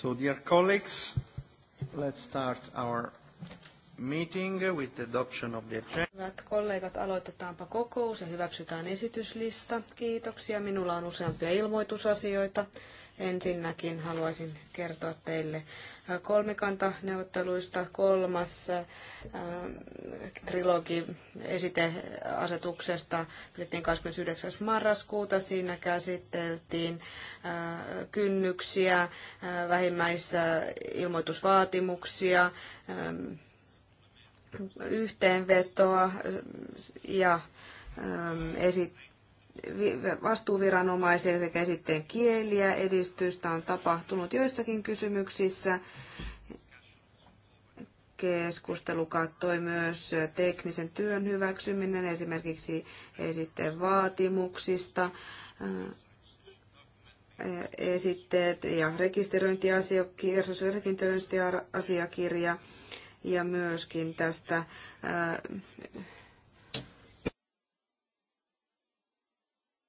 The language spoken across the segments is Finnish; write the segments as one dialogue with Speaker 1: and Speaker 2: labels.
Speaker 1: So, dear colleagues, let's start our
Speaker 2: meeting with the adoption of the agenda. Hyvät kollegat, aloitetaanpa kokous ja hyväksytään esityslista. Kiitoksia. Minulla on useampia ilmoitusasioita. Ensinnäkin haluaisin kertoa teille kolmikantaneuvotteluista. Kolmas äh, trilogi esiteasetuksesta pidettiin 29. marraskuuta. Siinä käsiteltiin äh, kynnyksiä, äh, vähimmäisilmoitusvaatimuksia, äh, yhteenvetoa ja ähm, esit, vastuuviranomaisen sekä sitten kieliä edistystä on tapahtunut joissakin kysymyksissä. Keskustelu kattoi myös teknisen työn hyväksyminen, esimerkiksi esitteen vaatimuksista, äh, esitteet ja rekisteröintiasiakirja, asiakirja ja myöskin tästä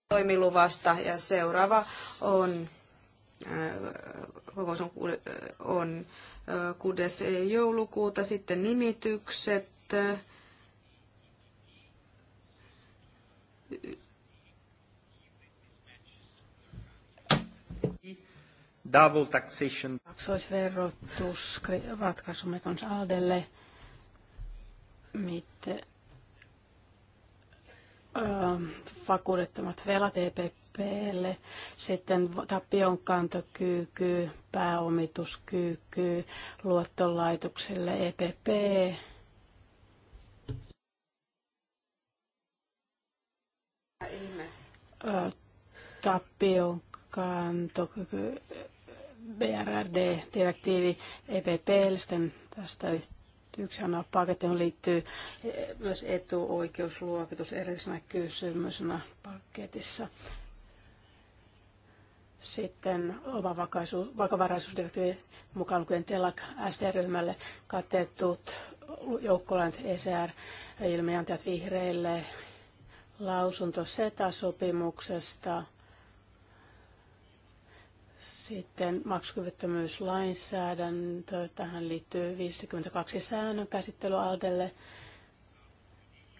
Speaker 2: toimiluvasta ja seuraava on, kokous on, on 6. joulukuuta, sitten nimitykset, double taxation.
Speaker 3: Kaksoisverotus ratkaisumekon Aldelle. Miten, vakuudettomat velat EPPlle, sitten tapion pääomituskyky luottolaitokselle EPP. Tapion kantokyky BRRD-direktiivi EPP, sitten tästä yksi sana johon liittyy eh, myös etuoikeusluokitus erillisenä kysymysenä paketissa. Sitten oma vakavaraisuusdirektiivi mukaan lukien TELAK SD-ryhmälle katettut joukkolainet ECR ilmiantajat vihreille lausunto SETA-sopimuksesta – sitten maksukyvyttömyyslainsäädäntö. Tähän liittyy 52 säännön käsittely Aldelle.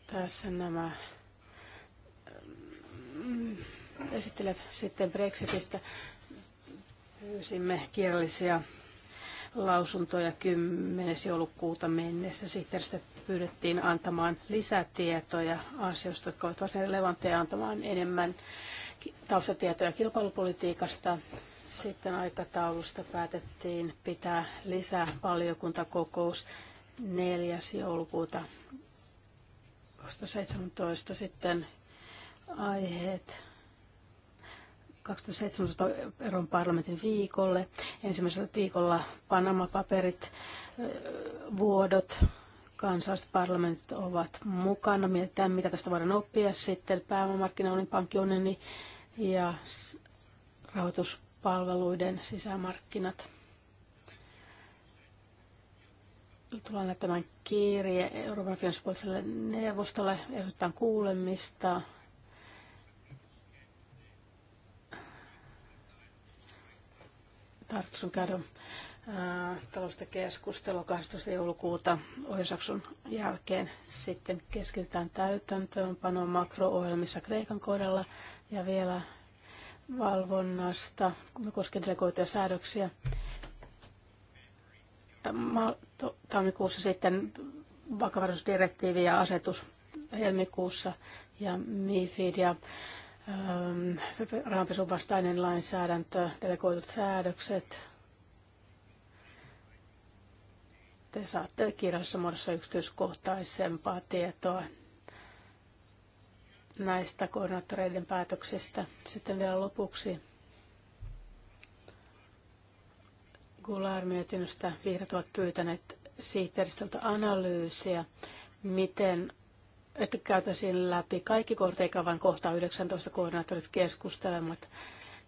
Speaker 3: Tässä nämä mm, esittelevät sitten Brexitistä. Pyysimme kirjallisia lausuntoja 10. joulukuuta mennessä. Sitten sitä pyydettiin antamaan lisätietoja asioista, jotka ovat varsin relevantteja antamaan enemmän taustatietoja kilpailupolitiikasta. Sitten aikataulusta päätettiin pitää valiokuntakokous 4. joulukuuta 2017 sitten aiheet 2017 Euroopan parlamentin viikolle. Ensimmäisellä viikolla Panama-paperit, vuodot, kansalliset parlamentit ovat mukana. Mietitään, mitä tästä voidaan oppia. Sitten pääomamarkkinoinnin pankkiunioni ja rahoitus palveluiden sisämarkkinat. Tullaan näyttämään kirje Euroopan finanssipoliittiselle neuvostolle, ehdotetaan kuulemista. Tarkoitus on käydä talousta keskustelua 12. joulukuuta ohjausakson jälkeen. Sitten keskitytään täytäntöönpanoon makro-ohjelmissa Kreikan kohdalla ja vielä valvonnasta, koskien delegoituja säädöksiä. Tammikuussa sitten vakavaraisuusdirektiivi ja asetus helmikuussa ja MIFID ja ähm, rahanpesun vastainen lainsäädäntö, delegoidut säädökset. Te saatte kirjallisessa muodossa yksityiskohtaisempaa tietoa näistä koordinaattoreiden päätöksistä. Sitten vielä lopuksi Gular-mietinnöstä vihreät ovat pyytäneet sihteeristöltä analyysiä, miten että käytäisiin läpi kaikki kohdat, eikä vain kohta 19 koordinaattorit keskustelevat,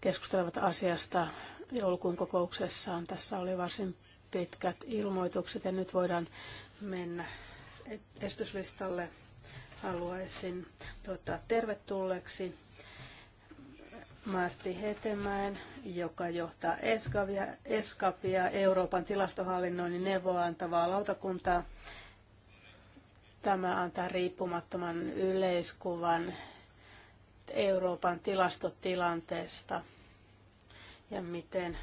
Speaker 3: keskustelevat asiasta joulukuun kokouksessaan. Tässä oli varsin pitkät ilmoitukset ja nyt voidaan mennä estyslistalle haluaisin tuottaa tervetulleeksi Martti Hetemäen, joka johtaa Eskavia, Eskapia, Euroopan tilastohallinnoinnin neuvoa antavaa lautakuntaa. Tämä antaa riippumattoman yleiskuvan Euroopan tilastotilanteesta ja miten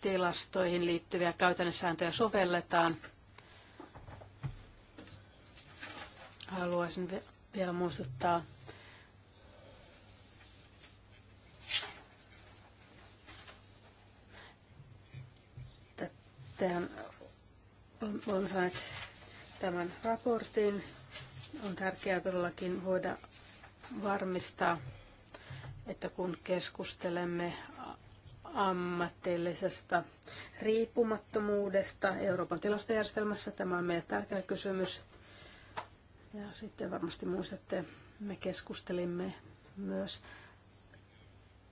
Speaker 3: tilastoihin liittyviä käytännössääntöjä sovelletaan – Haluaisin vielä muistuttaa tähän on saaneet tämän raportin. On tärkeää todellakin voida varmistaa, että kun keskustelemme ammatillisesta riippumattomuudesta Euroopan tilastojärjestelmässä, tämä on meille tärkeä kysymys. Ja sitten varmasti muistatte, me keskustelimme myös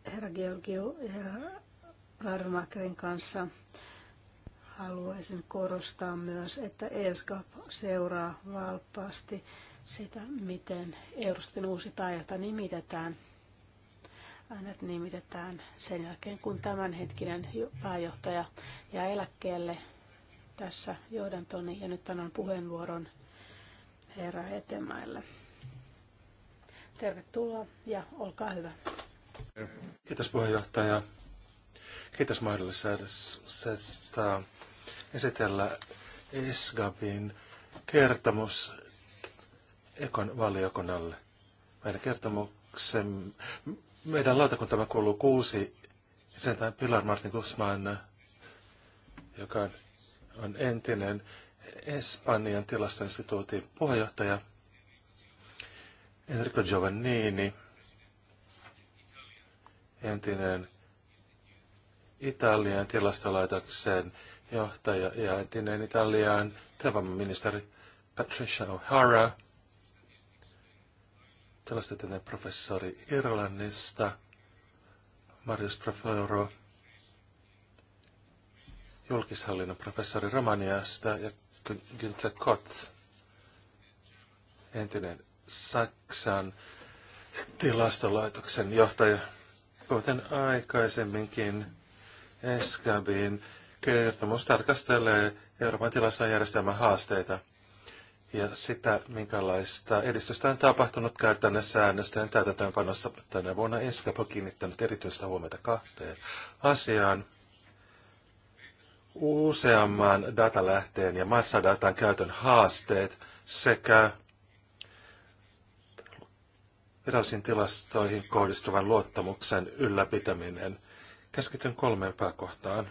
Speaker 3: herra Georgio ja herra Rademacherin kanssa. Haluaisin korostaa myös, että ESGAP seuraa valppaasti sitä, miten Eurostin uusi pääjohtaja nimitetään. Hänet nimitetään sen jälkeen, kun tämänhetkinen pääjohtaja ja eläkkeelle tässä johdantoni ja nyt annan puheenvuoron herra Hetemäelle. Tervetuloa ja olkaa hyvä.
Speaker 1: Kiitos puheenjohtaja. Kiitos mahdollisuudesta esitellä ESGABin kertomus Ekon valiokunnalle. Meidän kertomuksen, meidän lautakuntamme kuuluu kuusi sen Pilar Martin Guzman, joka on entinen Espanjan tilastoinstituutin puheenjohtaja Enrico Giovannini, entinen Italian tilastolaitoksen johtaja ja entinen Italian työvoimaministeri Patricia O'Hara, tilastotieteen professori Irlannista Marius Profeuro, julkishallinnon professori Romaniasta ja Günther Kotz, entinen Saksan tilastolaitoksen johtaja. Kuten aikaisemminkin, Eskabin kertomus tarkastelee Euroopan tilastojärjestelmän haasteita ja sitä, minkälaista edistystä on tapahtunut käytännössä äänestöjen täytäntöönpanossa tänä vuonna. Eskapo kiinnittänyt erityistä huomiota kahteen asiaan useamman datalähteen ja massadatan käytön haasteet sekä virallisiin tilastoihin kohdistuvan luottamuksen ylläpitäminen. Keskityn kolmeen pääkohtaan.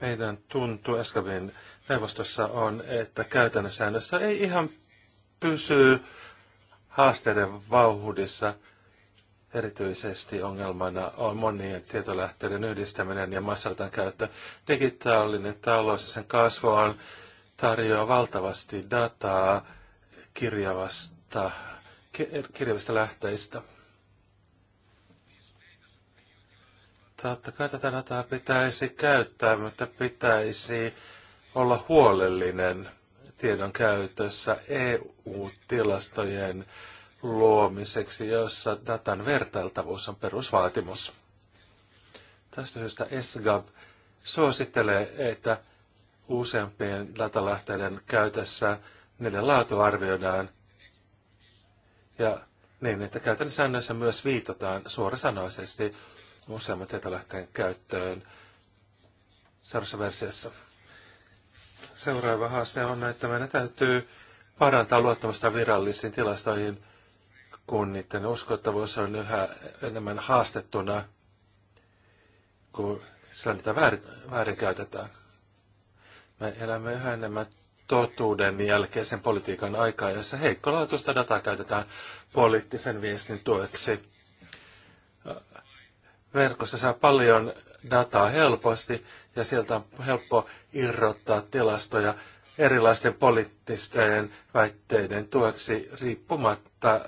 Speaker 1: Meidän tuntu Eskavin neuvostossa on, että käytännön säännössä ei ihan pysy haasteiden vauhdissa – Erityisesti ongelmana on monien tietolähteiden yhdistäminen ja massaltaan käyttö. Digitaalinen talous ja sen kasvu on, tarjoaa valtavasti dataa kirjavasta, kirjavista lähteistä. Totta kai tätä dataa pitäisi käyttää, mutta pitäisi olla huolellinen tiedon käytössä EU-tilastojen luomiseksi, jossa datan vertailtavuus on perusvaatimus. Tästä syystä SGAB suosittelee, että useampien datalähteiden käytössä niiden laatu arvioidaan ja niin, että käytännön säännöissä myös viitataan suorasanaisesti useamman tietolähteen käyttöön seuraavassa versiossa. Seuraava haaste on, että meidän täytyy parantaa luottamusta virallisiin tilastoihin – kun niiden uskottavuus on yhä enemmän haastettuna, kun sillä niitä väärinkäytetään. Me elämme yhä enemmän totuuden jälkeisen politiikan aikaa, jossa heikkolaatuista dataa käytetään poliittisen viestin tueksi. Verkossa saa paljon dataa helposti ja sieltä on helppo irrottaa tilastoja erilaisten poliittisten väitteiden tueksi riippumatta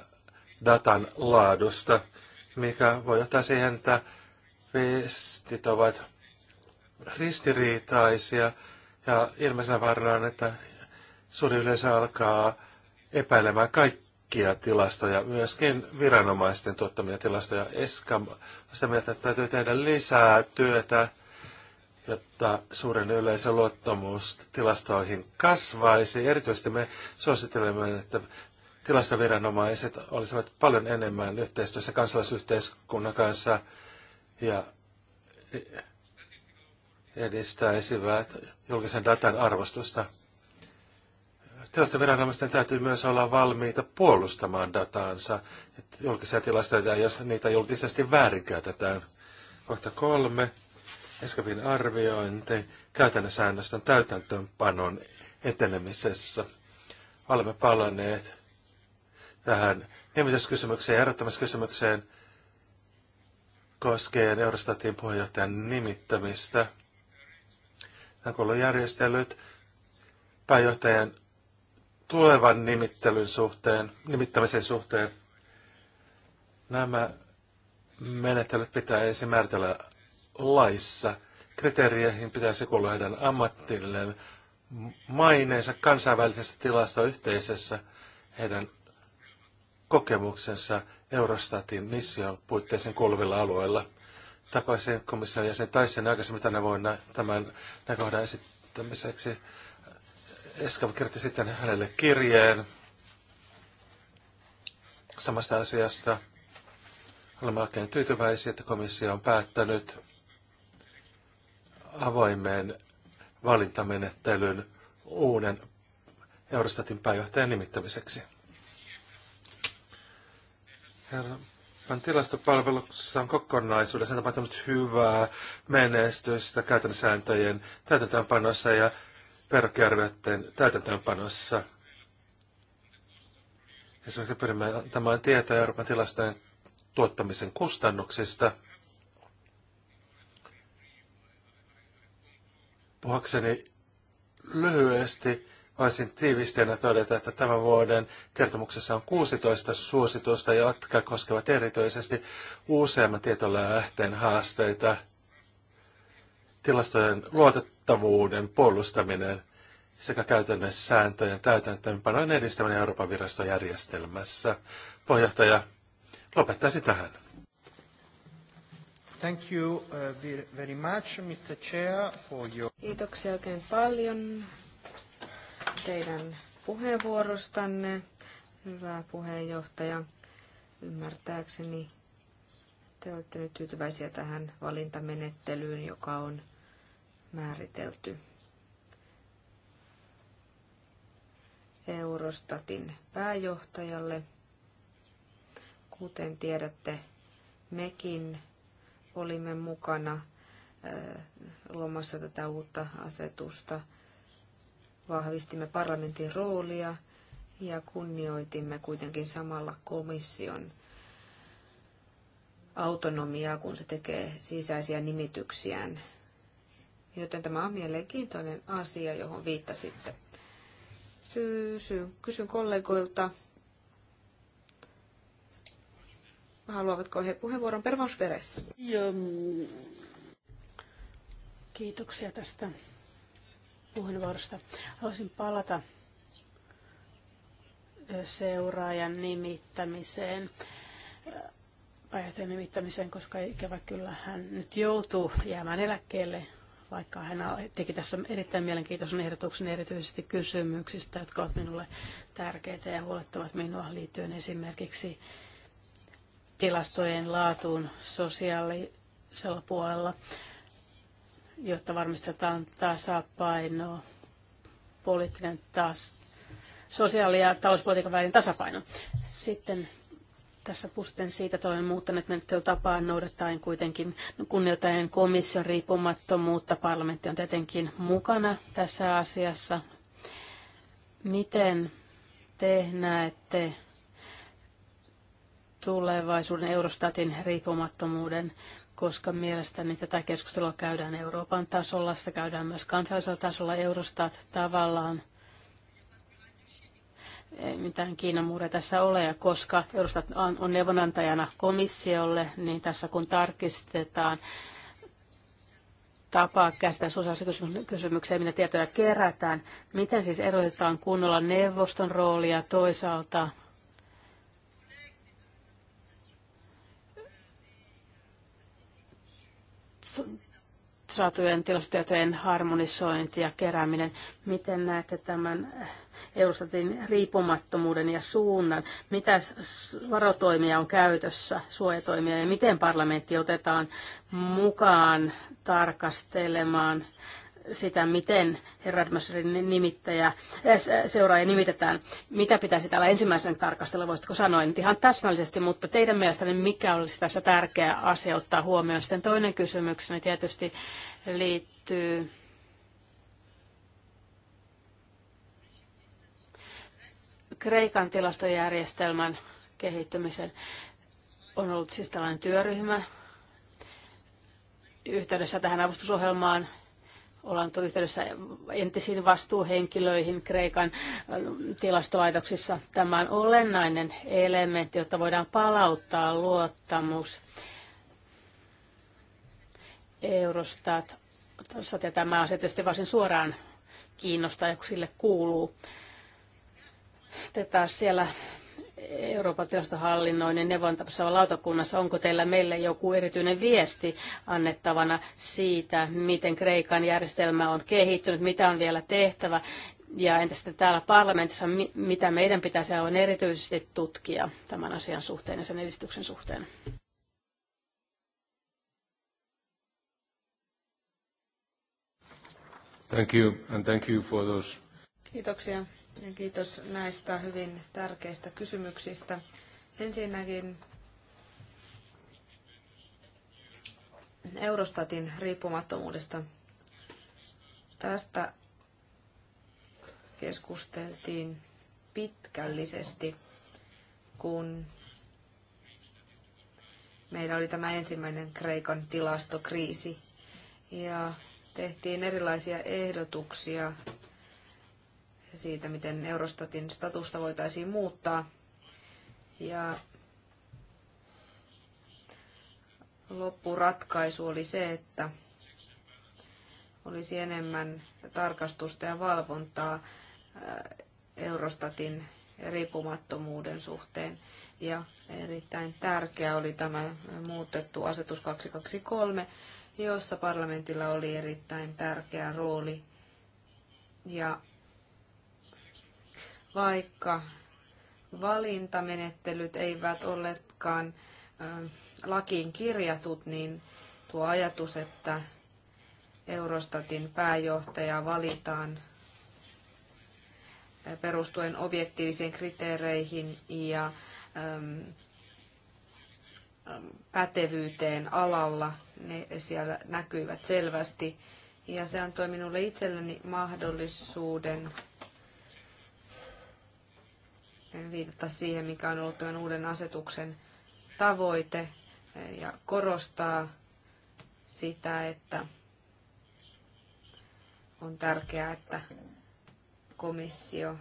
Speaker 1: datan laadusta, mikä voi johtaa siihen, että viestit ovat ristiriitaisia ja ilmeisenä varmaan, että suuri yleisö alkaa epäilemään kaikkia tilastoja, myöskin viranomaisten tuottamia tilastoja. Eska on sitä mieltä, että täytyy tehdä lisää työtä, jotta suuren yleisön luottamus tilastoihin kasvaisi. Erityisesti me suosittelemme, että tilassa viranomaiset olisivat paljon enemmän yhteistyössä kansalaisyhteiskunnan kanssa ja edistäisivät julkisen datan arvostusta. Tilastoviranomaisten täytyy myös olla valmiita puolustamaan dataansa, että julkisia tilastoja, jos niitä julkisesti väärinkäytetään. Kohta kolme. Eskapin arviointi käytännön säännösten täytäntöönpanon etenemisessä. Olemme palanneet tähän nimityskysymykseen ja erottamiskysymykseen koskien Eurostatin puheenjohtajan nimittämistä. Nämä koulujärjestelyt pääjohtajan tulevan nimittelyn suhteen, nimittämisen suhteen. Nämä menettelyt pitää ensin määritellä laissa. Kriteereihin pitäisi kuulla heidän ammattilleen, maineensa kansainvälisessä tilastoyhteisössä, heidän kokemuksensa Eurostatin mission puitteisen kuuluvilla alueilla. Tapaisin komission jäsen Taisen aikaisemmin tänä vuonna tämän näkökohdan esittämiseksi. Eska kirjoitti sitten hänelle kirjeen samasta asiasta. Olemme oikein tyytyväisiä, että komissio on päättänyt avoimeen valintamenettelyn uuden Eurostatin pääjohtajan nimittämiseksi. Euroopan tilastopalveluksessa on kokonaisuudessa tapahtunut hyvää menestystä sääntöjen täytäntöönpanossa ja verrokkiarvioiden täytäntöönpanossa. Esimerkiksi pyrimme antamaan tietoa Euroopan tilastojen tuottamisen kustannuksista. Puhakseni lyhyesti voisin tiivistäjänä todeta, että tämän vuoden kertomuksessa on 16 suositusta, jotka koskevat erityisesti useamman tietolähteen haasteita, tilastojen luotettavuuden puolustaminen sekä käytännössä sääntöjen täytäntöönpanojen edistäminen Euroopan virastojärjestelmässä. Pohjohtaja, lopettaisi tähän.
Speaker 2: Thank you uh, very much, Mr. Chair, for your... Kiitoksia oikein paljon, teidän puheenvuorostanne, hyvä puheenjohtaja. Ymmärtääkseni te olette nyt tyytyväisiä tähän valintamenettelyyn, joka on määritelty Eurostatin pääjohtajalle. Kuten tiedätte, mekin olimme mukana äh, luomassa tätä uutta asetusta – vahvistimme parlamentin roolia ja kunnioitimme kuitenkin samalla komission autonomiaa, kun se tekee sisäisiä nimityksiään. Joten tämä on mielenkiintoinen asia, johon viittasitte. Kysyn, kysyn kollegoilta, haluavatko he puheenvuoron Pervansveres?
Speaker 3: Kiitoksia tästä puhelinvuorosta. Haluaisin palata seuraajan nimittämiseen, pääjohtajan nimittämiseen, koska ikävä kyllä hän nyt joutuu jäämään eläkkeelle, vaikka hän teki tässä erittäin mielenkiintoisen ehdotuksen erityisesti kysymyksistä, jotka ovat minulle tärkeitä ja huolettavat minua liittyen esimerkiksi tilastojen laatuun sosiaalisella puolella jotta varmistetaan tasapaino, poliittinen taas, sosiaali- ja talouspolitiikan välinen tasapaino. Sitten tässä pusten siitä, että olen muuttanut menettelytapaan noudattaen kuitenkin kunnioittajien komission riippumattomuutta. Parlamentti on tietenkin mukana tässä asiassa. Miten te näette tulevaisuuden Eurostatin riippumattomuuden koska mielestäni tätä keskustelua käydään Euroopan tasolla, sitä käydään myös kansallisella tasolla. Eurostat tavallaan ei mitään Kiinan muureja tässä ole, ja koska Eurostat on neuvonantajana komissiolle, niin tässä kun tarkistetaan tapaa käsitellä sosiaalisia kysymyksiä, mitä tietoja kerätään, miten siis erotetaan kunnolla neuvoston roolia toisaalta saatujen tilastotietojen harmonisointi ja kerääminen. Miten näette tämän Eurostatin riippumattomuuden ja suunnan? Mitä varotoimia on käytössä, suojatoimia, ja miten parlamentti otetaan mukaan tarkastelemaan sitä, miten Radmaserin nimittäjä, eh, seuraaja nimitetään. Mitä pitäisi täällä ensimmäisen tarkastella, voisitko sanoa nyt ihan täsmällisesti, mutta teidän mielestänne mikä olisi tässä tärkeä asia ottaa huomioon? Sitten toinen kysymykseni tietysti liittyy Kreikan tilastojärjestelmän kehittymisen. On ollut siis tällainen työryhmä yhteydessä tähän avustusohjelmaan, ollaan yhteydessä entisiin vastuuhenkilöihin Kreikan äh, tilastolaitoksissa. Tämä on olennainen elementti, jotta voidaan palauttaa luottamus. Eurostat, ja tämä on tietysti varsin suoraan kiinnostaa, kun sille kuuluu. tätä siellä Euroopan tilastohallinnoinnin neuvontavassa lautakunnassa, onko teillä meille joku erityinen viesti annettavana siitä, miten Kreikan järjestelmä on kehittynyt, mitä on vielä tehtävä ja entä sitten täällä parlamentissa, mitä meidän pitäisi aivan erityisesti tutkia tämän asian suhteen ja sen edistyksen suhteen?
Speaker 1: Thank you, and thank you for those.
Speaker 2: Kiitoksia Kiitos näistä hyvin tärkeistä kysymyksistä. Ensinnäkin Eurostatin riippumattomuudesta. Tästä keskusteltiin pitkällisesti, kun meillä oli tämä ensimmäinen Kreikan tilastokriisi ja tehtiin erilaisia ehdotuksia siitä, miten Eurostatin statusta voitaisiin muuttaa. Ja loppuratkaisu oli se, että olisi enemmän tarkastusta ja valvontaa äh, Eurostatin riippumattomuuden suhteen. Ja erittäin tärkeä oli tämä muutettu asetus 223, jossa parlamentilla oli erittäin tärkeä rooli. Ja vaikka valintamenettelyt eivät olleetkaan lakiin kirjatut, niin tuo ajatus, että Eurostatin pääjohtaja valitaan perustuen objektiivisiin kriteereihin ja pätevyyteen alalla, ne siellä näkyivät selvästi. Ja se antoi minulle itselleni mahdollisuuden viitata siihen, mikä on ollut tämän uuden asetuksen tavoite ja korostaa sitä, että on tärkeää, että komissio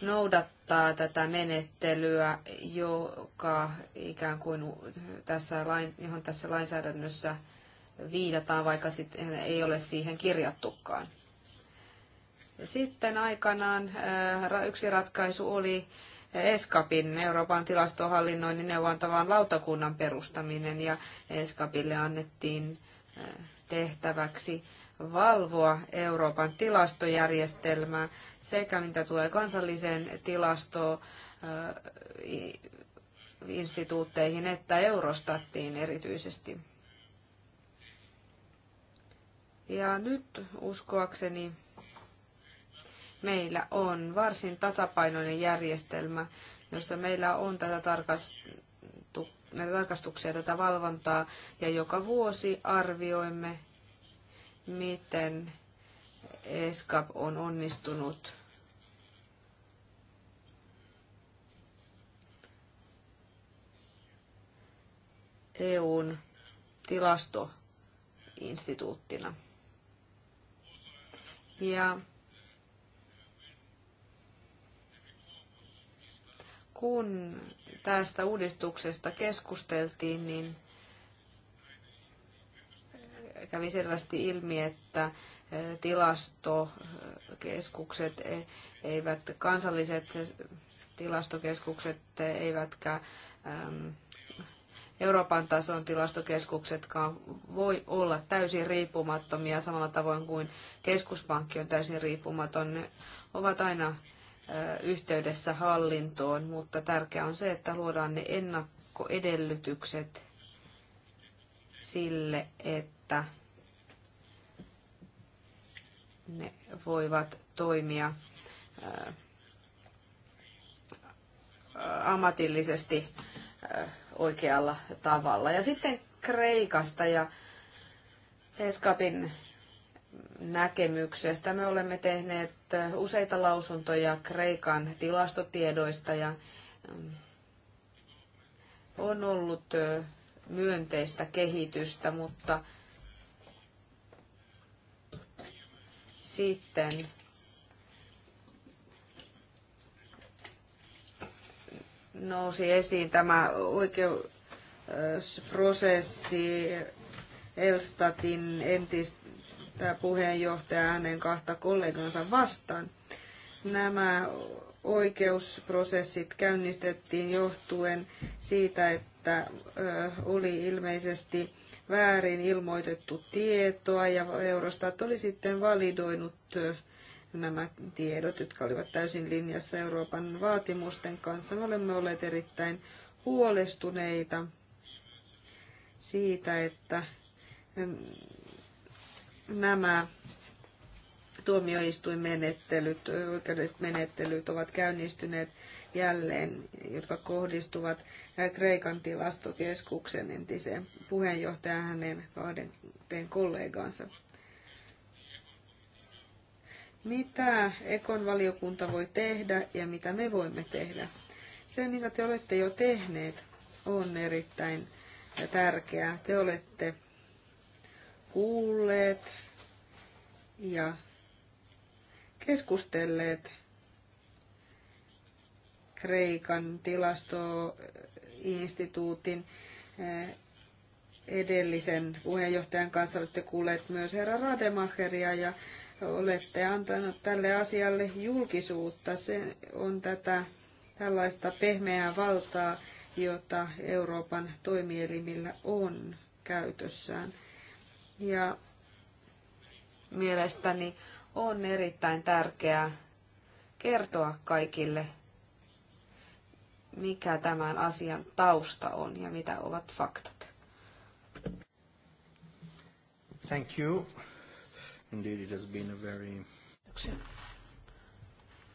Speaker 2: noudattaa tätä menettelyä, joka ikään kuin tässä lain, johon tässä lainsäädännössä viitataan, vaikka sitten ei ole siihen kirjattukaan. Sitten aikanaan äh, yksi ratkaisu oli äh, ESCAPin, Euroopan tilastohallinnoinnin neuvontavan lautakunnan perustaminen, ja ESCAPille annettiin äh, tehtäväksi valvoa Euroopan tilastojärjestelmää sekä mitä tulee kansalliseen tilastoinstituutteihin että Eurostattiin erityisesti. Ja nyt uskoakseni meillä on varsin tasapainoinen järjestelmä, jossa meillä on tätä tarkastu, näitä tarkastuksia, tätä valvontaa, ja joka vuosi arvioimme, miten ESCAP on onnistunut EUn tilastoinstituuttina. Ja kun tästä uudistuksesta keskusteltiin, niin kävi selvästi ilmi, että e, tilastokeskukset e, eivät, kansalliset e, tilastokeskukset eivätkä Euroopan tason tilastokeskuksetkaan voi olla täysin riippumattomia samalla tavoin kuin keskuspankki on täysin riippumaton. Ne ovat aina yhteydessä hallintoon, mutta tärkeää on se, että luodaan ne ennakkoedellytykset sille, että ne voivat toimia ammatillisesti oikealla tavalla. Ja sitten Kreikasta ja Eskapin näkemyksestä. Me olemme tehneet useita lausuntoja Kreikan tilastotiedoista ja mm, on ollut myönteistä kehitystä, mutta sitten nousi esiin tämä oikeusprosessi Elstatin entistä puheenjohtaja hänen kahta kollegansa vastaan. Nämä oikeusprosessit käynnistettiin johtuen siitä, että oli ilmeisesti väärin ilmoitettu tietoa ja Eurostat oli sitten validoinut nämä tiedot, jotka olivat täysin linjassa Euroopan vaatimusten kanssa. Me olemme olleet erittäin huolestuneita siitä, että mm, nämä tuomioistuinmenettelyt, oikeudelliset menettelyt ovat käynnistyneet jälleen, jotka kohdistuvat Kreikan tilastokeskuksen entiseen puheenjohtajan hänen kahden kollegaansa mitä Ekon valiokunta voi tehdä ja mitä me voimme tehdä. Se, mitä te olette jo tehneet, on erittäin tärkeää. Te olette kuulleet ja keskustelleet Kreikan tilastoinstituutin eh, edellisen puheenjohtajan kanssa olette kuulleet myös herra Rademacheria ja olette antanut tälle asialle julkisuutta. Se on tätä tällaista pehmeää valtaa, jota Euroopan toimielimillä on käytössään. Ja mielestäni on erittäin tärkeää kertoa kaikille, mikä tämän asian tausta on ja mitä ovat faktat. Thank you. Indeed, it has been a very...
Speaker 3: Kiitoksia.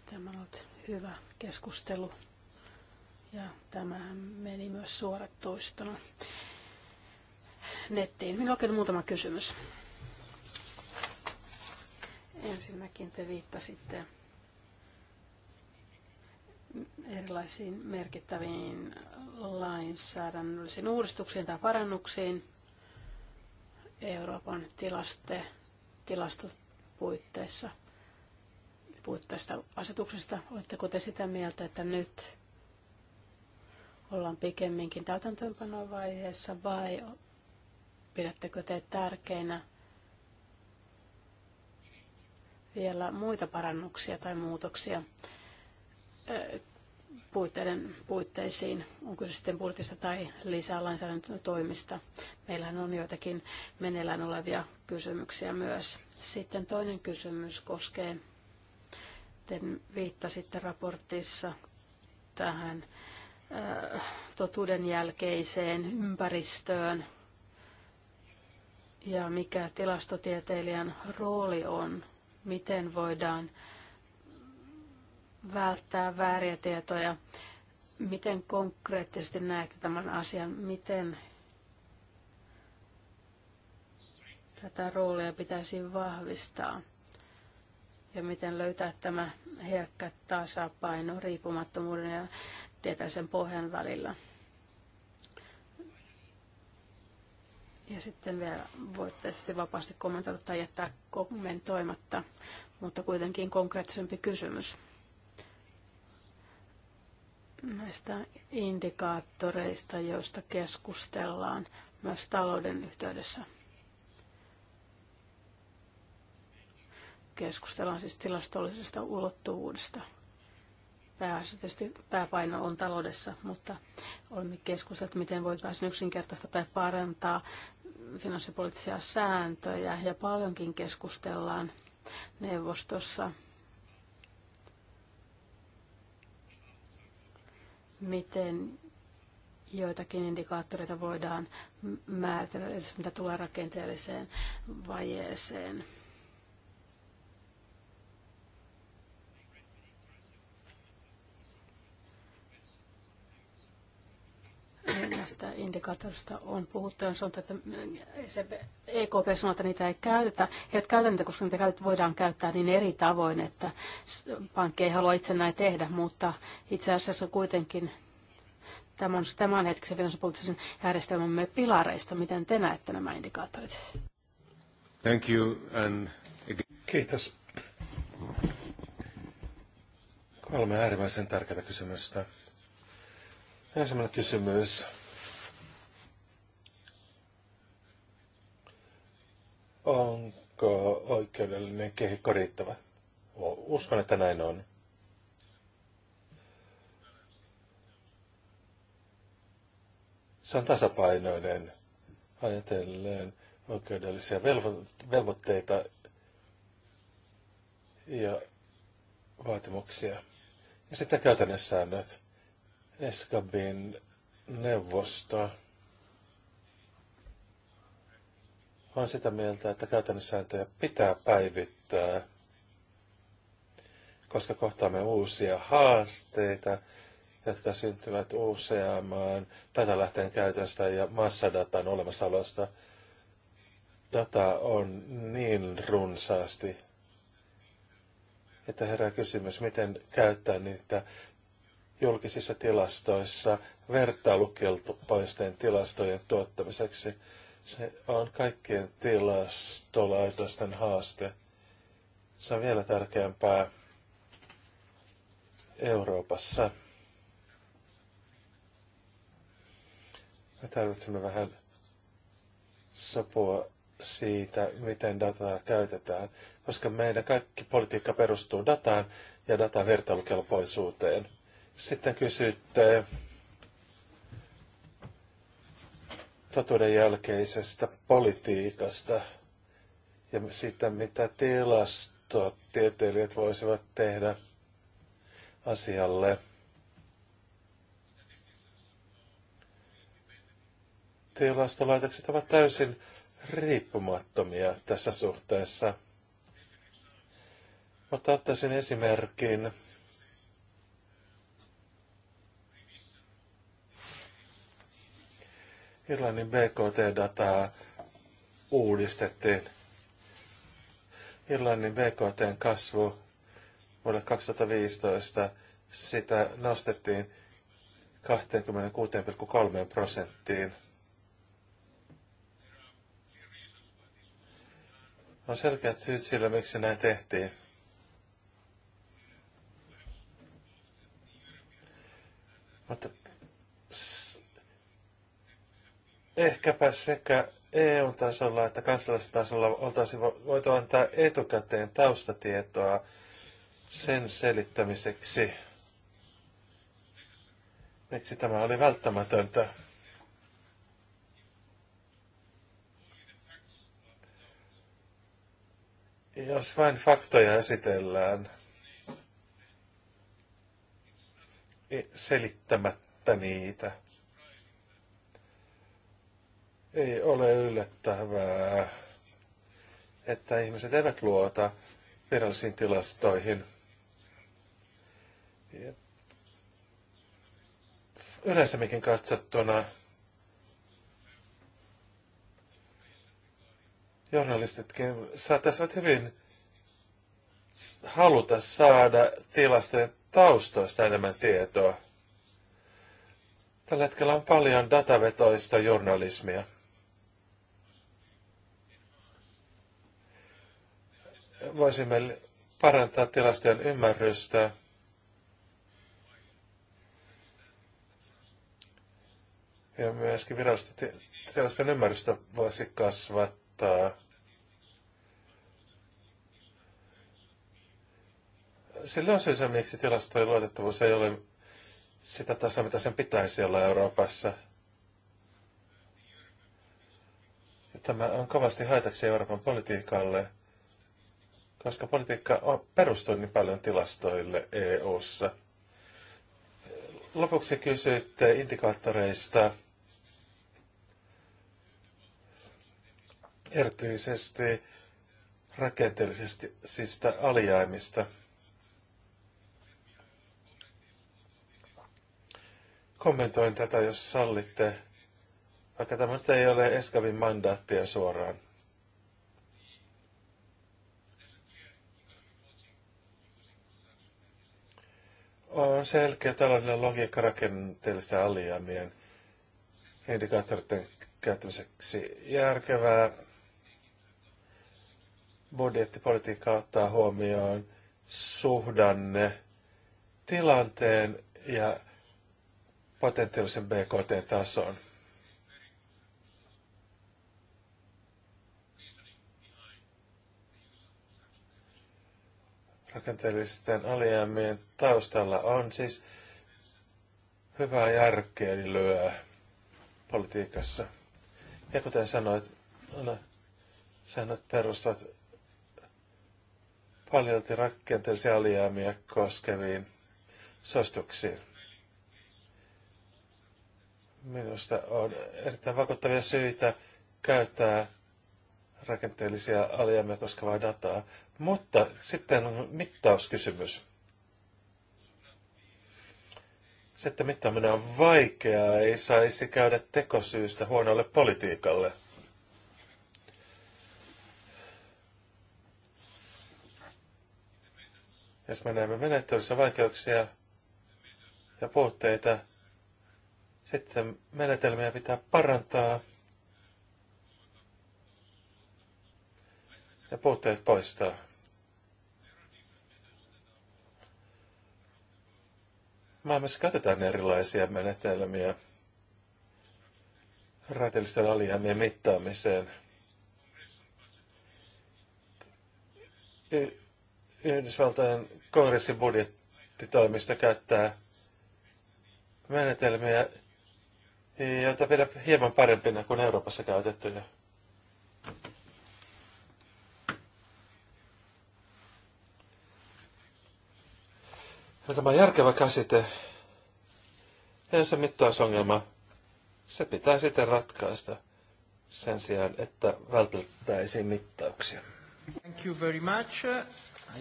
Speaker 3: Tämä on ollut hyvä keskustelu ja tämähän meni myös suoratoistona nettiin. Minulla on muutama kysymys. Ensinnäkin te viittasitte erilaisiin merkittäviin lainsäädännöllisiin uudistuksiin tai parannuksiin Euroopan tilaste tilastopuitteissa. Puhut tästä asetuksesta. Oletteko te sitä mieltä, että nyt ollaan pikemminkin täytäntöönpanovaiheessa vai pidättekö te tärkeinä vielä muita parannuksia tai muutoksia puitteiden puitteisiin, onko se sitten budjetista tai lisää lainsäädäntötoimista. Meillähän on joitakin meneillään olevia kysymyksiä myös. Sitten toinen kysymys koskee, te viittasitte raportissa tähän äh, totuuden jälkeiseen ympäristöön ja mikä tilastotieteilijän rooli on, miten voidaan välttää vääriä tietoja. Miten konkreettisesti näette tämän asian? Miten tätä roolia pitäisi vahvistaa? Ja miten löytää tämä herkkä tasapaino riippumattomuuden ja tietäisen pohjan välillä? Ja sitten vielä voitte sitten vapaasti kommentoida tai jättää kommentoimatta, mutta kuitenkin konkreettisempi kysymys näistä indikaattoreista, joista keskustellaan myös talouden yhteydessä. Keskustellaan siis tilastollisesta ulottuvuudesta. Pääasiallisesti pääpaino on taloudessa, mutta olemme keskustelleet, miten voitaisiin yksinkertaista tai parantaa finanssipoliittisia sääntöjä ja paljonkin keskustellaan neuvostossa miten joitakin indikaattoreita voidaan määritellä, esimerkiksi mitä tulee rakenteelliseen vajeeseen. näistä indikaattorista on puhuttu, on sanottu, että se EKP sanoo, että niitä ei käytetä. He eivät käytä niitä, koska niitä voidaan käyttää niin eri tavoin, että pankki ei halua itse näin tehdä, mutta itse asiassa kuitenkin tämä on tämänhetkisen finanssipoliittisen järjestelmämme pilareista. Miten te näette nämä indikaattorit?
Speaker 1: Thank you and... Kiitos. Kolme äärimmäisen tärkeää kysymystä. Ensimmäinen kysymys. Onko oikeudellinen kehikko riittävä? Uskon, että näin on. Se on tasapainoinen ajatellen oikeudellisia velvo- velvoitteita ja vaatimuksia. Ja sitten säännöt. Eskabin neuvosto on sitä mieltä, että sääntöjä pitää päivittää, koska kohtaamme uusia haasteita, jotka syntyvät useamman datalähteen käytöstä ja massadatan olemassaolosta. Data on niin runsaasti, että herää kysymys, miten käyttää niitä julkisissa tilastoissa vertailukelpoisten tilastojen tuottamiseksi. Se on kaikkien tilastolaitosten haaste. Se on vielä tärkeämpää Euroopassa. Me tarvitsemme vähän sopua siitä, miten dataa käytetään, koska meidän kaikki politiikka perustuu dataan ja datan vertailukelpoisuuteen. Sitten kysytte totuuden jälkeisestä politiikasta ja sitä, mitä tieteilijät voisivat tehdä asialle. Tilastolaitokset ovat täysin riippumattomia tässä suhteessa. Mutta ottaisin esimerkin Irlannin BKT-dataa uudistettiin. Irlannin BKTn kasvu vuonna 2015 sitä nostettiin 26,3 prosenttiin. On selkeät syyt sillä, miksi näin tehtiin. Mutta ehkäpä sekä EU-tasolla että kansallistasolla oltaisiin voitu antaa etukäteen taustatietoa sen selittämiseksi, miksi tämä oli välttämätöntä. Jos vain faktoja esitellään niin selittämättä niitä, ei ole yllättävää, että ihmiset eivät luota virallisiin tilastoihin. Yleisemminkin katsottuna journalistitkin saattaisivat hyvin haluta saada tilastojen taustoista enemmän tietoa. Tällä hetkellä on paljon datavetoista journalismia. voisimme parantaa tilastojen ymmärrystä. Ja myöskin virallista tilastojen ymmärrystä voisi kasvattaa. Sillä on syynsä, miksi tilastojen luotettavuus ei ole sitä tasoa, mitä sen pitäisi olla Euroopassa. Ja tämä on kovasti haitaksi Euroopan politiikalle koska politiikka on, perustuu niin paljon tilastoille EU:ssa. Lopuksi kysyitte indikaattoreista erityisesti rakenteellisesti siis alijäämistä. Kommentoin tätä, jos sallitte, vaikka tämä nyt ei ole Eskavin mandaattia suoraan. on selkeä taloudellinen logiikka rakenteellisten alijäämien indikaattoreiden käyttämiseksi järkevää budjettipolitiikka ottaa huomioon suhdanne, tilanteen ja potentiaalisen BKT-tason. Rakenteellisten alijäämien taustalla on siis hyvää järkeä politiikassa. Ja kuten sanoit, no, säännöt perustuvat paljolti rakenteellisia alijäämiä koskeviin sostuksiin. Minusta on erittäin vakuuttavia syitä käyttää rakenteellisia alijäämiä koskevaa dataa. Mutta sitten on mittauskysymys. Se, että mittaaminen on vaikeaa, ei saisi käydä tekosyystä huonolle politiikalle. Jos me näemme menettelyssä vaikeuksia ja puutteita, sitten menetelmiä pitää parantaa – ja puutteet poistaa. Maailmassa katsotaan erilaisia menetelmiä raiteellisten alijäämien mittaamiseen. Y- Yhdysvaltain kongressin budjettitoimista käyttää menetelmiä, joita pidän hieman parempina kuin Euroopassa käytettyjä. Ja tämä järkevä käsite. Ei se mittausongelma. Se pitää sitten ratkaista sen sijaan, että vältettäisiin mittauksia.
Speaker 2: Thank you very much.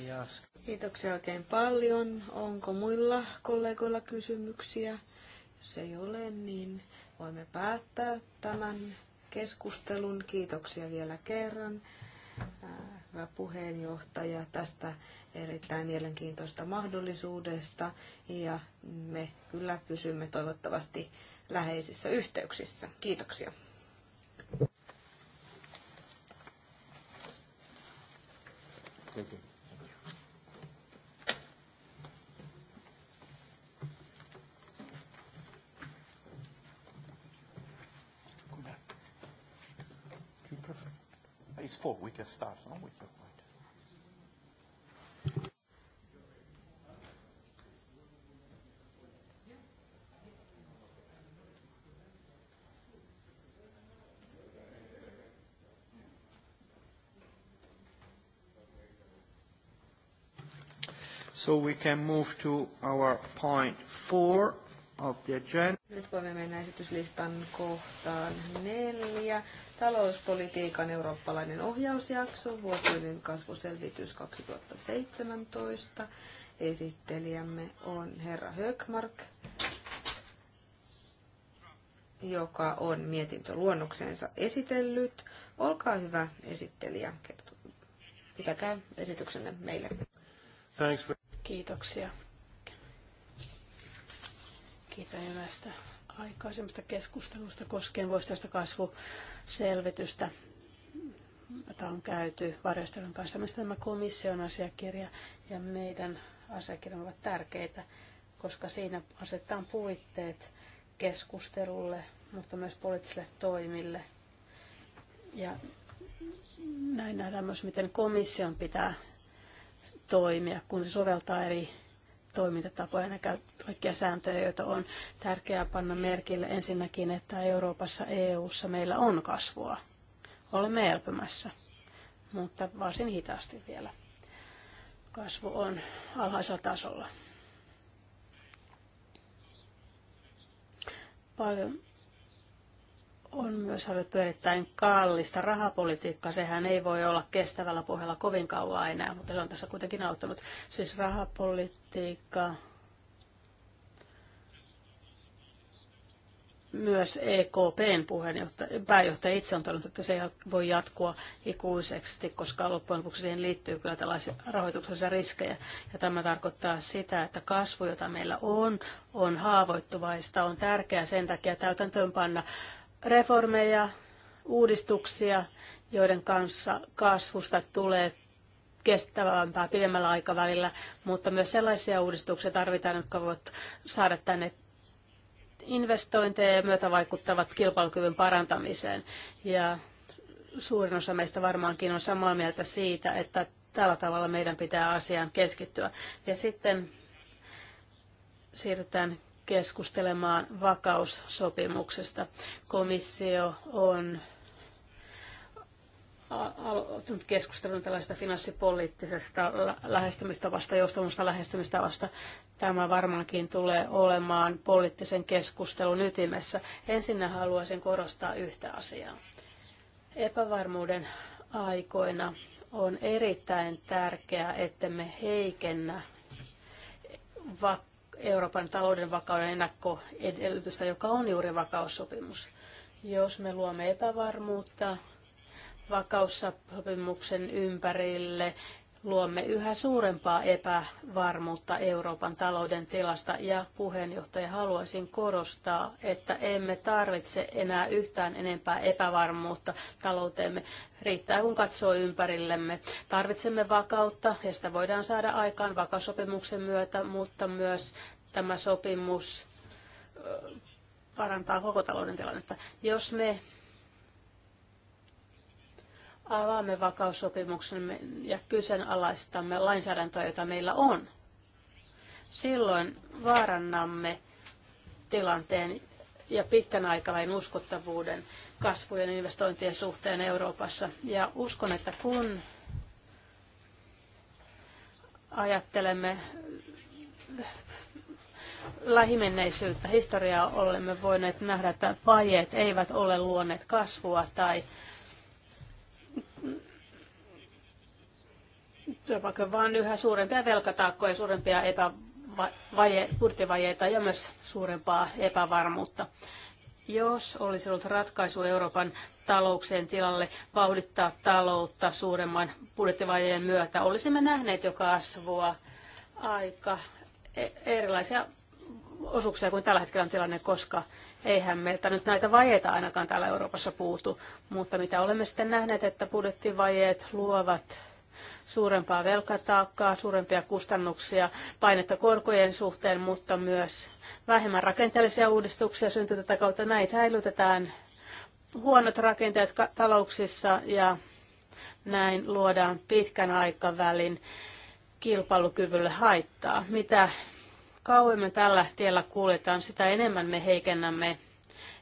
Speaker 2: I ask. Kiitoksia oikein paljon. Onko muilla kollegoilla kysymyksiä? Jos ei ole, niin voimme päättää tämän keskustelun. Kiitoksia vielä kerran puheenjohtaja tästä erittäin mielenkiintoista mahdollisuudesta ja me kyllä pysymme toivottavasti läheisissä yhteyksissä. Kiitoksia.
Speaker 1: Thank you. it's four. We can start no? with your point.
Speaker 2: So we can move to our point four of the agenda. Nyt voimme mennä esityslistan kohtaan neljä. Talouspolitiikan eurooppalainen ohjausjakso, vuotuinen kasvuselvitys 2017. Esittelijämme on herra Högmark, joka on mietintöluonnoksensa esitellyt. Olkaa hyvä esittelijä, pitäkää esityksenne meille. Kiitoksia
Speaker 3: Kiitän jo näistä aikaisemmista keskustelusta koskien tästä kasvuselvitystä, jota on käyty varjostelun kanssa. Mielestäni tämä komission asiakirja ja meidän asiakirja ovat tärkeitä, koska siinä asetetaan puitteet keskustelulle, mutta myös poliittisille toimille. Ja näin nähdään myös, miten komission pitää toimia, kun se soveltaa eri toimintatapoja ja kaikkia sääntöjä, joita on tärkeää panna merkille ensinnäkin, että Euroopassa, EU:ssa meillä on kasvua. Olemme elpymässä, mutta varsin hitaasti vielä. Kasvu on alhaisella tasolla. Paljon on myös harjoittu erittäin kallista rahapolitiikkaa. Sehän ei voi olla kestävällä pohjalla kovin kauan enää, mutta se on tässä kuitenkin auttanut. Siis rahapolitiikka, myös EKPn puheenjohtaja, pääjohtaja itse on todennut, että se ei voi jatkua ikuiseksi, koska loppujen lopuksi siihen liittyy kyllä tällaisia rahoituksessa riskejä. Ja tämä tarkoittaa sitä, että kasvu, jota meillä on, on haavoittuvaista, on tärkeää sen takia täytäntöönpanna panna reformeja, uudistuksia, joiden kanssa kasvusta tulee kestävämpää pidemmällä aikavälillä, mutta myös sellaisia uudistuksia tarvitaan, jotka voivat saada tänne investointeja ja myötä vaikuttavat kilpailukyvyn parantamiseen. Ja suurin osa meistä varmaankin on samaa mieltä siitä, että tällä tavalla meidän pitää asiaan keskittyä. Ja sitten siirrytään keskustelemaan vakaussopimuksesta. Komissio on aloittanut keskustelun tällaista finanssipoliittisesta lähestymistavasta, joustavasta lähestymistavasta. Tämä varmaankin tulee olemaan poliittisen keskustelun ytimessä. Ensinnä haluaisin korostaa yhtä asiaa. Epävarmuuden aikoina on erittäin tärkeää, että me heikennä vakautta Euroopan talouden vakauden ennakkoedellytystä, joka on juuri vakaussopimus. Jos me luomme epävarmuutta vakaussopimuksen ympärille, luomme yhä suurempaa epävarmuutta Euroopan talouden tilasta ja puheenjohtaja haluaisin korostaa, että emme tarvitse enää yhtään enempää epävarmuutta talouteemme. Riittää kun katsoo ympärillemme. Tarvitsemme vakautta ja sitä voidaan saada aikaan vakaussopimuksen myötä, mutta myös tämä sopimus parantaa koko talouden tilannetta. Jos me avaamme vakaussopimuksemme ja kyseenalaistamme lainsäädäntöä, jota meillä on, silloin vaarannamme tilanteen ja pitkän aikavälin uskottavuuden kasvujen ja investointien suhteen Euroopassa. Ja uskon, että kun ajattelemme lähimenneisyyttä, historiaa olemme voineet nähdä, että vajeet eivät ole luoneet kasvua tai työpaikkoja, vaan yhä suurempia velkataakkoja, suurempia epävaje, ja myös suurempaa epävarmuutta. Jos olisi ollut ratkaisu Euroopan talouksien tilalle vauhdittaa taloutta suuremman budjettivajeen myötä, olisimme nähneet jo kasvua aika e- erilaisia osuuksia kuin tällä hetkellä on tilanne, koska eihän meiltä nyt näitä vajeita ainakaan täällä Euroopassa puutu. Mutta mitä olemme sitten nähneet, että budjettivajeet luovat suurempaa velkataakkaa, suurempia kustannuksia, painetta korkojen suhteen, mutta myös vähemmän rakenteellisia uudistuksia syntyy tätä kautta. Näin säilytetään huonot rakenteet talouksissa ja näin luodaan pitkän aikavälin kilpailukyvylle haittaa. Mitä kauemmin tällä tiellä kuljetaan, sitä enemmän me heikennämme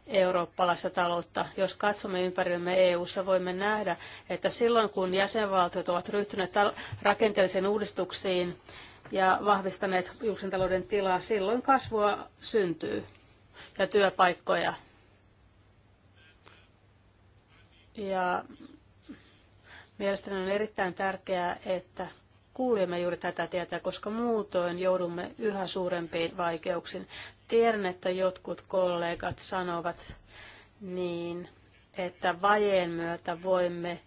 Speaker 3: eurooppalaista taloutta. Jos katsomme ympärillemme EU-ssa, voimme nähdä, että silloin kun jäsenvaltiot ovat ryhtyneet rakenteellisiin uudistuksiin ja vahvistaneet julkisen talouden tilaa, silloin kasvua syntyy ja työpaikkoja. Ja mielestäni on erittäin tärkeää, että Kuljemme juuri tätä tietä, koska muutoin joudumme yhä suurempiin vaikeuksiin. Tiedän, että jotkut kollegat sanovat niin, että vajeen myötä voimme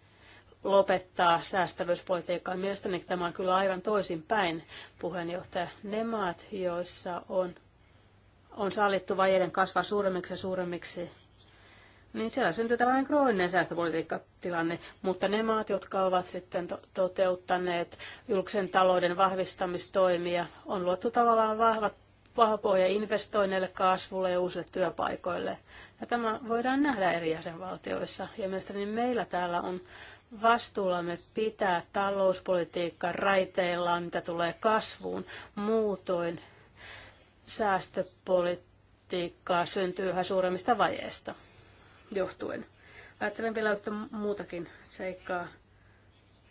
Speaker 3: lopettaa säästävyyspolitiikkaa. Mielestäni tämä on kyllä aivan toisinpäin, puheenjohtaja. Ne maat, joissa on, on sallittu vajeiden kasvaa suuremmiksi ja suuremmiksi, niin siellä syntyy tällainen krooninen säästöpolitiikkatilanne, mutta ne maat, jotka ovat sitten to- toteuttaneet julkisen talouden vahvistamistoimia, on luotu tavallaan vahvat vahva pohja investoinneille, kasvulle ja uusille työpaikoille. Ja tämä voidaan nähdä eri jäsenvaltioissa. Ja mielestäni meillä täällä on vastuullamme pitää talouspolitiikka raiteillaan, mitä tulee kasvuun. Muutoin säästöpolitiikkaa syntyy yhä suuremmista vajeista johtuen. Ajattelen vielä yhtä muutakin seikkaa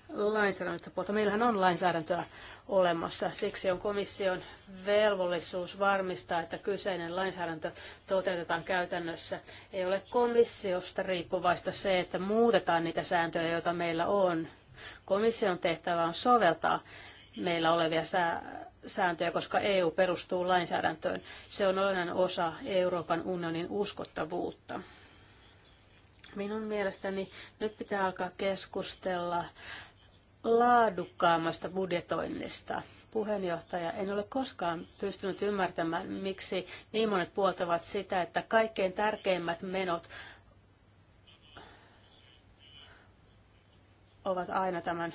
Speaker 3: lainsäädännöstä puolta. Meillähän on lainsäädäntöä olemassa. Siksi on komission velvollisuus varmistaa, että kyseinen lainsäädäntö toteutetaan käytännössä. Ei ole komissiosta riippuvaista se, että muutetaan niitä sääntöjä, joita meillä on. Komission tehtävä on soveltaa meillä olevia sääntöjä, koska EU perustuu lainsäädäntöön. Se on olennainen osa Euroopan unionin uskottavuutta. Minun mielestäni nyt pitää alkaa keskustella laadukkaammasta budjetoinnista. Puheenjohtaja, en ole koskaan pystynyt ymmärtämään, miksi niin monet puoltavat sitä, että kaikkein tärkeimmät menot ovat aina tämän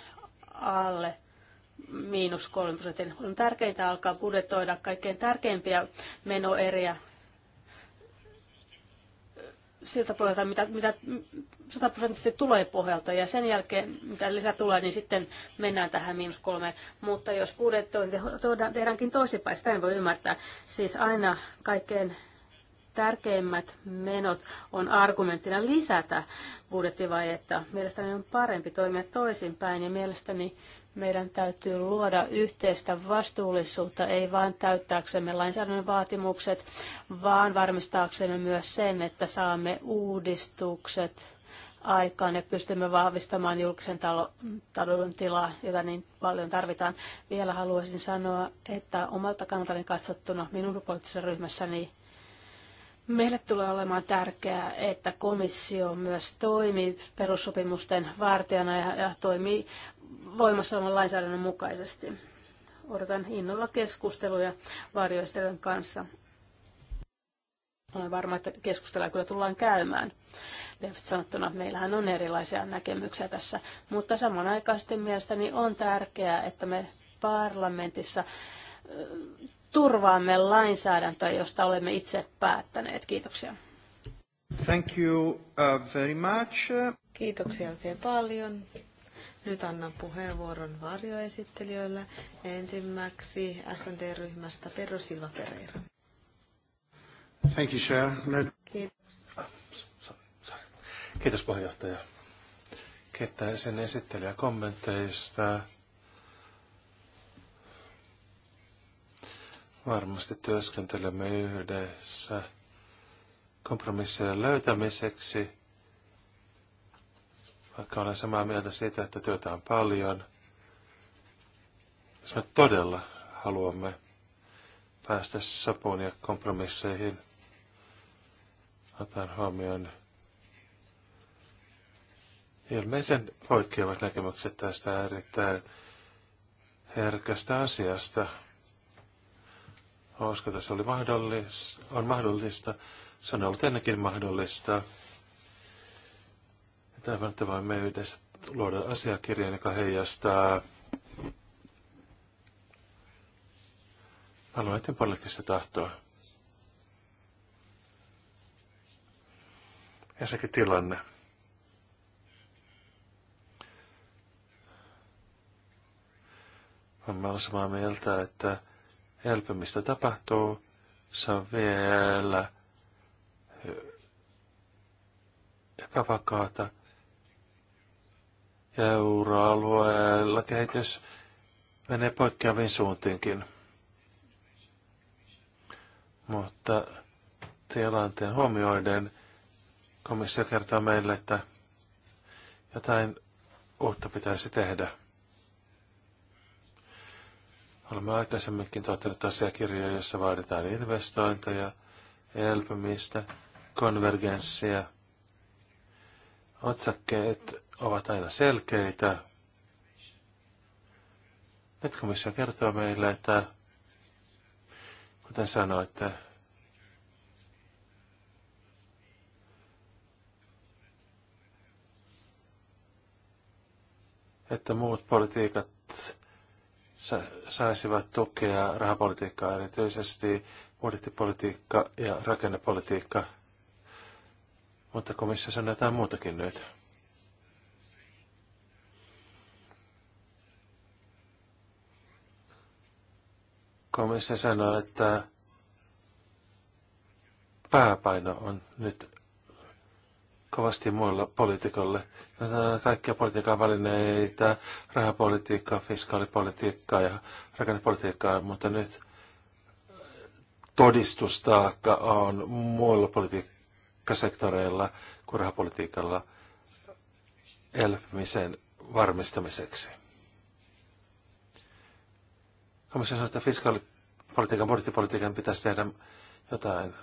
Speaker 3: alle miinus kolmen prosentin. On tärkeintä alkaa budjetoida kaikkein tärkeimpiä menoeriä siltä pohjalta, mitä, mitä sataprosenttisesti tulee pohjalta, ja sen jälkeen, mitä lisää tulee, niin sitten mennään tähän miinus kolmeen. Mutta jos budjetointi tehdäänkin toisinpäin, sitä en voi ymmärtää. Siis aina kaikkein tärkeimmät menot on argumenttina lisätä budjettivajetta. Mielestäni on parempi toimia toisinpäin, ja mielestäni meidän täytyy luoda yhteistä vastuullisuutta, ei vain täyttääksemme lainsäädännön vaatimukset, vaan varmistaaksemme myös sen, että saamme uudistukset aikaan ja pystymme vahvistamaan julkisen talouden tilaa, jota niin paljon tarvitaan. Vielä haluaisin sanoa, että omalta kannaltani katsottuna minun poliittisessa ryhmässäni Meille tulee olemaan tärkeää, että komissio myös toimii perussopimusten vartijana ja, ja toimii voimassa olevan lainsäädännön mukaisesti. Odotan innolla keskusteluja varjoistelun kanssa. Olen varma, että keskustelua kyllä tullaan käymään. Levästi sanottuna meillähän on erilaisia näkemyksiä tässä, mutta samanaikaisesti mielestäni on tärkeää, että me parlamentissa turvaamme lainsäädäntöä, josta olemme itse
Speaker 2: päättäneet. Kiitoksia. Thank you uh, very much. Kiitoksia oikein paljon. Nyt annan puheenvuoron varjoesittelijöille. Ensimmäksi SNT-ryhmästä Pedro Silva Pereira.
Speaker 1: Thank you, Chair. No...
Speaker 2: Kiitos. Ah,
Speaker 1: sorry, sorry. Kiitos puheenjohtaja. Kiittää sen esittelijä kommenteista. Varmasti työskentelemme yhdessä kompromissien löytämiseksi – vaikka olen samaa mieltä siitä, että työtä on paljon, jos me todella haluamme päästä sapuun ja kompromisseihin, otan huomioon ilmeisen poikkeavat näkemykset tästä erittäin herkästä asiasta. Olisiko tässä oli mahdollis, on mahdollista, se on ollut ennenkin mahdollista. Toivon, että me yhdessä luoda asiakirjan, joka heijastaa alueiden poliittista tahtoa. Ja sekin tilanne. On olen samaa mieltä, että elpymistä tapahtuu. Se on vielä epävakaata, Euroalueella kehitys menee poikkeaviin suuntiinkin. Mutta tilanteen huomioiden komissio kertoo meille, että jotain uutta pitäisi tehdä. Olemme aikaisemminkin tuottaneet asiakirjoja, joissa vaaditaan investointeja, elpymistä, konvergenssia. Otsakkeet ovat aina selkeitä. Nyt komissio kertoo meille, että kuten sanoitte, että muut politiikat saisivat tukea rahapolitiikkaa, erityisesti budjettipolitiikka ja rakennepolitiikka. Mutta komissio sanoo jotain muutakin nyt. komissio sanoo, että pääpaino on nyt kovasti muilla poliitikolle. No, kaikkia politiikan välineitä, rahapolitiikka, fiskaalipolitiikka ja rakennepolitiikkaa, mutta nyt todistustaakka on muilla politiikkasektoreilla kuin rahapolitiikalla elpymisen varmistamiseksi. Mä sanoin, että fiskaalipolitiikan, budjettipolitiikan pitäisi tehdä jotain.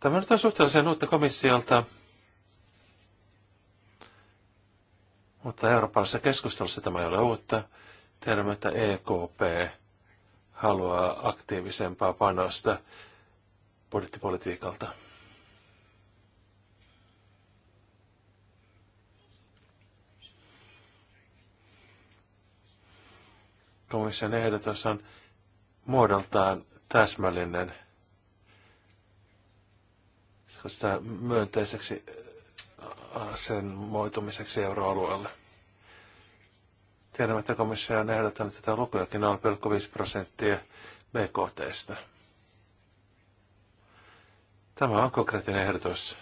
Speaker 1: Tämä nyt on suhteellisen uutta komissiolta, mutta eurooppalaisessa keskustelussa tämä ei ole uutta. Tiedämme, että EKP haluaa aktiivisempaa panosta budjettipolitiikalta. komission ehdotus on muodoltaan täsmällinen. Sitä myönteiseksi äh, moitumiseksi euroalueelle. Tiedämme, että komissio on ehdottanut tätä lukujakin 0,5 prosenttia BKTstä. Tämä on konkreettinen ehdotus.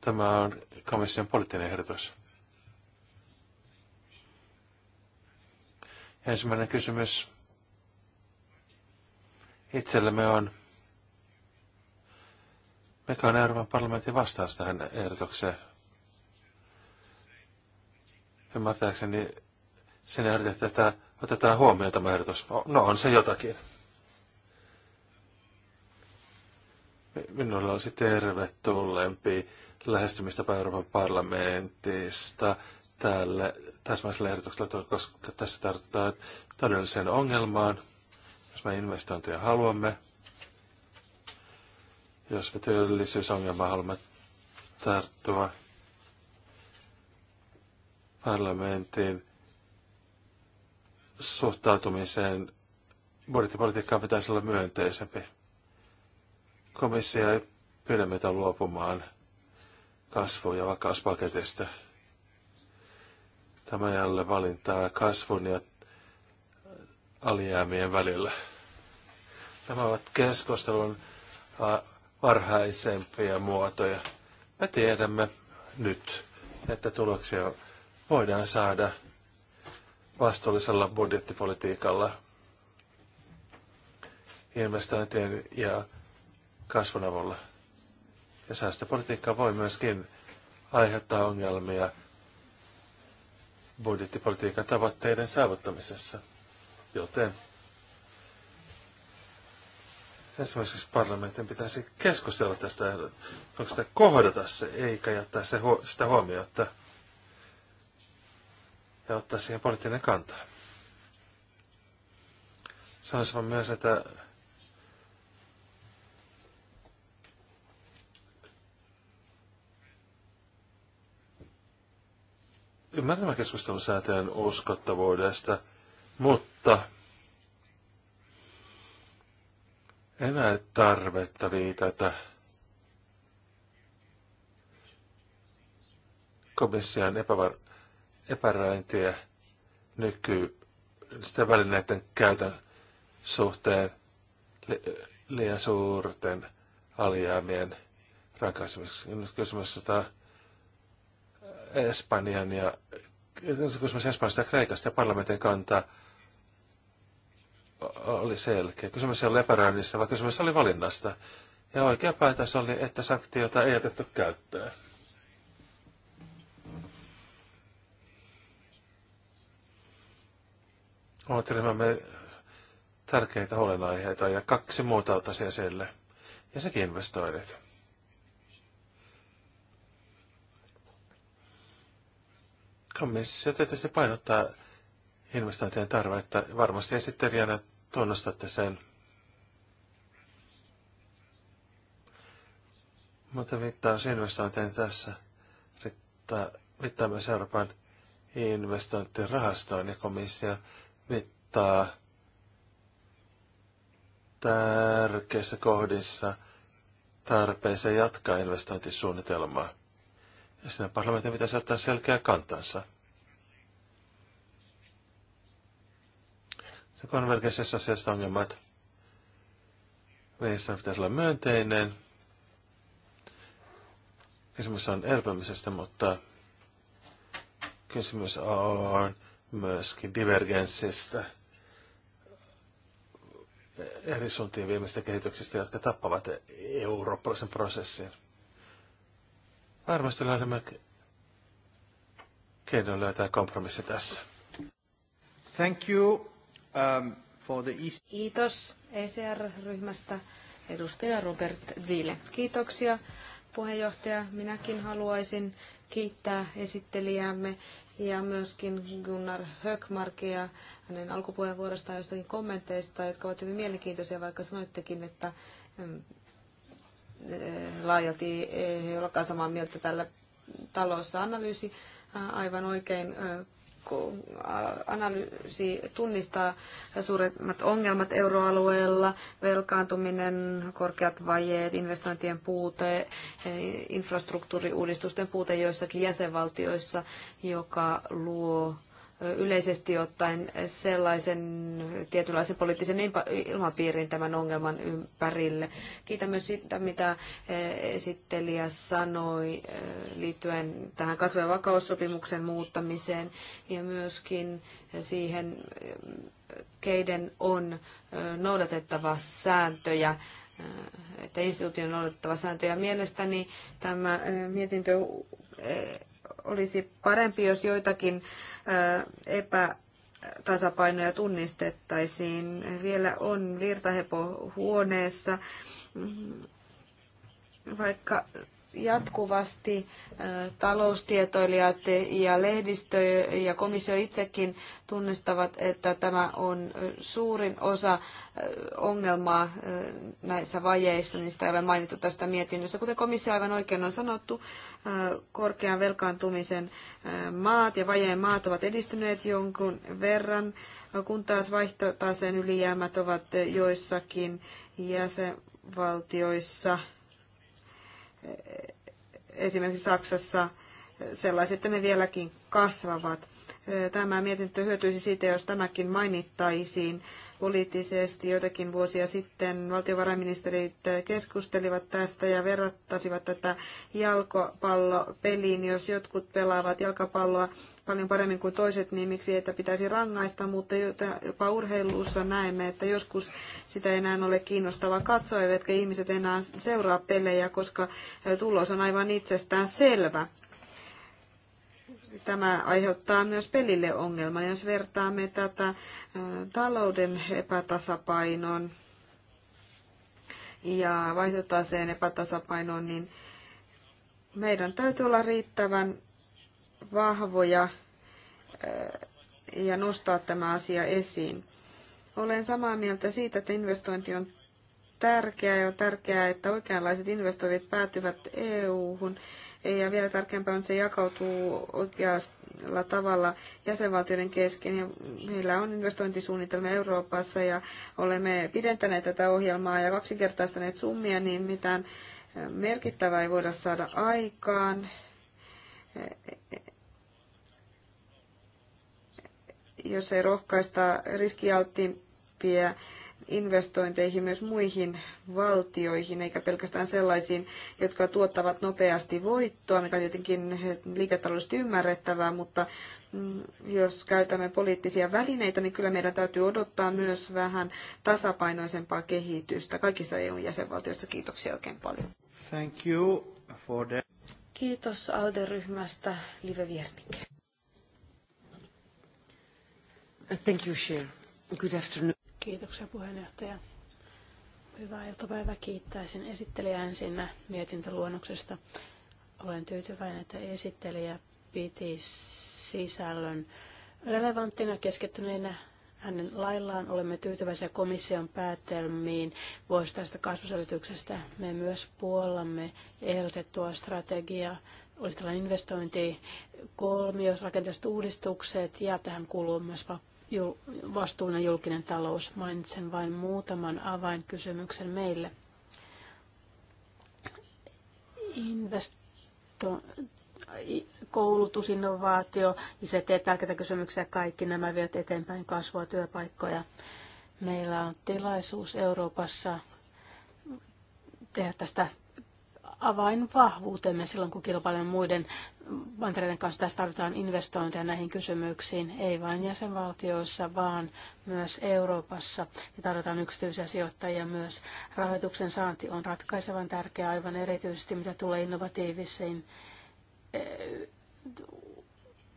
Speaker 1: Tämä on komission poliittinen ehdotus. Ensimmäinen kysymys itsellemme on, mikä on Euroopan parlamentin vastaus tähän ehdotukseen? Ymmärtääkseni sen ehdotettiin, että otetaan huomioon tämä ehdotus. No on se jotakin. Minulla on sitten tervetulleempi lähestymistapa Euroopan parlamentista tällä täsmäisellä ehdotuksella, koska tässä tartutaan todelliseen ongelmaan, jos me investointeja haluamme, jos me työllisyysongelmaa haluamme tarttua parlamentin suhtautumiseen budjettipolitiikkaan pitäisi olla myönteisempi. Komissio ei pyydä meitä luopumaan kasvu- ja vakauspaketista. Tämä jälle valintaa kasvun ja alijäämien välillä. Nämä ovat keskustelun varhaisempia muotoja. Me tiedämme nyt, että tuloksia voidaan saada vastuullisella budjettipolitiikalla, investointien ja kasvun avulla. Ja säästöpolitiikka voi myöskin aiheuttaa ongelmia budjettipolitiikan tavoitteiden saavuttamisessa. Joten esimerkiksi parlamentin pitäisi keskustella tästä, onko sitä kohdata se, eikä jättää se, sitä huomiota ja ottaa siihen poliittinen kantaa. Sanoisin myös, että Ymmärrämme keskustelun säätäjän uskottavuudesta, mutta en näe tarvetta viitata komission epävar- epäröintiä nyky sitä välineiden käytön suhteen li- liian suurten alijäämien rankaisemiseksi. Nyt kysymys Espanjan ja kysymys Espanjasta ja Kreikasta ja parlamentin kanta oli selkeä. Kysymys oli ole epäröinnistä, vaan kysymys oli valinnasta. Ja oikea päätös oli, että sanktiota ei otettu käyttöön. Ovat ryhmämme tärkeitä huolenaiheita ja kaksi muuta ottaisi esille. Ja sekin investoinnit. se tietysti painottaa investointien tarvetta. Varmasti esittelijänä tunnustatte sen. Mutta viittaus investointeihin tässä riittää, viittaa myös Euroopan investointirahastoon ja komissio viittaa tärkeissä kohdissa tarpeeseen jatkaa investointisuunnitelmaa. Ja siinä parlamentin pitäisi ottaa selkeä kantansa. Se konvergenssissa asiasta ongelma, että pitäisi olla myönteinen. Kysymys on elpymisestä, mutta kysymys on myöskin divergenssistä eri suuntien viimeistä kehityksistä jotka tappavat eurooppalaisen prosessin. Varmasti löydämme keinon löytää kompromissi tässä. Thank you um, for the East...
Speaker 2: Kiitos ECR-ryhmästä edustaja Robert Zille. Kiitoksia puheenjohtaja. Minäkin haluaisin kiittää esittelijäämme ja myöskin Gunnar Höckmarkia hänen alkupuheenvuorostaan jostakin kommenteista, jotka ovat hyvin mielenkiintoisia, vaikka sanoittekin, että mm, Eh, laajalti eh, ei olekaan samaa mieltä tällä talossa. Analyysi eh, aivan oikein analyysi tunnistaa suuremmat ongelmat euroalueella, velkaantuminen, korkeat vajeet, investointien puute, infrastruktuuriuudistusten puute joissakin jäsenvaltioissa, joka luo yleisesti ottaen sellaisen tietynlaisen poliittisen ilmapiirin tämän ongelman ympärille. Kiitän myös sitä, mitä eh, esittelijä sanoi eh, liittyen tähän kasvu- ja vakaussopimuksen muuttamiseen ja myöskin siihen, eh, keiden on noudatettava sääntöjä että instituutio on noudatettava sääntöjä. Mielestäni tämä mietintö olisi parempi, jos joitakin epätasapainoja tunnistettaisiin. Vielä on virtahepo huoneessa, vaikka jatkuvasti taloustietoilijat ja lehdistö ja komissio itsekin tunnistavat, että tämä on suurin osa ongelmaa näissä vajeissa, niin sitä ei ole mainittu tästä mietinnössä. Kuten komissio aivan oikein on sanottu, korkean velkaantumisen maat ja vajeen maat ovat edistyneet jonkun verran, kun taas vaihtotaseen ylijäämät ovat joissakin jäsenvaltioissa – esimerkiksi Saksassa sellaiset, että ne vieläkin kasvavat. Tämä mietintö hyötyisi siitä, jos tämäkin mainittaisiin poliittisesti. Joitakin vuosia sitten valtiovarainministerit keskustelivat tästä ja verrattasivat tätä jalkapallopeliin. Jos jotkut pelaavat jalkapalloa paljon paremmin kuin toiset, niin miksi että pitäisi rangaista, mutta jopa urheilussa näemme, että joskus sitä enää ole kiinnostava katsoa, eivätkä ihmiset enää seuraa pelejä, koska tulos on aivan itsestään selvä Tämä aiheuttaa myös pelille ongelman. Jos vertaamme tätä talouden epätasapainoon ja vaihtotaseen epätasapainoon, niin meidän täytyy olla riittävän vahvoja ja nostaa tämä asia esiin. Olen samaa mieltä siitä, että investointi on tärkeää ja on tärkeää, että oikeanlaiset investoivat päätyvät EU-hun ja vielä tärkeämpää on, että se jakautuu oikealla tavalla jäsenvaltioiden kesken. Meillä on investointisuunnitelma Euroopassa ja olemme pidentäneet tätä ohjelmaa ja kaksinkertaistaneet summia, niin mitään merkittävää ei voida saada aikaan. Jos ei rohkaista riskialttiimpia investointeihin myös muihin valtioihin, eikä pelkästään sellaisiin, jotka tuottavat nopeasti voittoa, mikä on tietenkin liiketaloudellisesti ymmärrettävää, mutta mm, jos käytämme poliittisia välineitä, niin kyllä meidän täytyy odottaa myös vähän tasapainoisempaa kehitystä kaikissa eu jäsenvaltioissa. Kiitoksia oikein paljon.
Speaker 1: Thank you for the...
Speaker 2: Kiitos ALDE-ryhmästä, Live Viernik.
Speaker 1: Thank you, Cher. Good afternoon.
Speaker 3: Kiitoksia puheenjohtaja. Hyvää iltapäivää. Kiittäisin esittelijää ensinnä mietintöluonnoksesta. Olen tyytyväinen, että esittelijä piti sisällön relevanttina keskittyneenä hänen laillaan. Olemme tyytyväisiä komission päätelmiin vuosittaisesta kasvuselityksestä. Me myös puollamme ehdotettua strategiaa. Olisi tällainen investointi, kolmiosrakenteelliset uudistukset ja tähän kuuluu myös vastuullinen julkinen talous. Mainitsen vain muutaman avainkysymyksen meille. Investo- koulutus, innovaatio, ICT, tärkeitä kysymyksiä, kaikki nämä vievät eteenpäin kasvua, työpaikkoja. Meillä on tilaisuus Euroopassa tehdä tästä avainvahvuutemme silloin, kun kilpailemme muiden mantereiden kanssa. Tässä tarvitaan investointeja näihin kysymyksiin, ei vain jäsenvaltioissa, vaan myös Euroopassa. Ja tarvitaan yksityisiä sijoittajia myös. Rahoituksen saanti on ratkaisevan tärkeää aivan erityisesti, mitä tulee innovatiivisiin eh,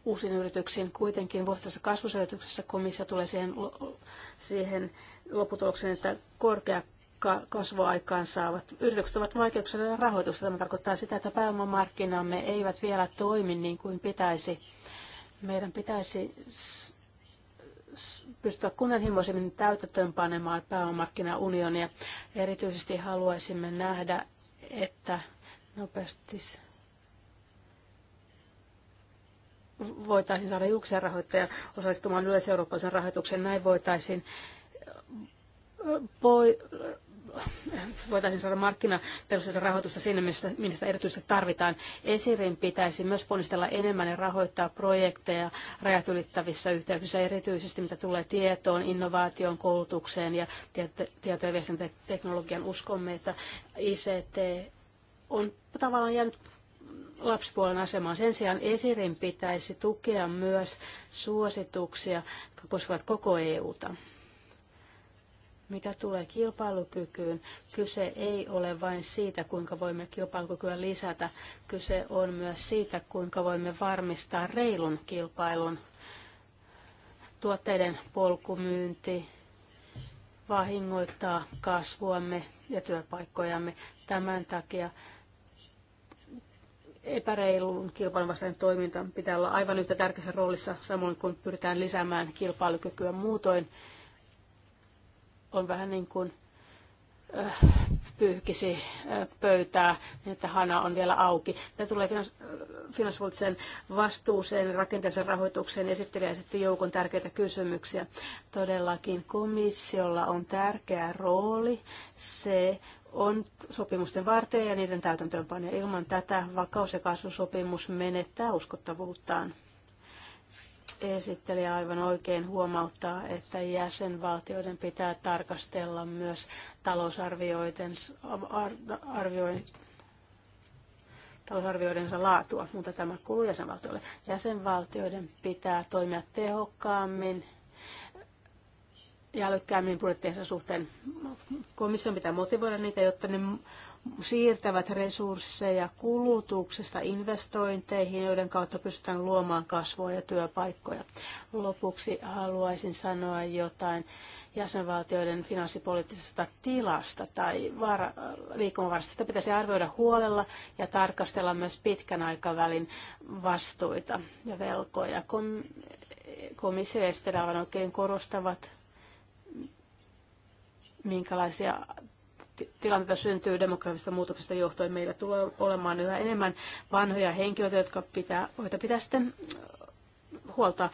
Speaker 3: uusiin yrityksiin. Kuitenkin vuosittaisessa kasvuselityksessä komissio tulee siihen, siihen lopputulokseen, että korkea kasvua aikaan saavat. Yritykset ovat vaikeuksilla rahoitusta. Tämä tarkoittaa sitä, että pääomamarkkinamme eivät vielä toimi niin kuin pitäisi. Meidän pitäisi pystyä kunnianhimoisemmin panemaan pääomamarkkinaunionia. Erityisesti haluaisimme nähdä, että nopeasti voitaisiin saada julkisia rahoittajia osallistumaan yleiseurooppalaisen rahoituksen. Näin voitaisiin voitaisiin saada markkinaperusteista rahoitusta siinä, mistä, mistä erityisesti tarvitaan. Esirin pitäisi myös ponnistella enemmän ja rahoittaa projekteja rajat ylittävissä yhteyksissä, erityisesti mitä tulee tietoon, innovaatioon, koulutukseen ja tieto- ja viestintäteknologian. Uskomme, että ICT on tavallaan jäänyt lapsipuolen asemaan. Sen sijaan Esirin pitäisi tukea myös suosituksia, jotka koskevat koko EUta. Mitä tulee kilpailukykyyn, kyse ei ole vain siitä, kuinka voimme kilpailukykyä lisätä. Kyse on myös siitä, kuinka voimme varmistaa reilun kilpailun. Tuotteiden polkumyynti vahingoittaa kasvuamme ja työpaikkojamme. Tämän takia epäreilun kilpailun vastainen toiminta pitää olla aivan yhtä tärkeässä roolissa, samoin kun pyritään lisäämään kilpailukykyä muutoin on vähän niin kuin pyyhkisi pöytää, niin että hana on vielä auki. Tämä tulee finanssivuotisen vastuuseen, rakenteellisen rahoitukseen niin esittelijä esitti joukon tärkeitä kysymyksiä. Todellakin komissiolla on tärkeä rooli. Se on sopimusten varten ja niiden täytäntöönpanoja. Ilman tätä vakaus- ja kasvusopimus menettää uskottavuuttaan. Esittelijä aivan oikein huomauttaa, että jäsenvaltioiden pitää tarkastella myös talousarvioiden, arvioin, talousarvioidensa laatua, mutta tämä kuuluu jäsenvaltioille. Jäsenvaltioiden pitää toimia tehokkaammin ja älykkäämmin budjettiensa suhteen. Komission pitää motivoida niitä, jotta ne siirtävät resursseja kulutuksesta investointeihin, joiden kautta pystytään luomaan kasvua ja työpaikkoja. Lopuksi haluaisin sanoa jotain jäsenvaltioiden finanssipoliittisesta tilasta tai vaara, liikkumavarasta. Sitä pitäisi arvioida huolella ja tarkastella myös pitkän aikavälin vastuita ja velkoja. Kom- komissio ja oikein korostavat minkälaisia tilanteita syntyy demografista muutoksesta johtuen. Meillä tulee olemaan yhä enemmän vanhoja henkilöitä, jotka pitää, joita pitää sitten äh, huolta.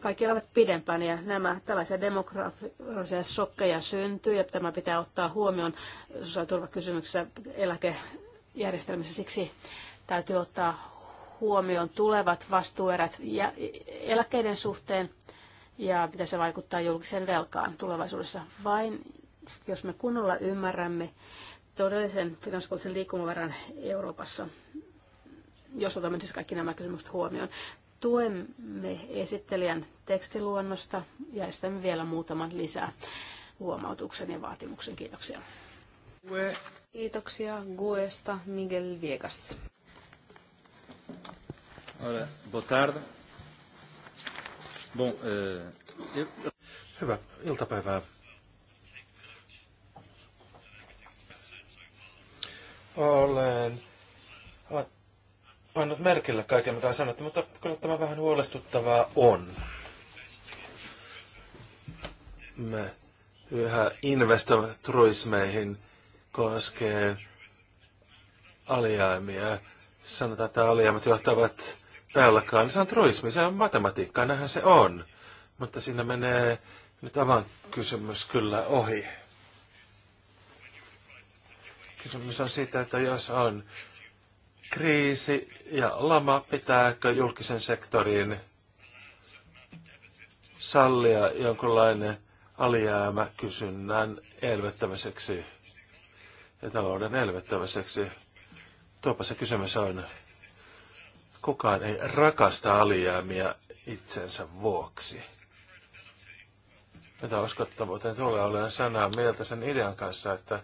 Speaker 3: Kaikki elävät pidempään ja nämä tällaisia demografisia sokkeja syntyy ja tämä pitää ottaa huomioon sosiaaliturvakysymyksessä eläkejärjestelmässä. Siksi täytyy ottaa huomioon tulevat vastuuerät ja eläkkeiden suhteen ja miten se vaikuttaa julkiseen velkaan tulevaisuudessa. Vain jos me kunnolla ymmärrämme todellisen finanssipoliittisen liikkumavaran Euroopassa, jos otamme siis kaikki nämä kysymykset huomioon, tuemme esittelijän tekstiluonnosta ja estämme vielä muutaman lisää huomautuksen ja vaatimuksen. Kiitoksia.
Speaker 1: Gue.
Speaker 2: Kiitoksia Guesta Miguel Viegas.
Speaker 1: Ora, Botard. Bon, euh... Hyvää iltapäivää. Olen pannut merkillä kaiken, mitä on sanottu, mutta kyllä tämä vähän huolestuttavaa on. Me yhä investoimme truismeihin koskien alijäämiä. Sanotaan, että alijäämät johtavat velkaan, niin se on truismi, se on matematiikkaa, näinhän se on. Mutta siinä menee nyt avan kysymys kyllä ohi. Kysymys on siitä, että jos on kriisi ja lama, pitääkö julkisen sektorin sallia jonkinlainen alijäämä kysynnän elvettämiseksi ja talouden elvettämiseksi. Tuopa se kysymys on. Kukaan ei rakasta alijäämiä itsensä vuoksi. Mitä uskottavuuteen tulee olemaan sanaa mieltä sen idean kanssa, että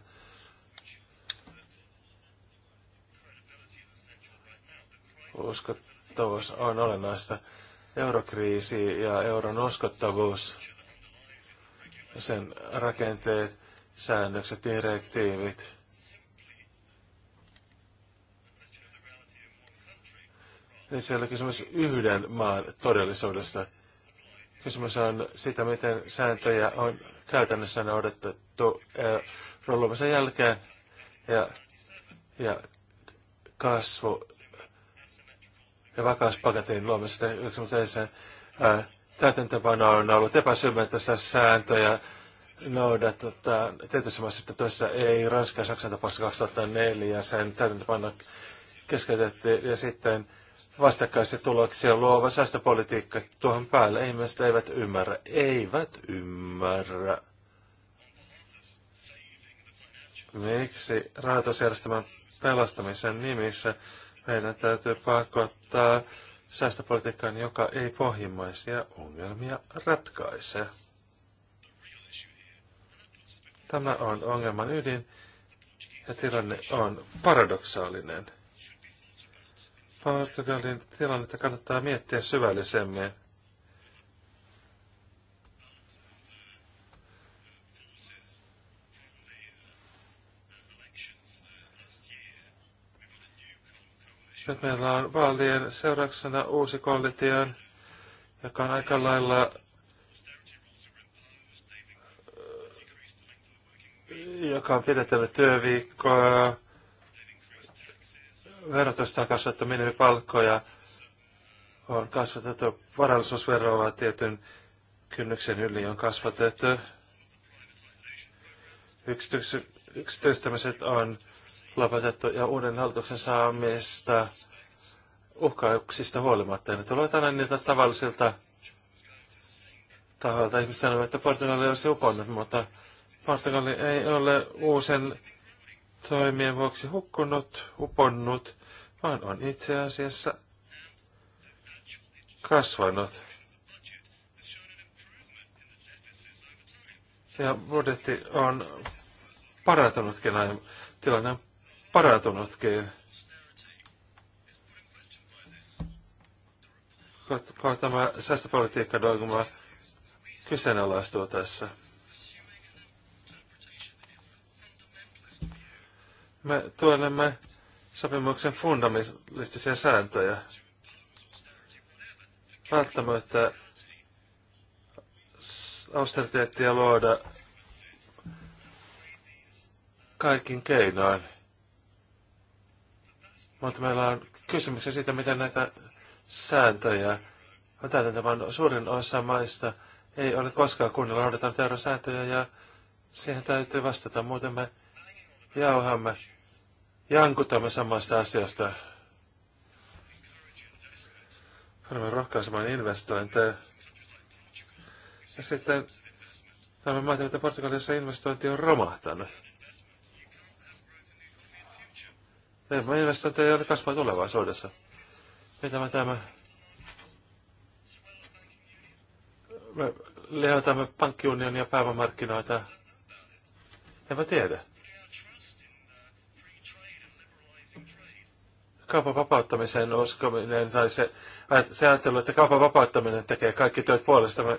Speaker 1: uskottavuus on olennaista. Eurokriisi ja euron uskottavuus, sen rakenteet, säännökset, direktiivit. Niin siellä on kysymys yhden maan todellisuudesta. Kysymys on sitä, miten sääntöjä on käytännössä noudatettu eh, rullumisen jälkeen ja, ja kasvu ja vakauspaketin luomisesta 1999 täytäntöpano on ollut epäsymmetristä sääntöjä noudatetaan. Tietyissä maissa että tuossa ei. Ranska ja Saksan tapauksessa 2004 sen täytäntöpano keskeytettiin ja sitten vastakkaisia tuloksia luova säästöpolitiikka tuohon päälle. Ihmiset eivät ymmärrä. Eivät ymmärrä. Miksi rahoitusjärjestelmän pelastamisen nimissä meidän täytyy pakottaa säästöpolitiikkaan, joka ei pohjimmaisia ongelmia ratkaise. Tämä on ongelman ydin ja tilanne on paradoksaalinen. Portugalin tilannetta kannattaa miettiä syvällisemmin. Nyt meillä on vaalien seurauksena uusi koalitio, joka on aika lailla joka on pidettänyt työviikkoa, verotusta on kasvattu minimipalkkoja, on kasvatettu varallisuusveroa tietyn kynnyksen yli, on kasvatettu yksityistämiset on lopetettu ja uuden hallituksen saamista uhkauksista huolimatta. Ne tulevat aina niiltä tavallisilta tahoilta. Ihmiset sanovat, että Portugali olisi uponnut, mutta Portugali ei ole uusen toimien vuoksi hukkunut, uponnut, vaan on itse asiassa kasvanut. Ja budjetti on parantunutkin ajan. Tilanne on parantunutkin. Kohta tämä säästöpolitiikka-dogma kyseenalaistuu tässä. Me tuonemme sopimuksen fundamentalistisia sääntöjä. Välttämättä austeriteettia luoda kaikin keinoin. Mutta meillä on kysymys siitä, miten näitä sääntöjä on vaan Suurin osa maista ei ole koskaan kunnilla euron sääntöjä ja siihen täytyy vastata. Muuten me jauhamme, jankutamme samasta asiasta. Olemme rohkaisemaan investointeja. Ja sitten tämä maat, että Portugalissa investointi on romahtanut Meidän investointeja ei ole kasvaa tulevaisuudessa. Mitä mä tämä me lehotamme pankkiunionia ja päivämarkkinoita. En mä tiedä. Kaupan vapauttamiseen uskominen tai se, se ajattelu, että kaupan vapauttaminen tekee kaikki työt puolestamme,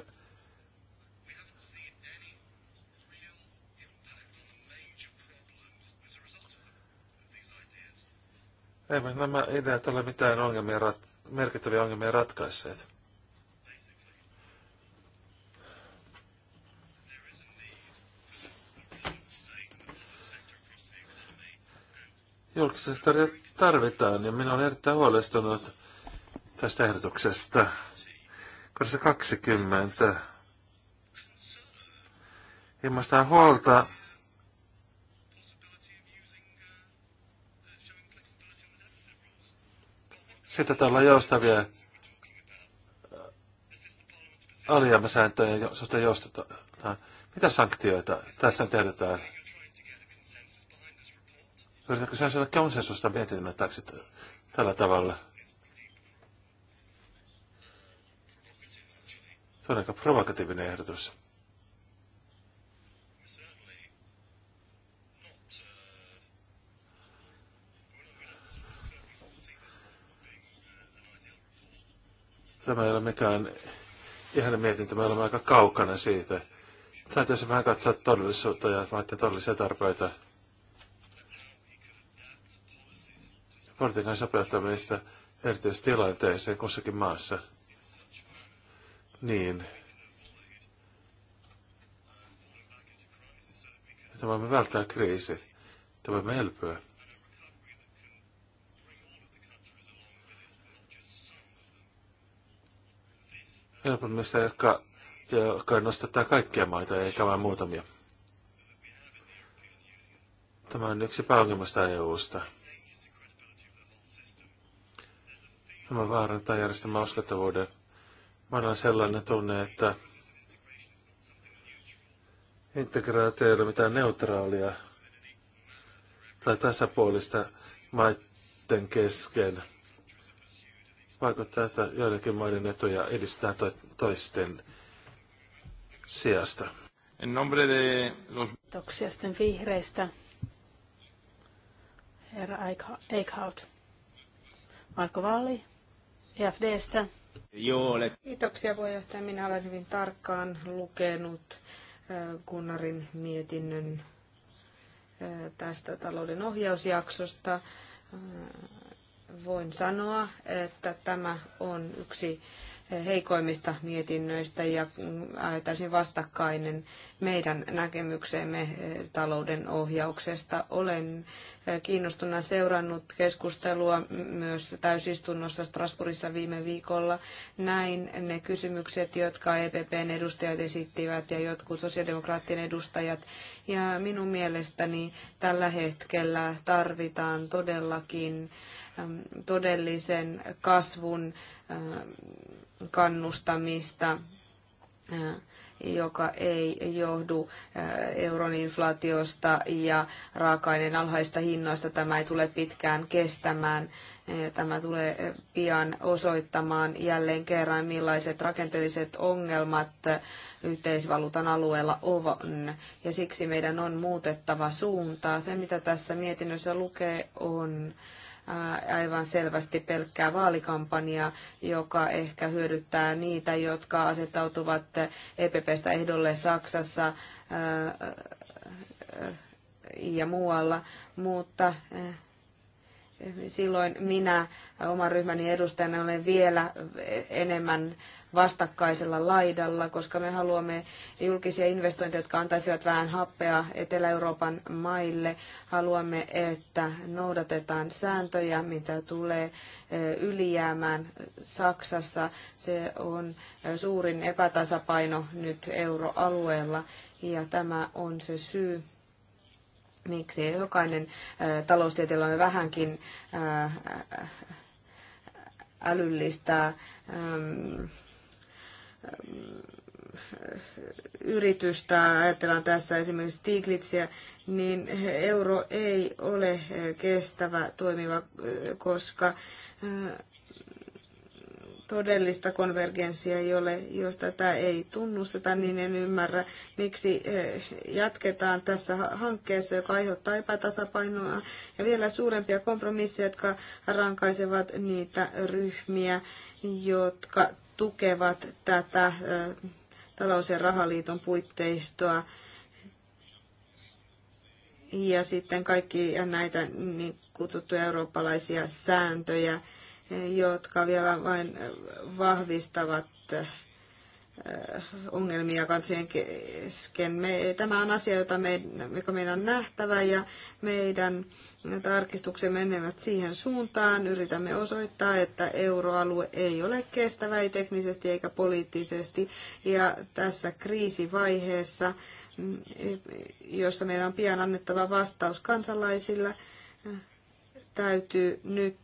Speaker 1: Eivät nämä ideat ole mitään ongelmia rat- merkittäviä ongelmia ratkaisseet. Julkissektoria tarvitaan ja minä olen erittäin huolestunut tästä ehdotuksesta. Kohdassa 20. Ilmaistaan huolta Sitten täällä on joustavia äh, alijäämäsääntöjä, suhteen joustetaan. Mitä sanktioita tässä tehdään? Yritätkö sinä saada konsensusta mietitymään taakse tällä tavalla? Se on aika provokatiivinen ehdotus. Tämä ei ole mikään ihan mietintö, me olemme aika kaukana siitä. Täytyisi vähän katsoa todellisuutta ja maiden todellisia tarpeita. Politiikan sopeuttamista erityistilanteeseen kussakin maassa. Niin. Että voimme välttää kriisit. Että voimme elpyä. helpomista, jotka, jotka nostetaan kaikkia maita eikä vain muutamia. Tämä on yksi pääongelmasta EU-sta. Tämä vaarantaa järjestelmän uskottavuuden. Mä on sellainen tunne, että integraatio ei ole mitään neutraalia tai tasapuolista maiden kesken vaikuttaa, että joidenkin maiden etuja edistää to- toisten sijasta. En nombre de los...
Speaker 3: Kiitoksia sitten vihreistä. Herra Eichhout. Marko Valli,
Speaker 2: EFDstä. Joo, olet. Kiitoksia puheenjohtaja. Minä olen hyvin tarkkaan lukenut Gunnarin mietinnön tästä talouden ohjausjaksosta voin sanoa, että tämä on yksi heikoimmista mietinnöistä ja ajattaisin mm, vastakkainen meidän näkemykseemme eh, talouden ohjauksesta. Olen eh, kiinnostuna seurannut keskustelua myös täysistunnossa Strasbourgissa viime viikolla. Näin ne kysymykset, jotka EPPn edustajat esittivät ja jotkut sosiaalidemokraattien edustajat. Ja minun mielestäni tällä hetkellä tarvitaan todellakin todellisen kasvun kannustamista joka ei johdu äh, euron inflaatiosta ja raaka-aineen alhaista hinnoista. Tämä ei tule pitkään kestämään. Äh, tämä tulee äh, pian osoittamaan jälleen kerran, millaiset rakenteelliset ongelmat yhteisvaluutan alueella on. Ja siksi meidän on muutettava suuntaa. Se, mitä tässä mietinnössä lukee, on aivan selvästi pelkkää vaalikampanjaa, joka ehkä hyödyttää niitä, jotka asettautuvat EPPstä ehdolle Saksassa ja muualla, mutta silloin minä oman ryhmäni edustajana olen vielä enemmän vastakkaisella laidalla, koska me haluamme julkisia investointeja, jotka antaisivat vähän happea Etelä-Euroopan maille. Haluamme, että noudatetaan sääntöjä, mitä tulee ylijäämään Saksassa. Se on suurin epätasapaino nyt euroalueella ja tämä on se syy, miksi jokainen taloustieteilijä vähänkin älyllistää äm, yritystä, ajatellaan tässä esimerkiksi Stiglitzia, niin euro ei ole kestävä toimiva, koska äh, todellista konvergenssia ei ole. Jos tätä ei tunnusteta, niin en ymmärrä, miksi äh, jatketaan tässä hankkeessa, joka aiheuttaa epätasapainoa ja vielä suurempia kompromisseja, jotka rankaisevat niitä ryhmiä, jotka tukevat tätä talous- ja rahaliiton puitteistoa. Ja sitten kaikki näitä niin kutsuttuja eurooppalaisia sääntöjä, jotka vielä vain vahvistavat Äh, ongelmia kansojen kesken. Me, tämä on asia, jota me, joka meidän on nähtävä ja meidän tarkistuksemme menevät siihen suuntaan. Yritämme osoittaa, että euroalue ei ole kestävä, ei teknisesti eikä poliittisesti. Ja tässä kriisivaiheessa, mm, jossa meidän on pian annettava vastaus kansalaisille, äh, täytyy nyt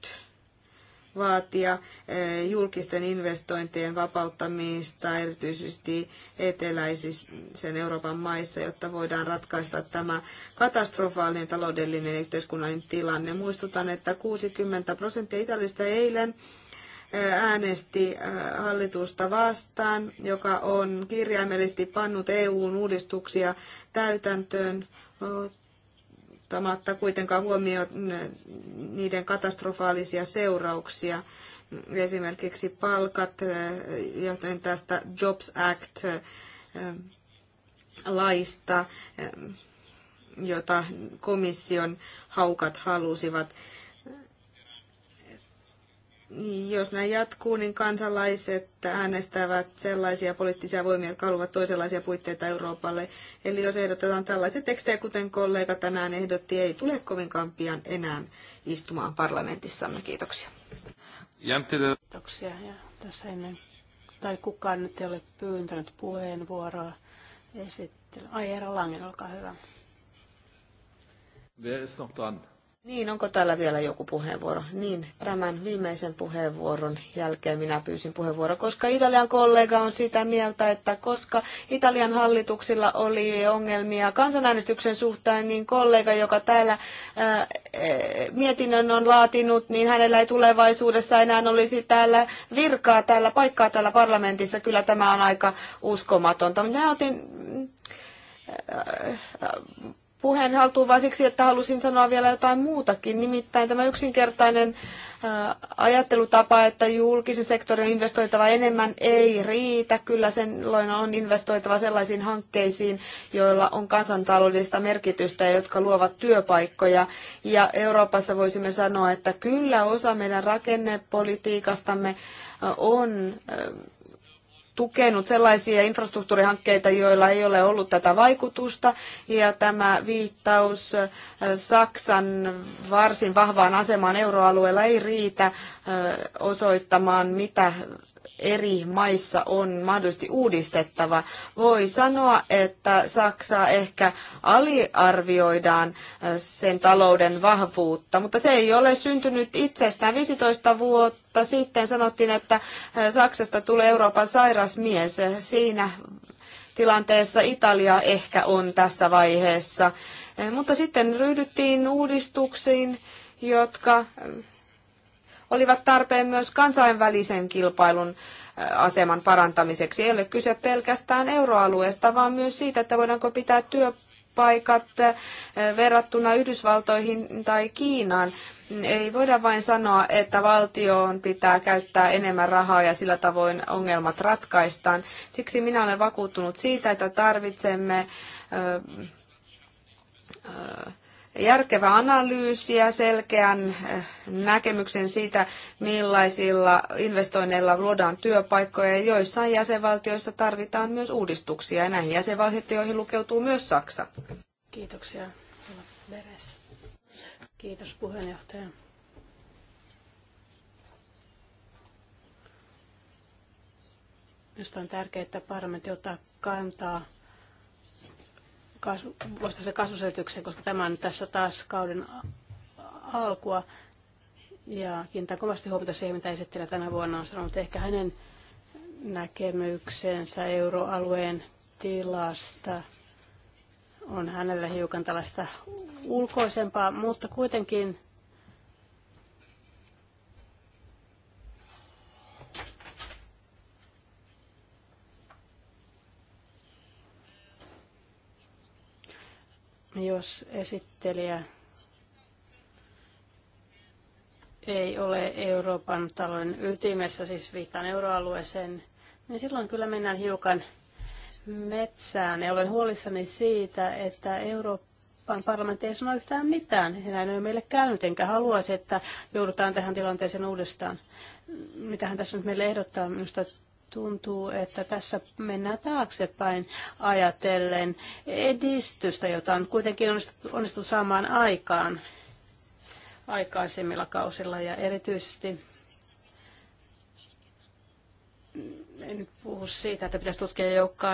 Speaker 2: vaatia eh, julkisten investointien vapauttamista erityisesti eteläisen Euroopan maissa, jotta voidaan ratkaista tämä katastrofaalinen taloudellinen ja yhteiskunnallinen tilanne. Muistutan, että 60 prosenttia Italiasta eilen eh, äänesti eh, hallitusta vastaan, joka on kirjaimellisesti pannut EUn uudistuksia täytäntöön ottamatta kuitenkaan huomioon niiden katastrofaalisia seurauksia, esimerkiksi palkat, eh, joten tästä Jobs Act-laista, eh, eh, jota komission haukat halusivat jos näin jatkuu, niin kansalaiset äänestävät sellaisia poliittisia voimia, jotka haluavat toisenlaisia puitteita Euroopalle. Eli jos ehdotetaan tällaisia tekstejä, kuten kollega tänään ehdotti, ei tule kovinkaan pian enää istumaan parlamentissamme. Kiitoksia.
Speaker 3: Kiitoksia.
Speaker 2: Ja tässä ennen, tai kukaan nyt ei ole pyyntänyt puheenvuoroa. Esittely. Ai, Eero Langen, olkaa hyvä. Wer ist noch dran? Niin, onko täällä vielä joku puheenvuoro? Niin, tämän viimeisen puheenvuoron jälkeen minä pyysin puheenvuoro, koska Italian kollega on sitä mieltä, että koska Italian hallituksilla oli ongelmia kansanäänestyksen suhteen, niin kollega, joka täällä ää, äh, eh, mietinnön on laatinut, niin hänellä ei tulevaisuudessa enää olisi täällä virkaa, täällä paikkaa täällä parlamentissa. Kyllä tämä on aika uskomatonta. Minä otin äh, puheen haltuun, vaan siksi, että halusin sanoa vielä jotain muutakin. Nimittäin tämä yksinkertainen ajattelutapa, että julkisen sektorin on investoitava enemmän, ei riitä. Kyllä sen loina on investoitava sellaisiin hankkeisiin, joilla on kansantaloudellista merkitystä ja jotka luovat työpaikkoja. Ja Euroopassa voisimme sanoa, että kyllä osa meidän rakennepolitiikastamme on tukenut sellaisia infrastruktuurihankkeita, joilla ei ole ollut tätä vaikutusta. Ja tämä viittaus äh, Saksan varsin vahvaan asemaan euroalueella ei riitä äh, osoittamaan, mitä eri maissa on mahdollisesti uudistettava. Voi sanoa, että Saksaa ehkä aliarvioidaan äh, sen talouden vahvuutta, mutta se ei ole syntynyt itsestään 15 vuotta mutta sitten sanottiin, että äh, Saksasta tulee Euroopan sairas mies. Siinä tilanteessa Italia ehkä on tässä vaiheessa. Äh, mutta sitten ryhdyttiin uudistuksiin, jotka olivat tarpeen myös kansainvälisen kilpailun aseman parantamiseksi. Ei ole kyse pelkästään euroalueesta, vaan myös siitä, että voidaanko pitää työpaikat verrattuna Yhdysvaltoihin tai Kiinaan. Ei voida vain sanoa, että valtioon pitää käyttää enemmän rahaa ja sillä tavoin ongelmat ratkaistaan. Siksi minä olen vakuuttunut siitä, että tarvitsemme järkevää ja selkeän eh, näkemyksen siitä, millaisilla investoinneilla luodaan työpaikkoja. Joissain jäsenvaltioissa tarvitaan myös uudistuksia ja näihin jäsenvaltioihin lukeutuu myös Saksa.
Speaker 3: Kiitoksia. Beres. Kiitos puheenjohtaja. Minusta on tärkeää, että parlamentti ottaa kantaa kasvu, se kasvuselitykseen, koska tämä on tässä taas kauden alkua. Ja kiinnitän kovasti huomiota siihen, mitä esittelijä tänä vuonna on sanonut. Ehkä hänen näkemyksensä euroalueen tilasta on hänelle hiukan tällaista ulkoisempaa, mutta kuitenkin Jos esittelijä ei ole Euroopan talouden ytimessä, siis viittaan euroalueeseen, niin silloin kyllä mennään hiukan metsään. Ja olen huolissani siitä, että Euroopan parlamentti ei sano yhtään mitään. Ja näin ei meille käynyt, enkä haluaisi, että joudutaan tähän tilanteeseen uudestaan. Mitähän tässä nyt meille ehdottaa? Minusta tuntuu, että tässä mennään taaksepäin ajatellen edistystä, jota on kuitenkin onnistuttu saamaan aikaan aikaisemmilla kausilla ja erityisesti en puhu siitä, että pitäisi tutkia joka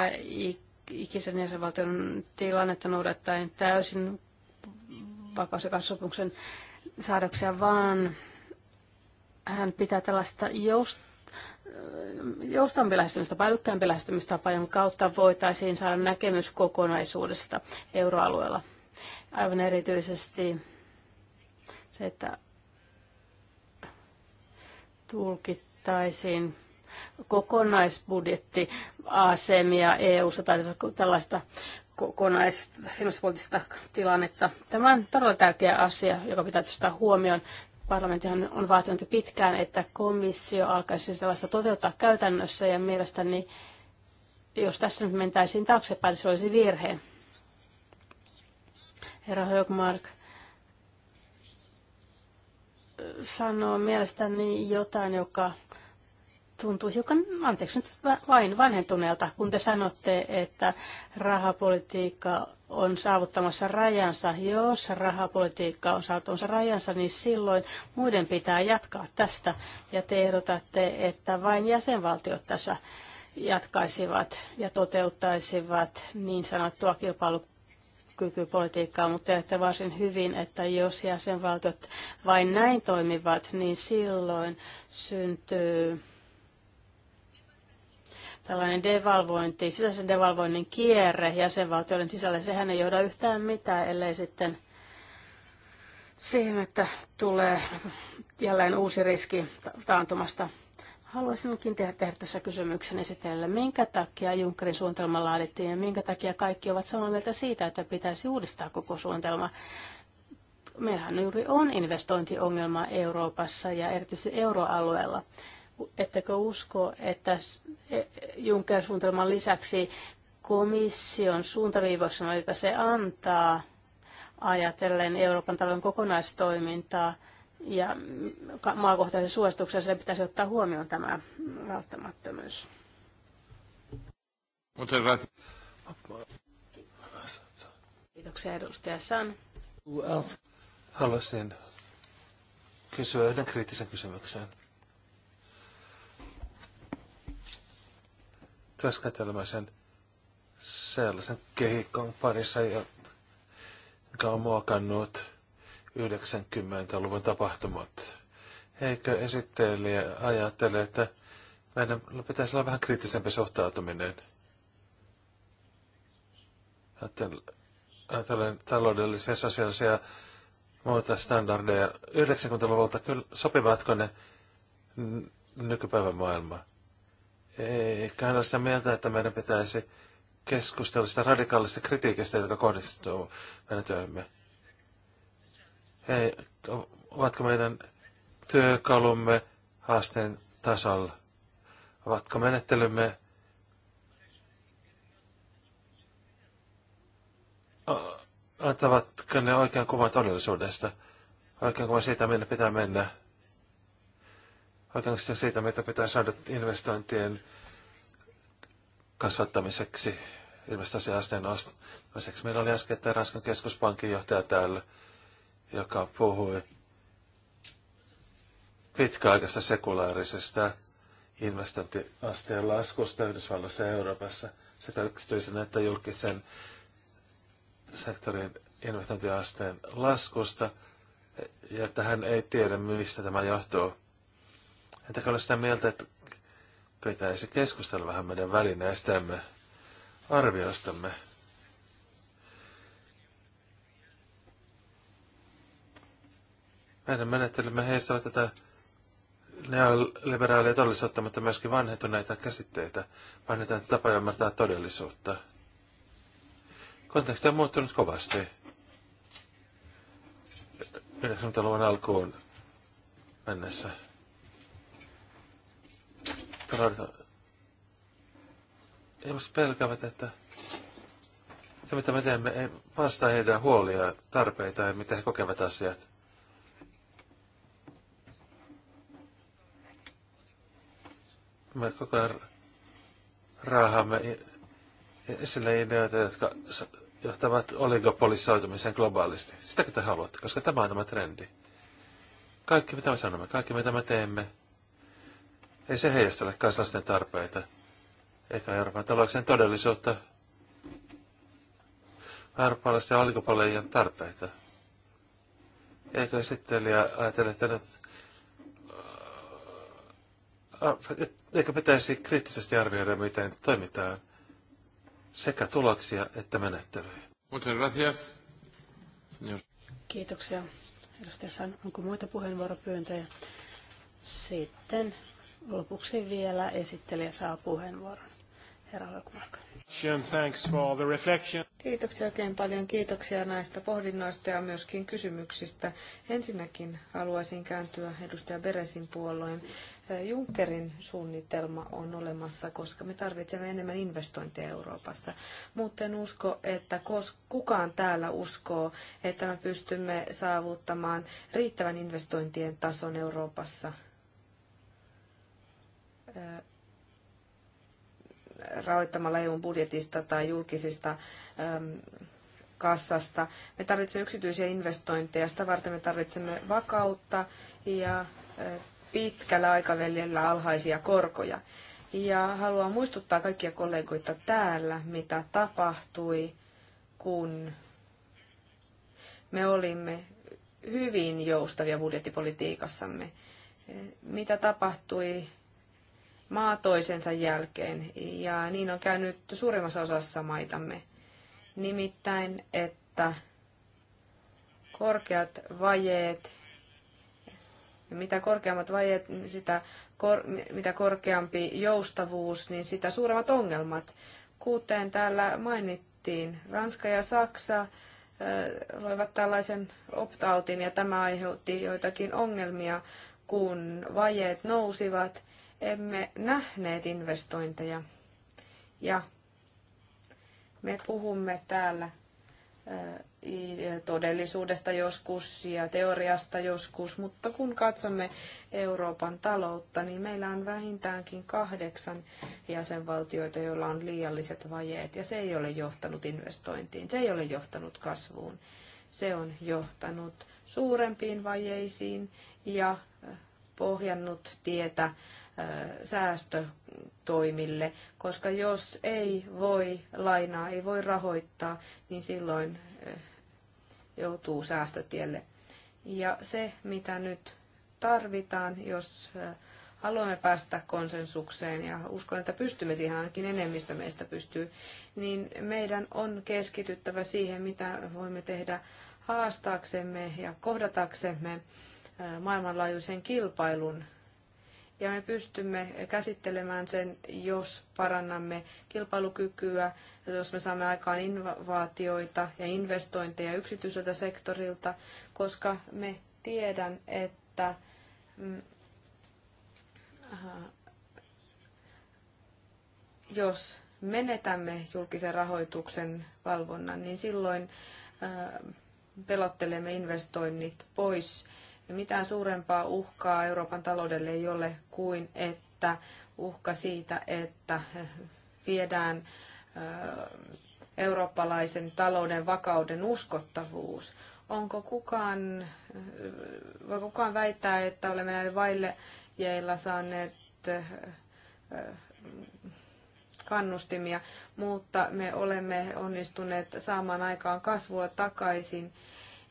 Speaker 3: ikisen jäsenvaltion tilannetta noudattaen täysin vakaus- ja sopimuksen säädöksiä, vaan hän pitää tällaista joust- joustavampi lähestymistapa, älykkäämpi lähestymistapa, jonka kautta voitaisiin saada näkemys kokonaisuudesta euroalueella. Aivan erityisesti se, että tulkittaisiin asemia e EU-ssa tai tällaista kokonaisfinanssipoliittista tilannetta. Tämä on todella tärkeä asia, joka pitää ottaa huomioon. Parlamenttihan on vaatinut jo pitkään, että komissio alkaisi sellaista toteuttaa käytännössä ja mielestäni jos tässä nyt mentäisiin taaksepäin, se olisi virhe. Herra Högmark sanoo mielestäni jotain, joka tuntuu hiukan, anteeksi nyt vain vanhentuneelta, kun te sanotte, että rahapolitiikka on saavuttamassa rajansa. Jos rahapolitiikka on saavuttamassa rajansa, niin silloin muiden pitää jatkaa tästä. Ja te ehdotatte, että vain jäsenvaltiot tässä jatkaisivat ja toteuttaisivat niin sanottua kilpailukykyä kilpailukykypolitiikkaa, mutta tiedätte varsin hyvin, että jos jäsenvaltiot vain näin toimivat, niin silloin syntyy tällainen devalvointi, sisäisen devalvoinnin kierre jäsenvaltioiden sisällä, sehän ei johda yhtään mitään, ellei sitten siihen, että tulee jälleen uusi riski taantumasta. Haluaisinkin tehdä, tehdä tässä kysymyksen esitellä, minkä takia Junckerin suunnitelma laadittiin ja minkä takia kaikki ovat samaa mieltä siitä, että pitäisi uudistaa koko suunnitelma. Meillähän juuri on investointiongelma Euroopassa ja erityisesti euroalueella ettekö usko, että e- Juncker suunnitelman lisäksi komission suuntaviivoissa, että se antaa ajatellen Euroopan talouden kokonaistoimintaa ja maakohtaisen suosituksen, se pitäisi ottaa huomioon tämä välttämättömyys. Kiitoksia edustaja San.
Speaker 1: Haluaisin kysyä yhden kriittisen kysymyksen. työskentelemään sen sellaisen kehikon parissa, joka on muokannut 90-luvun tapahtumat. Eikö esittelijä ajattele, että meidän pitäisi olla vähän kriittisempi suhtautuminen? Ajattelen taloudellisia, sosiaalisia muita standardeja. 90-luvulta kyllä sopivatko ne nykypäivän maailmaan? Eikä ole sitä mieltä, että meidän pitäisi keskustella sitä radikaalista kritiikistä, joka kohdistuu meidän työhömme. Hei, ovatko meidän työkalumme haasteen tasalla? Ovatko menettelymme antavatko ne oikean kuvan todellisuudesta? Oikean kuvan siitä, minne pitää mennä? Hakemusta siitä, mitä pitää saada investointien kasvattamiseksi, investointiasteen nostamiseksi. Meillä oli äskettäin Ranskan keskuspankin johtaja täällä, joka puhui pitkäaikaisesta sekulaarisesta investointiasteen laskusta Yhdysvalloissa ja Euroopassa sekä yksityisen että julkisen sektorin investointiasteen laskusta, ja että hän ei tiedä, mistä tämä johtuu. Entäkö ole sitä mieltä, että pitäisi keskustella vähän meidän välineestämme, arviostamme? Meidän menettelymme heistävät tätä
Speaker 2: neoliberaalia todellisuutta,
Speaker 1: mutta myöskin vanhentuneita käsitteitä, vanhentuneita tapa ymmärtää todellisuutta. Konteksti on muuttunut kovasti. 90-luvun alkuun mennessä terrorit ihmiset pelkävät, että se mitä me teemme ei vastaa heidän huolia, tarpeita ja mitä he kokevat asiat. Me koko ajan raahaamme esille ideoita, jotka johtavat oligopolisoitumiseen globaalisti. Sitäkö te haluatte, koska tämä on tämä trendi. Kaikki mitä me sanomme, kaikki mitä me teemme, ei se heijastele kansalaisten tarpeita, eikä Euroopan talouksen todellisuutta, eurooppalaisten alkupalejen tarpeita. Eikö sitten ajatella, että nyt äh, eikö pitäisi kriittisesti arvioida, miten toimitaan sekä tuloksia että menettelyjä.
Speaker 3: Kiitoksia. Edustaja San, onko muita puheenvuoropyyntöjä? Sitten Lopuksi vielä
Speaker 2: esittelijä saa puheenvuoron. Herra Kiitoksia oikein paljon. Kiitoksia näistä pohdinnoista ja myöskin kysymyksistä. Ensinnäkin haluaisin kääntyä edustaja Beresin puolueen. Eh, Junckerin suunnitelma on olemassa, koska me tarvitsemme enemmän investointeja Euroopassa. Mutta en usko, että kukaan täällä uskoo, että me pystymme saavuttamaan riittävän investointien tason Euroopassa – rahoittamalla EUn budjetista tai julkisista kassasta. Me tarvitsemme yksityisiä investointeja, sitä varten me tarvitsemme vakautta ja pitkällä aikavälillä alhaisia korkoja. Ja haluan muistuttaa kaikkia kollegoita täällä, mitä tapahtui, kun me olimme hyvin joustavia budjettipolitiikassamme. Mitä tapahtui maa toisensa jälkeen. Ja niin on käynyt suurimmassa osassa maitamme. Nimittäin, että korkeat vajeet, mitä korkeammat vajeet, sitä kor, mitä korkeampi joustavuus, niin sitä suuremmat ongelmat. Kuuteen täällä mainittiin, Ranska ja Saksa loivat tällaisen opt-outin ja tämä aiheutti joitakin ongelmia, kun vajeet nousivat emme nähneet investointeja. Ja me puhumme täällä todellisuudesta joskus ja teoriasta joskus, mutta kun katsomme Euroopan taloutta, niin meillä on vähintäänkin kahdeksan jäsenvaltioita, joilla on liialliset vajeet, ja se ei ole johtanut investointiin, se ei ole johtanut kasvuun. Se on johtanut suurempiin vajeisiin ja pohjannut tietä säästötoimille, koska jos ei voi lainaa, ei voi rahoittaa, niin silloin joutuu säästötielle. Ja se, mitä nyt tarvitaan, jos haluamme päästä konsensukseen ja uskon, että pystymme siihen, ainakin enemmistö meistä pystyy, niin meidän on keskityttävä siihen, mitä voimme tehdä haastaaksemme ja kohdataksemme maailmanlaajuisen kilpailun ja me pystymme käsittelemään sen, jos parannamme kilpailukykyä, jos me saamme aikaan innovaatioita ja investointeja yksityiseltä sektorilta, koska me tiedän, että mm, äh, jos menetämme julkisen rahoituksen valvonnan, niin silloin äh, pelottelemme investoinnit pois mitään suurempaa uhkaa Euroopan taloudelle ei ole kuin, että uhka siitä, että viedään eurooppalaisen talouden vakauden uskottavuus. Onko kukaan, voi kukaan väittää, että olemme näille vaillejeilla saaneet kannustimia, mutta me olemme onnistuneet saamaan aikaan kasvua takaisin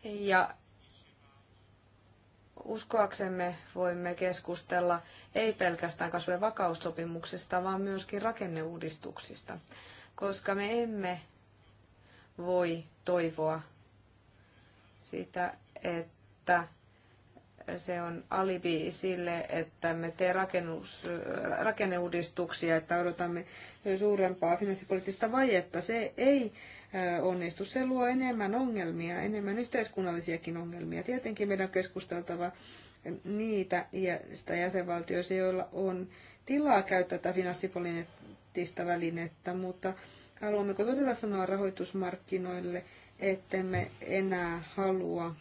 Speaker 2: ja uskoaksemme voimme keskustella ei pelkästään kasvu- ja vakaussopimuksesta, vaan myöskin rakenneuudistuksista, koska me emme voi toivoa sitä, että se on alibi sille, että me tee rakennus, rakenneuudistuksia, että odotamme suurempaa finanssipoliittista vajetta. Se ei Onnistus Se luo enemmän ongelmia, enemmän yhteiskunnallisiakin ongelmia. Tietenkin meidän on keskusteltava niitä ja sitä jäsenvaltioissa, joilla on tilaa käyttää tätä finanssipoliittista välinettä, mutta haluammeko todella sanoa rahoitusmarkkinoille, ettemme enää halua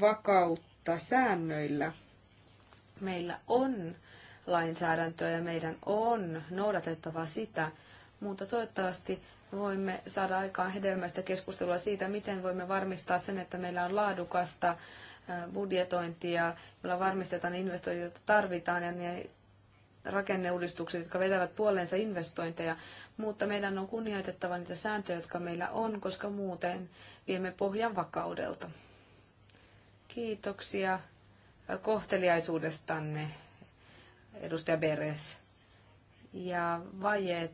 Speaker 2: vakautta säännöillä. Meillä on lainsäädäntöä ja meidän on noudatettava sitä, mutta toivottavasti voimme saada aikaan hedelmäistä keskustelua siitä, miten voimme varmistaa sen, että meillä on laadukasta budjetointia, jolla varmistetaan investointeja, joita tarvitaan, ja ne rakenneuudistukset, jotka vetävät puoleensa investointeja, mutta meidän on kunnioitettava niitä sääntöjä, jotka meillä on, koska muuten viemme pohjan vakaudelta. Kiitoksia kohteliaisuudestanne, edustaja Beres. Ja vajeet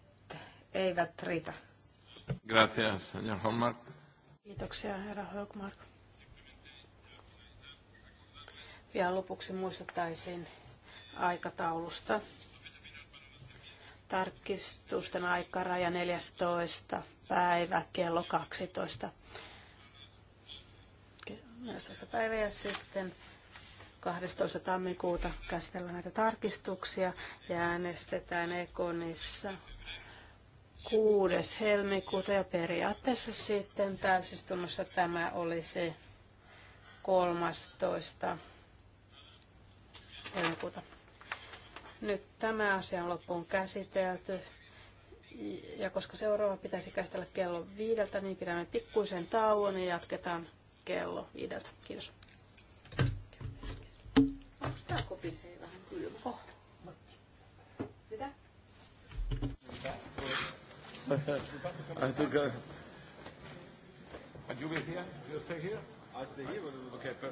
Speaker 2: eivät riitä.
Speaker 3: Gracias, señor Holmark. Kiitoksia, herra Holmark. Vielä lopuksi muistuttaisin aikataulusta. Tarkistusten aikaraja 14. päivä kello 12. 14. päivä ja sitten 12. tammikuuta käsitellään näitä tarkistuksia ja äänestetään Ekonissa 6. helmikuuta ja periaatteessa sitten täysistunnossa tämä olisi 13. helmikuuta. Nyt tämä asia on loppuun käsitelty. Ja koska seuraava pitäisi käsitellä kello viideltä, niin pidämme pikkuisen tauon ja jatketaan kello viideltä. Kiitos.
Speaker 2: Onko tämä kopisee?
Speaker 1: I think. Uh... And you will here? You stay here? I stay here. Okay.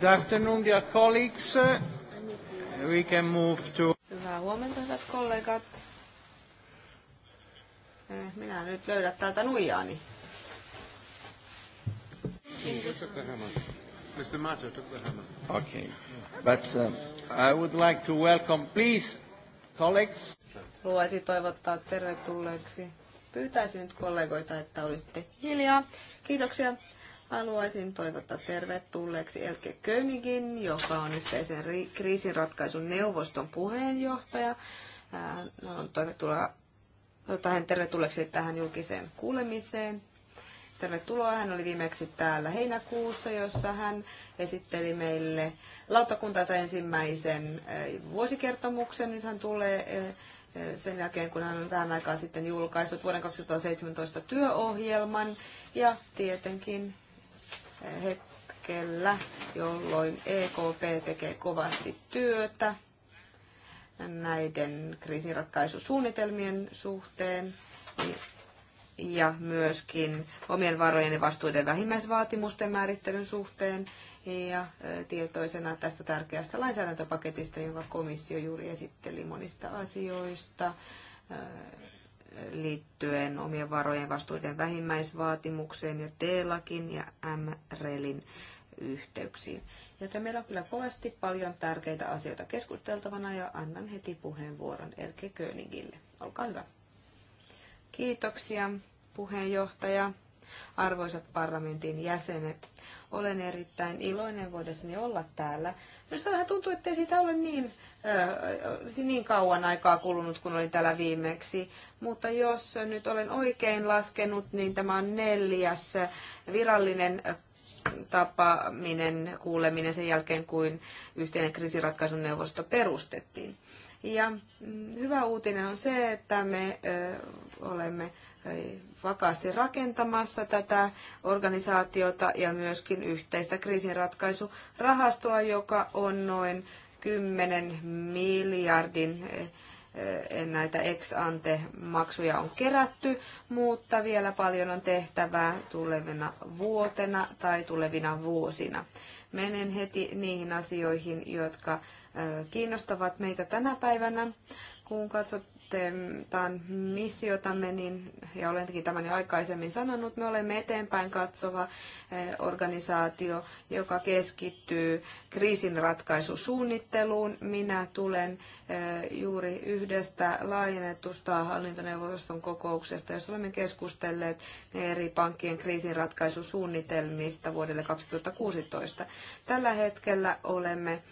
Speaker 1: Good afternoon, dear colleagues. We can move to...
Speaker 2: Hyvää huomenta, hyvät kollegat. Eh, minä nyt löydän täältä nuijaani.
Speaker 1: Mr. Mato took the hammer. Okay.
Speaker 3: But uh, I would
Speaker 1: like to welcome, please, colleagues.
Speaker 2: Haluaisin toivottaa tervetulleeksi. Pyytäisin nyt kollegoita, että olisitte hiljaa. Kiitoksia. Haluaisin toivottaa tervetulleeksi Elke Königin, joka on yhteisen kriisinratkaisun neuvoston puheenjohtaja. Hän on tervetuloa, hän tervetulleeksi tähän julkiseen kuulemiseen. Tervetuloa. Hän oli viimeksi täällä heinäkuussa, jossa hän esitteli meille lautakuntansa ensimmäisen eh, vuosikertomuksen. Nyt hän tulee eh, sen jälkeen, kun hän on vähän aikaa sitten julkaissut vuoden 2017 työohjelman ja tietenkin hetkellä, jolloin EKP tekee kovasti työtä näiden kriisinratkaisusuunnitelmien suhteen ja myöskin omien varojen ja vastuiden vähimmäisvaatimusten määrittelyn suhteen ja e, tietoisena tästä tärkeästä lainsäädäntöpaketista, jonka komissio juuri esitteli monista asioista e, liittyen omien varojen vastuiden vähimmäisvaatimukseen ja T-lakin ja MRELin yhteyksiin. Joten meillä on kyllä kovasti paljon tärkeitä asioita keskusteltavana ja annan heti puheenvuoron Erke Königille. Olkaa hyvä. Kiitoksia puheenjohtaja. Arvoisat parlamentin jäsenet, olen erittäin iloinen voidessani olla täällä. Minusta vähän tuntuu, ettei siitä ole niin, äh, niin kauan aikaa kulunut, kun olin täällä viimeksi. Mutta jos nyt olen oikein laskenut, niin tämä on neljäs virallinen tapaaminen, kuuleminen sen jälkeen, kuin yhteinen kriisiratkaisun neuvosto perustettiin. Ja mm, hyvä uutinen on se, että me olemme vakaasti rakentamassa tätä organisaatiota ja myöskin yhteistä kriisinratkaisurahastoa, joka on noin 10 miljardin näitä ex-ante-maksuja on kerätty, mutta vielä paljon on tehtävää tulevina vuotena tai tulevina vuosina. Menen heti niihin asioihin, jotka kiinnostavat meitä tänä päivänä. Kun katsotte tämän missiotamme, niin, ja olenkin tämän jo aikaisemmin sanonut, me olemme eteenpäin katsova eh, organisaatio, joka keskittyy kriisinratkaisusuunnitteluun. Minä tulen eh, juuri yhdestä laajennetusta hallintoneuvoston kokouksesta, jossa olemme keskustelleet eri pankkien kriisinratkaisusuunnitelmista vuodelle 2016. Tällä hetkellä olemme eh,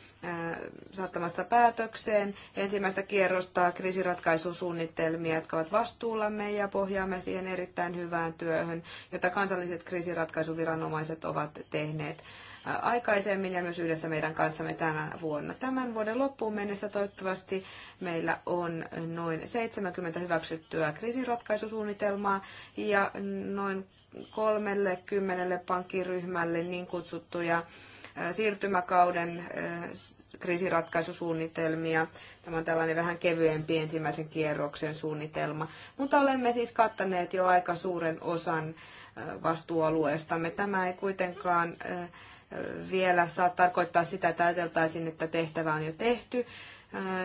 Speaker 2: saattamassa päätökseen ensimmäistä kierrosta kriisiratkaisusuunnitelmia, jotka ovat vastuullamme ja pohjaamme siihen erittäin hyvään työhön, jota kansalliset kriisiratkaisuviranomaiset ovat tehneet äh, aikaisemmin ja myös yhdessä meidän kanssamme tänä vuonna. Tämän vuoden loppuun mennessä toivottavasti meillä on noin 70 hyväksyttyä kriisiratkaisusuunnitelmaa ja noin 30 pankkiryhmälle niin kutsuttuja äh, siirtymäkauden äh, kriisiratkaisusuunnitelmia. Tämä on tällainen vähän kevyempi ensimmäisen kierroksen suunnitelma. Mutta olemme siis kattaneet jo aika suuren osan vastuualueestamme. Tämä ei kuitenkaan vielä saa tarkoittaa sitä, että ajateltaisiin, että tehtävä on jo tehty.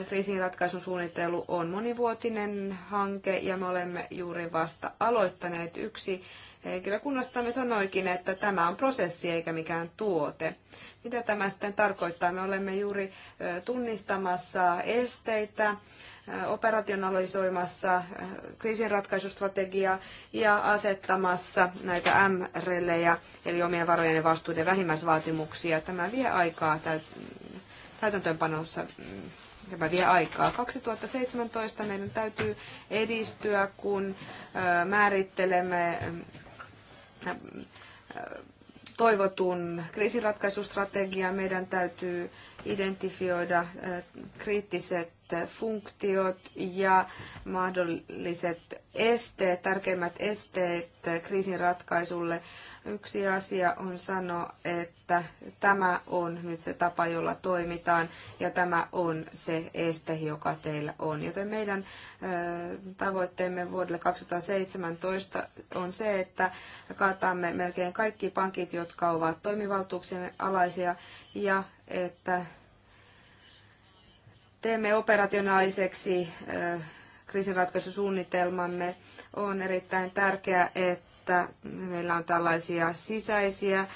Speaker 2: Kriisiratkaisusuunnittelu on monivuotinen hanke ja me olemme juuri vasta aloittaneet. Yksi henkilökunnastamme sanoikin, että tämä on prosessi eikä mikään tuote. Mitä tämä sitten tarkoittaa? Me olemme juuri tunnistamassa esteitä, operationalisoimassa kriisinratkaisustrategiaa ja asettamassa näitä MRLejä, eli omien varojen ja vastuiden vähimmäisvaatimuksia. Tämä vie aikaa täytäntöönpanossa mm, tämä vie aikaa. 2017 meidän täytyy edistyä, kun määrittelemme mm, Äh, toivotun kriisinratkaisustrategian. Meidän täytyy identifioida äh, kriittiset funktiot ja mahdolliset esteet, tärkeimmät esteet kriisinratkaisulle Yksi asia on sanoa, että tämä on nyt se tapa, jolla toimitaan ja tämä on se este, joka teillä on. Joten meidän tavoitteemme vuodelle 2017 on se, että katamme melkein kaikki pankit, jotka ovat toimivaltuuksien alaisia ja että teemme operationaaliseksi kriisinratkaisusuunnitelmamme. On erittäin tärkeää, että että meillä on tällaisia sisäisiä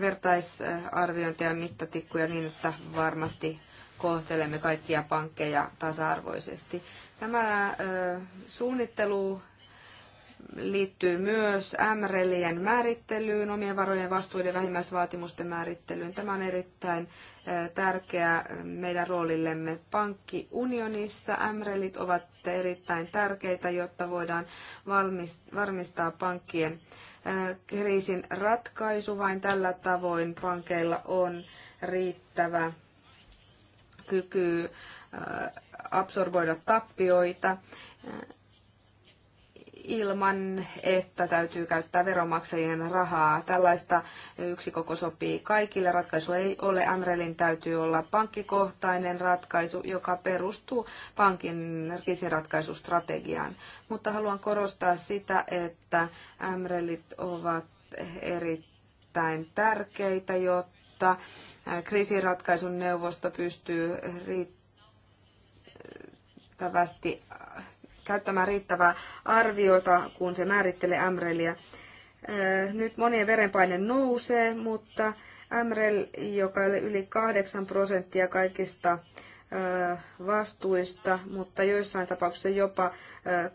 Speaker 2: vertaisarviointeja, mittatikkuja niin, että varmasti kohtelemme kaikkia pankkeja tasa-arvoisesti. Tämä suunnittelu liittyy myös MRLien määrittelyyn, omien varojen vastuiden vähimmäisvaatimusten määrittelyyn. Tämä on erittäin tärkeää meidän roolillemme pankkiunionissa. MRLit ovat erittäin tärkeitä, jotta voidaan varmistaa pankkien kriisin ratkaisu. Vain tällä tavoin pankeilla on riittävä kyky absorboida tappioita ilman, että täytyy käyttää veronmaksajien rahaa. Tällaista yksi koko sopii kaikille. Ratkaisu ei ole. MRELin täytyy olla pankkikohtainen ratkaisu, joka perustuu pankin riskiratkaisustrategiaan. Mutta haluan korostaa sitä, että MRELit ovat erittäin tärkeitä, jotta kriisinratkaisun neuvosto pystyy riittävästi käyttämään riittävää arviota, kun se määrittelee Amrelia. Äh, nyt monien verenpaine nousee, mutta Amrel, joka oli yli 8 prosenttia kaikista äh, vastuista, mutta joissain tapauksissa jopa äh,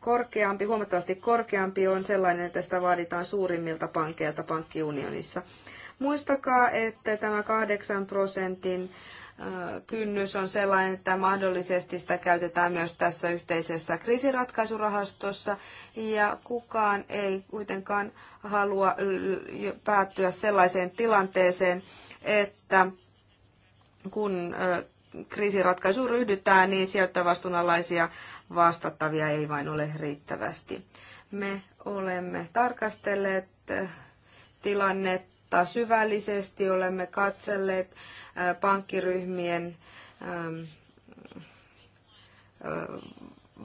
Speaker 2: korkeampi, huomattavasti korkeampi on sellainen, että sitä vaaditaan suurimmilta pankeilta pankkiunionissa. Muistakaa, että tämä 8 prosentin kynnys on sellainen, että mahdollisesti sitä käytetään myös tässä yhteisessä kriisiratkaisurahastossa ja kukaan ei kuitenkaan halua päättyä sellaiseen tilanteeseen, että kun kriisiratkaisu ryhdytään, niin sijoittajavastuunalaisia vastattavia ei vain ole riittävästi. Me olemme tarkastelleet tilannetta ottaa syvällisesti. Olemme katselleet pankkiryhmien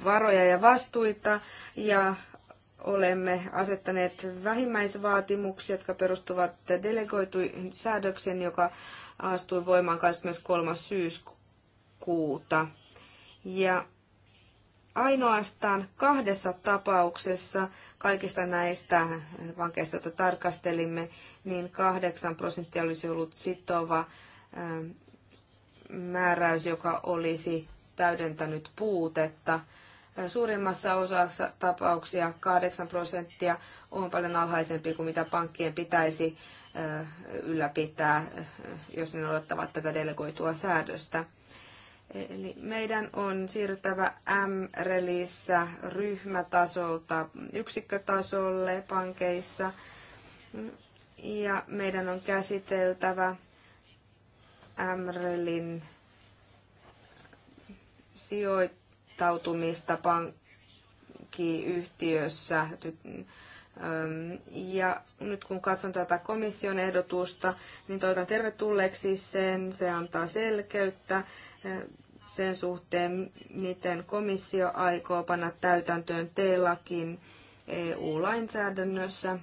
Speaker 2: varoja ja vastuita ja olemme asettaneet vähimmäisvaatimuksia, jotka perustuvat delegoituihin säädöksen, joka astui voimaan 23. syyskuuta. Ja ainoastaan kahdessa tapauksessa kaikista näistä vankeista, joita tarkastelimme, niin kahdeksan prosenttia olisi ollut sitova ähm, määräys, joka olisi täydentänyt puutetta. Äh, suurimmassa osassa tapauksia 8 prosenttia on paljon alhaisempi kuin mitä pankkien pitäisi äh, ylläpitää, äh, jos ne odottavat tätä delegoitua säädöstä. Eli meidän on m relissä ryhmätasolta yksikkötasolle pankeissa ja meidän on käsiteltävä M-relin sijoittautumista pankkiyhtiössä. Ja nyt kun katson tätä komission ehdotusta, niin toivotan tervetulleeksi sen. Se antaa selkeyttä sen suhteen, miten komissio aikoo panna täytäntöön T-lakin EU-lainsäädännössä.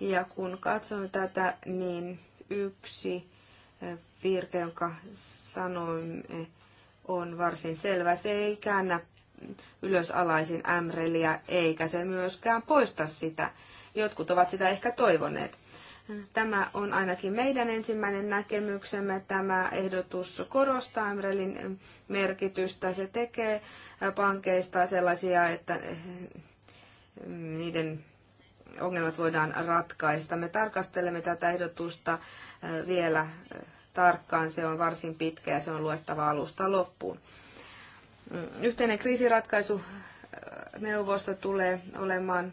Speaker 2: Ja kun katson tätä, niin yksi virke, jonka sanoimme, on varsin selvä. Se ei käännä ylösalaisin ämreliä, eikä se myöskään poista sitä. Jotkut ovat sitä ehkä toivoneet. Tämä on ainakin meidän ensimmäinen näkemyksemme. Tämä ehdotus korostaa Emrelin merkitystä. Se tekee pankeista sellaisia, että eh, niiden ongelmat voidaan ratkaista. Me tarkastelemme tätä ehdotusta eh, vielä eh, tarkkaan. Se on varsin pitkä ja se on luettava alusta loppuun. Mm, yhteinen kriisiratkaisu neuvosto tulee olemaan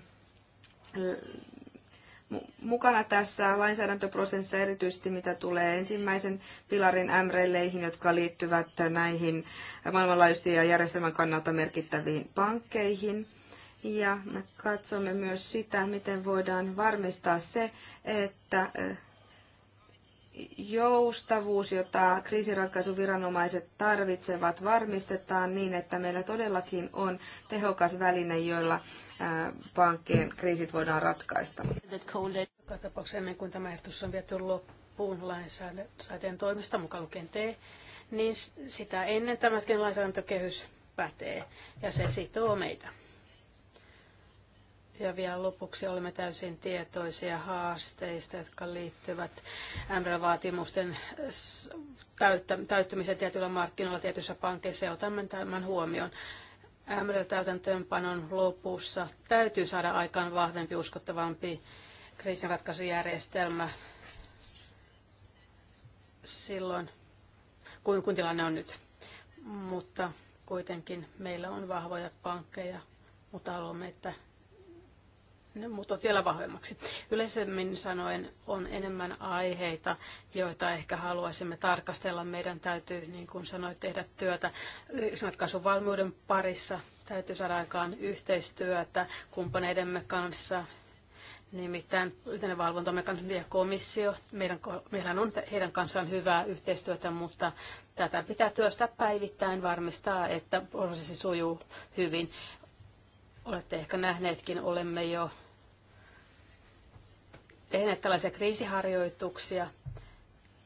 Speaker 2: mukana tässä lainsäädäntöprosessissa, erityisesti mitä tulee ensimmäisen pilarin MRLeihin, jotka liittyvät näihin maailmanlaajuisesti ja järjestelmän kannalta merkittäviin pankkeihin. Ja me katsomme myös sitä, miten voidaan varmistaa se, että äh, joustavuus, jota kriisiratkaisuviranomaiset tarvitsevat, varmistetaan niin, että meillä todellakin on tehokas väline, joilla pankkien kriisit voidaan ratkaista. Joka tapauksessa
Speaker 3: ennen kuin tämä ehdotus on viety loppuun lainsäädäntön toimista, mukaan lukien te, niin sitä ennen tämäkin lainsäädäntökehys pätee ja se sitoo meitä. Ja vielä lopuksi olemme täysin tietoisia haasteista, jotka liittyvät mrl vaatimusten täyttämiseen tietyillä markkinoilla tietyissä pankeissa ja otamme tämän huomioon. mrl täytäntöönpanon lopussa täytyy saada aikaan vahvempi, uskottavampi kriisinratkaisujärjestelmä silloin, kuin, kun tilanne on nyt. Mutta kuitenkin meillä on vahvoja pankkeja, mutta haluamme, että muuttuvat vielä vahvemmaksi. Yleisemmin sanoen on enemmän aiheita, joita ehkä haluaisimme tarkastella. Meidän täytyy, niin kuin sanoit, tehdä työtä valmiuden parissa. Täytyy saada aikaan yhteistyötä kumppaneidemme kanssa, Nimittäin yhteinen valvontamekanismi ja komissio, meidän, meillä on heidän kanssaan hyvää yhteistyötä, mutta tätä pitää työstää päivittäin, varmistaa, että prosessi sujuu hyvin. Olette ehkä nähneetkin, olemme jo tehneet tällaisia kriisiharjoituksia.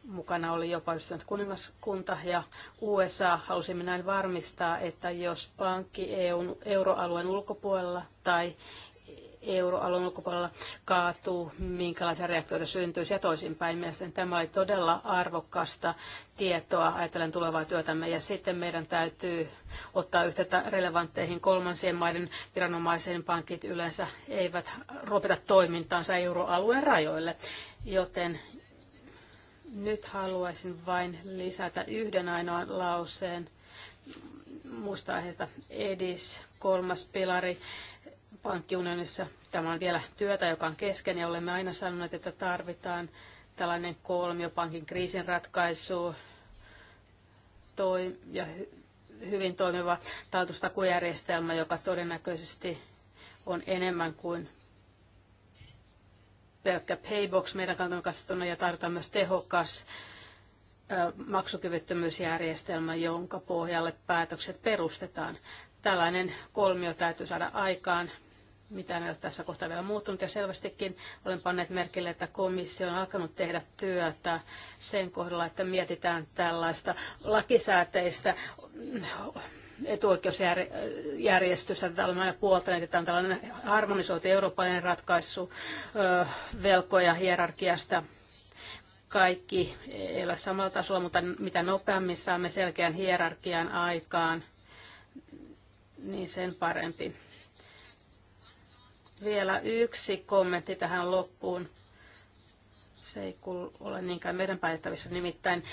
Speaker 3: Mukana oli jopa ystävät kuningaskunta ja USA. Halusimme näin varmistaa, että jos pankki EUn, euroalueen ulkopuolella tai euroalueen ulkopuolella kaatuu, minkälaisia reaktioita syntyisi ja toisinpäin. Mielestäni tämä oli todella arvokasta tietoa ajatellen tulevaa työtämme ja sitten meidän täytyy ottaa yhteyttä relevantteihin kolmansien maiden viranomaisiin. Pankit yleensä eivät lopeta toimintaansa euroalueen rajoille, joten nyt haluaisin vain lisätä yhden ainoan lauseen muusta aiheesta. EDIS, kolmas pilari, pankkiunionissa. Tämä on vielä työtä, joka on kesken ja olemme aina sanoneet, että tarvitaan tällainen kolmiopankin kriisin ratkaisu toi, ja hyvin toimiva taltustakujärjestelmä, joka todennäköisesti on enemmän kuin pelkkä paybox meidän kantamme katsottuna ja tarvitaan myös tehokas maksukyvyttömyysjärjestelmä, jonka pohjalle päätökset perustetaan. Tällainen kolmio täytyy saada aikaan mitään ei ole tässä kohtaa vielä muuttunut ja selvästikin olen panneet merkille, että komissio on alkanut tehdä työtä sen kohdalla, että mietitään tällaista lakisääteistä etuoikeusjärjestystä. täällä on aina puoltaneet, että on tällainen harmonisoitu eurooppalainen ratkaisu velkoja hierarkiasta kaikki ei ole samalla tasolla, mutta mitä nopeammin saamme selkeän hierarkian aikaan, niin sen parempi. Vielä yksi kommentti tähän loppuun. Se ei ole niinkään meidän päätettävissä, nimittäin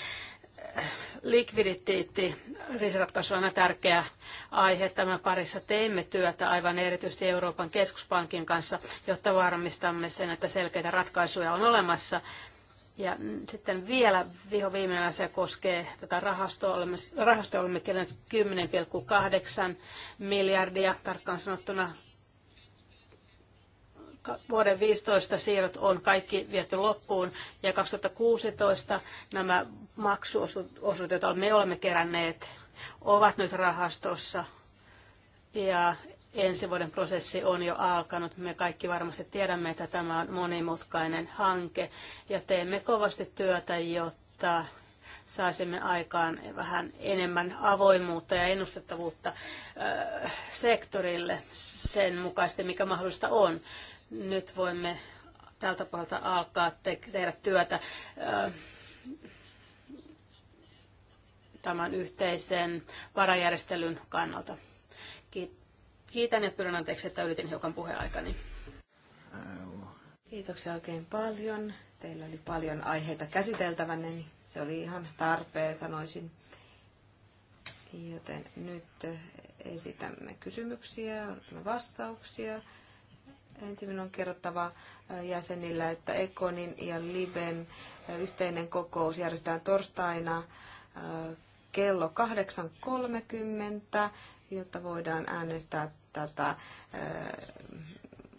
Speaker 3: äh, likviditeetti riisiratkaisu on aina tärkeä aihe. Tämän parissa teemme työtä aivan erityisesti Euroopan keskuspankin kanssa, jotta varmistamme sen, että selkeitä ratkaisuja on olemassa. Ja sitten vielä viho viimeinen asia koskee tätä rahastoa. Olemme, rahastoa olemme 10,8 miljardia tarkkaan sanottuna vuoden 15 siirrot on kaikki viety loppuun ja 2016 nämä maksuosuudet, joita me olemme keränneet, ovat nyt rahastossa ja ensi vuoden prosessi on jo alkanut. Me kaikki varmasti tiedämme, että tämä on monimutkainen hanke ja teemme kovasti työtä, jotta saisimme aikaan vähän enemmän avoimuutta ja ennustettavuutta sektorille sen mukaisesti, mikä mahdollista on. Nyt voimme tältä puolelta alkaa te- tehdä työtä tämän yhteisen varajärjestelyn kannalta. Kiitän ja pyydän
Speaker 2: anteeksi, että ylitin hiukan puheaikani. Kiitoksia oikein paljon. Teillä oli paljon aiheita käsiteltävänne, niin se oli ihan tarpeen, sanoisin. Joten nyt esitämme kysymyksiä, odotamme vastauksia. Ensin on kerrottava jäsenillä, että Ekonin ja Liben yhteinen kokous järjestetään torstaina kello 8.30, jotta voidaan äänestää tätä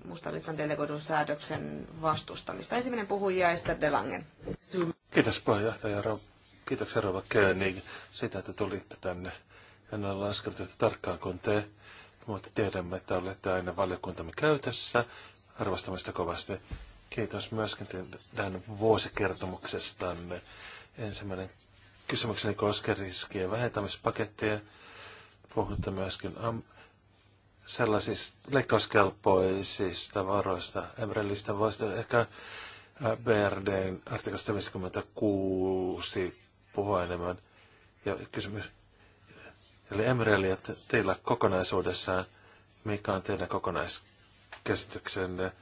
Speaker 2: mustalistan delegoidun säädöksen vastustamista. Ensimmäinen puhuja Ester Delangen.
Speaker 1: Kiitos puheenjohtaja Raup. Kiitoksia Rova König siitä, että tulitte tänne. En ole laskenut yhtä tarkkaan kuin te, mutta tiedämme, että olette aina valiokuntamme käytössä. Arvostamme sitä kovasti. Kiitos myöskin tämän vuosikertomuksestanne. Ensimmäinen kysymykseni koskee riskien vähentämispakettia. Puhutte myöskin am- sellaisista leikkauskelpoisista varoista. Emrellistä voisi ehkä BRDn artiklasta 56 puhua enemmän. Ja kysymys Eli Emreli, että teillä kokonaisuudessaan, mikä on teidän kokonaiskäsityksenne?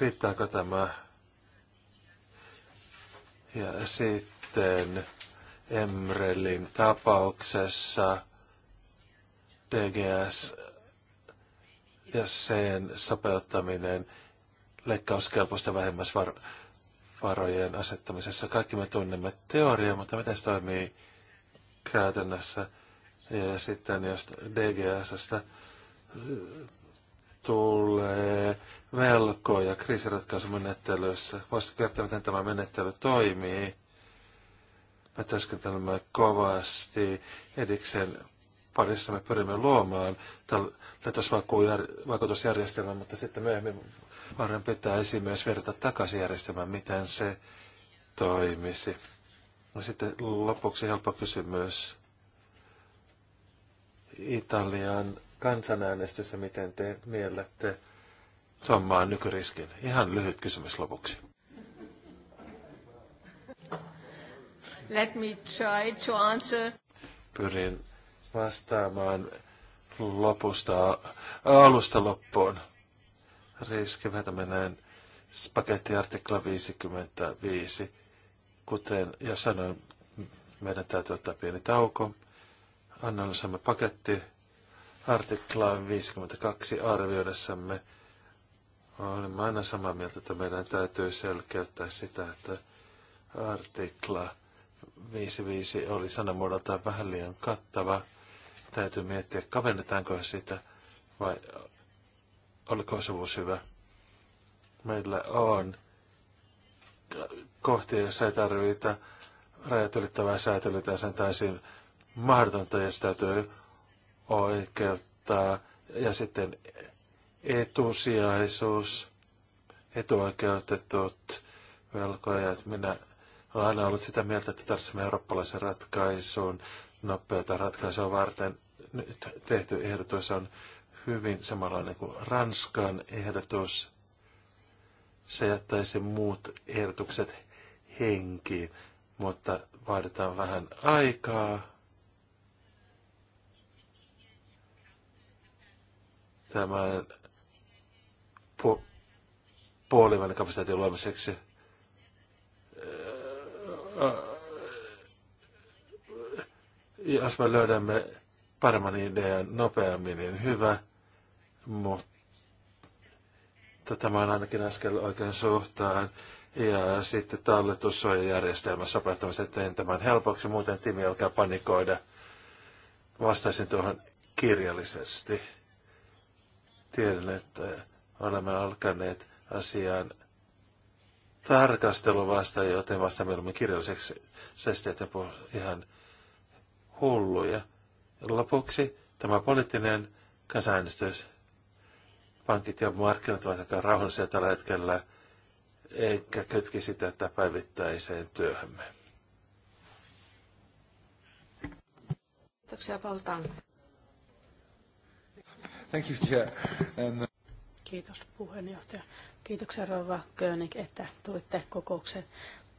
Speaker 1: Riittääkö tämä? Ja sitten Emrelin tapauksessa DGS ja sen sopeuttaminen leikkauskelpoista varojen asettamisessa. Kaikki me tunnemme teoriaa, mutta miten se toimii käytännössä? Ja sitten jos DGSstä äh, tulee velkoja kriisiratkaisumenettelyssä, voisitko kertoa, miten tämä menettely toimii? Me työskentelemme kovasti ediksen parissa me pyrimme luomaan letosvakuutusjärjestelmän, mutta sitten myöhemmin varmaan pitäisi myös verrata takaisin järjestelmään, miten se toimisi. No sitten lopuksi helppo kysymys. Italian kansanäänestys ja miten te miellätte tuon maan nykyriskin? Ihan lyhyt kysymys lopuksi.
Speaker 3: Let me try to answer.
Speaker 1: Pyrin vastaamaan lopusta, alusta loppuun. Riski vähän paketti artikla 55. Kuten ja sanoin, meidän täytyy ottaa pieni tauko analysoimme paketti artikla 52 arvioidessamme. Olemme aina samaa mieltä, että meidän täytyy selkeyttää sitä, että artikla 55 oli sanamuodoltaan vähän liian kattava. Täytyy miettiä, kavennetaanko sitä vai oliko osuvuus hyvä. Meillä on kohtia, joissa ei tarvita rajat ylittävää säätelytä sen taisin mahdotonta ja sitä oikeuttaa. Ja sitten etusijaisuus, etuoikeutetut velkojat. Minä olen aina ollut sitä mieltä, että tarvitsemme eurooppalaisen ratkaisun nopeata ratkaisua varten. Nyt tehty ehdotus on hyvin samanlainen kuin Ranskan ehdotus. Se jättäisi muut ehdotukset henkiin, mutta vaaditaan vähän aikaa tämän po- puolivälin kapasiteetin luomiseksi. Jos me löydämme paremman idean nopeammin, niin hyvä, mutta tämä on ainakin askel oikean suhtaan. Ja sitten talletussuojajärjestelmä sopeuttamisen tein tämän helpoksi, muuten Timi alkaa panikoida. Vastaisin tuohon kirjallisesti. Tiedän, että olemme alkaneet asiaan tarkastelu vasta, joten vasta mieluummin kirjalliseksi sesteitä ihan hulluja. Lopuksi tämä poliittinen kansanäänestys. Pankit ja markkinat ovat aika rauhallisia tällä hetkellä, eikä kytki sitä päivittäiseen työhömme. Kiitoksia Paul Thank you, Chair. And... Uh,
Speaker 3: Kiitos puheenjohtaja. Kiitoksia Rova König, että tulitte kokoukseen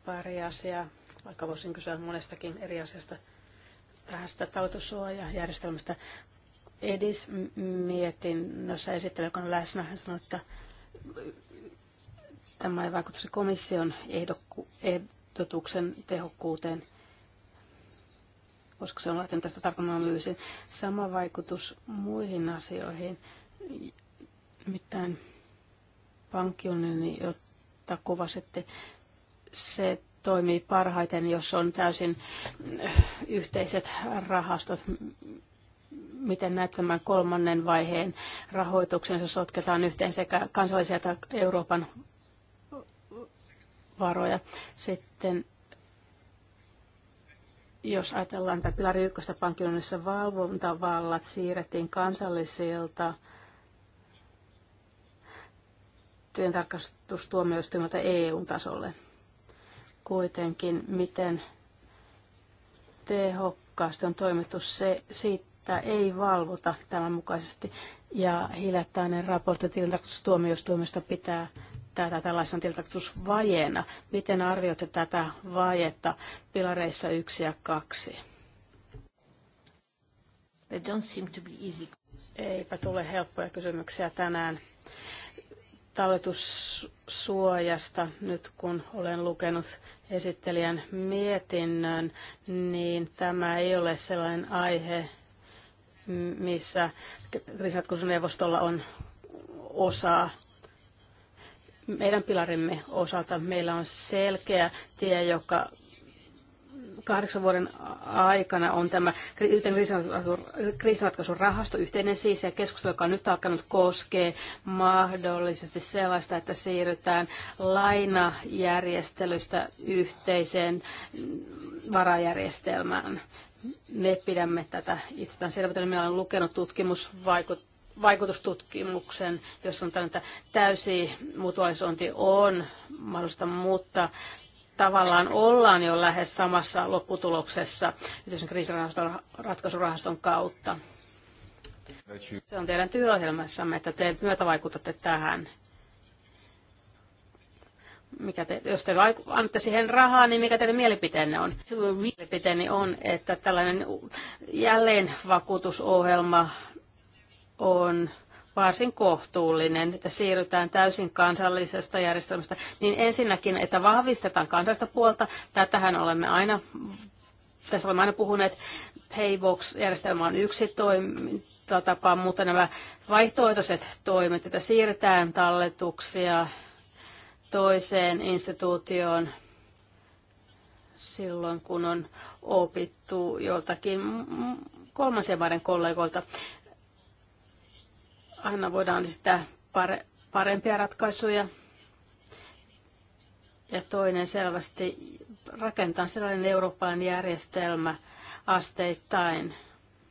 Speaker 3: pari asiaa, vaikka voisin kysyä monestakin eri asiasta tästä tautosuojajärjestelmästä. Edis mietinnössä esittely, joka on läsnä, hän sanoi, että tämä ei vaikuttaisi komission ehdotuksen tehokkuuteen koska se on lähtenyt tästä tartunnan Sama vaikutus muihin asioihin. Mitään jotta jota sitten se toimii parhaiten, jos on täysin äh, yhteiset rahastot, miten näet tämän kolmannen vaiheen rahoituksen, se sotketaan yhteen sekä kansallisia että Euroopan varoja. Sitten jos ajatellaan että pilari ykköstä pankkiunionissa, valvontavallat siirrettiin kansallisilta tilintarkastustuomioistuimelta EU-tasolle. Kuitenkin, miten tehokkaasti on toimittu se, siitä ei valvota tämän mukaisesti. Ja hiljattainen raportti tilintarkastustuomioistuimesta pitää tätä tällaisena tilkastusvajeena. Miten arvioitte tätä vajetta pilareissa yksi ja kaksi? don't seem to be easy. Eipä tule helppoja kysymyksiä tänään talletussuojasta. Nyt kun olen lukenut esittelijän mietinnön, niin tämä ei ole sellainen aihe, missä kriisinratkaisuneuvostolla on osaa meidän pilarimme osalta meillä on selkeä tie, joka kahdeksan vuoden aikana on tämä yhteen kriisinratkaisun rahasto, yhteinen siis, ja keskustelu, joka on nyt alkanut, koskee mahdollisesti sellaista, että siirrytään lainajärjestelystä yhteiseen varajärjestelmään. Me pidämme tätä itsestään selvänä. Meillä on lukenut tutkimusvaikut vaikutustutkimuksen, jossa on tämmöinen täysi mutualisointi on mahdollista, mutta tavallaan ollaan jo lähes samassa lopputuloksessa yhteisen kriisirahaston ratkaisurahaston kautta. Se on teidän työohjelmassamme, että te myötävaikutatte tähän. Mikä te, jos te annatte siihen rahaa, niin mikä teidän mielipiteenne on? Mielipiteeni on, että tällainen jälleenvakuutusohjelma on varsin kohtuullinen, että siirrytään täysin kansallisesta järjestelmästä, niin ensinnäkin, että vahvistetaan kansallista puolta. Tätähän olemme aina, tässä olemme aina puhuneet, Paybox-järjestelmä on yksi toimintatapa, mutta nämä vaihtoehtoiset toimet, että siirretään talletuksia toiseen instituutioon silloin, kun on opittu joltakin kolmansien maiden kollegoilta. Aina voidaan esittää parempia ratkaisuja. Ja toinen selvästi rakentaa sellainen eurooppalainen järjestelmä asteittain,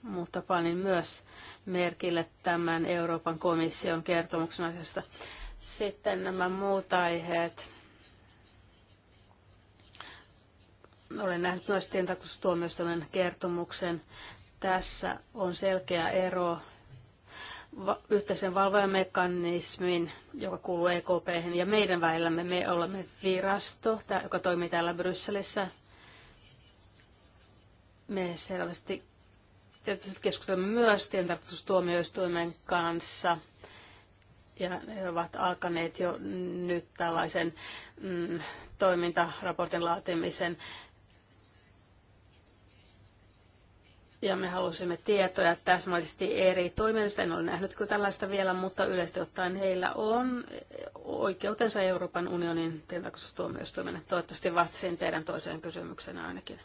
Speaker 3: mutta panin myös merkille tämän Euroopan komission kertomuksen asiasta. Sitten nämä muut aiheet. Olen nähnyt myös tientakustuomioistuimen kertomuksen. Tässä on selkeä ero yhteisen valvojamekanismin, joka kuuluu EKP, ja meidän välillämme me olemme virasto, joka toimii täällä Brysselissä. Me selvästi tietysti keskustelemme myös tuomioistuimen kanssa, ja ne ovat alkaneet jo nyt tällaisen mm, toimintaraportin laatimisen ja me halusimme tietoja täsmällisesti eri toimijoista. En ole nähnyt kyllä tällaista vielä, mutta yleisesti ottaen heillä on oikeutensa Euroopan unionin tilintarkastustuomioistuimen. Toivottavasti vastasin teidän toiseen kysymykseen ainakin.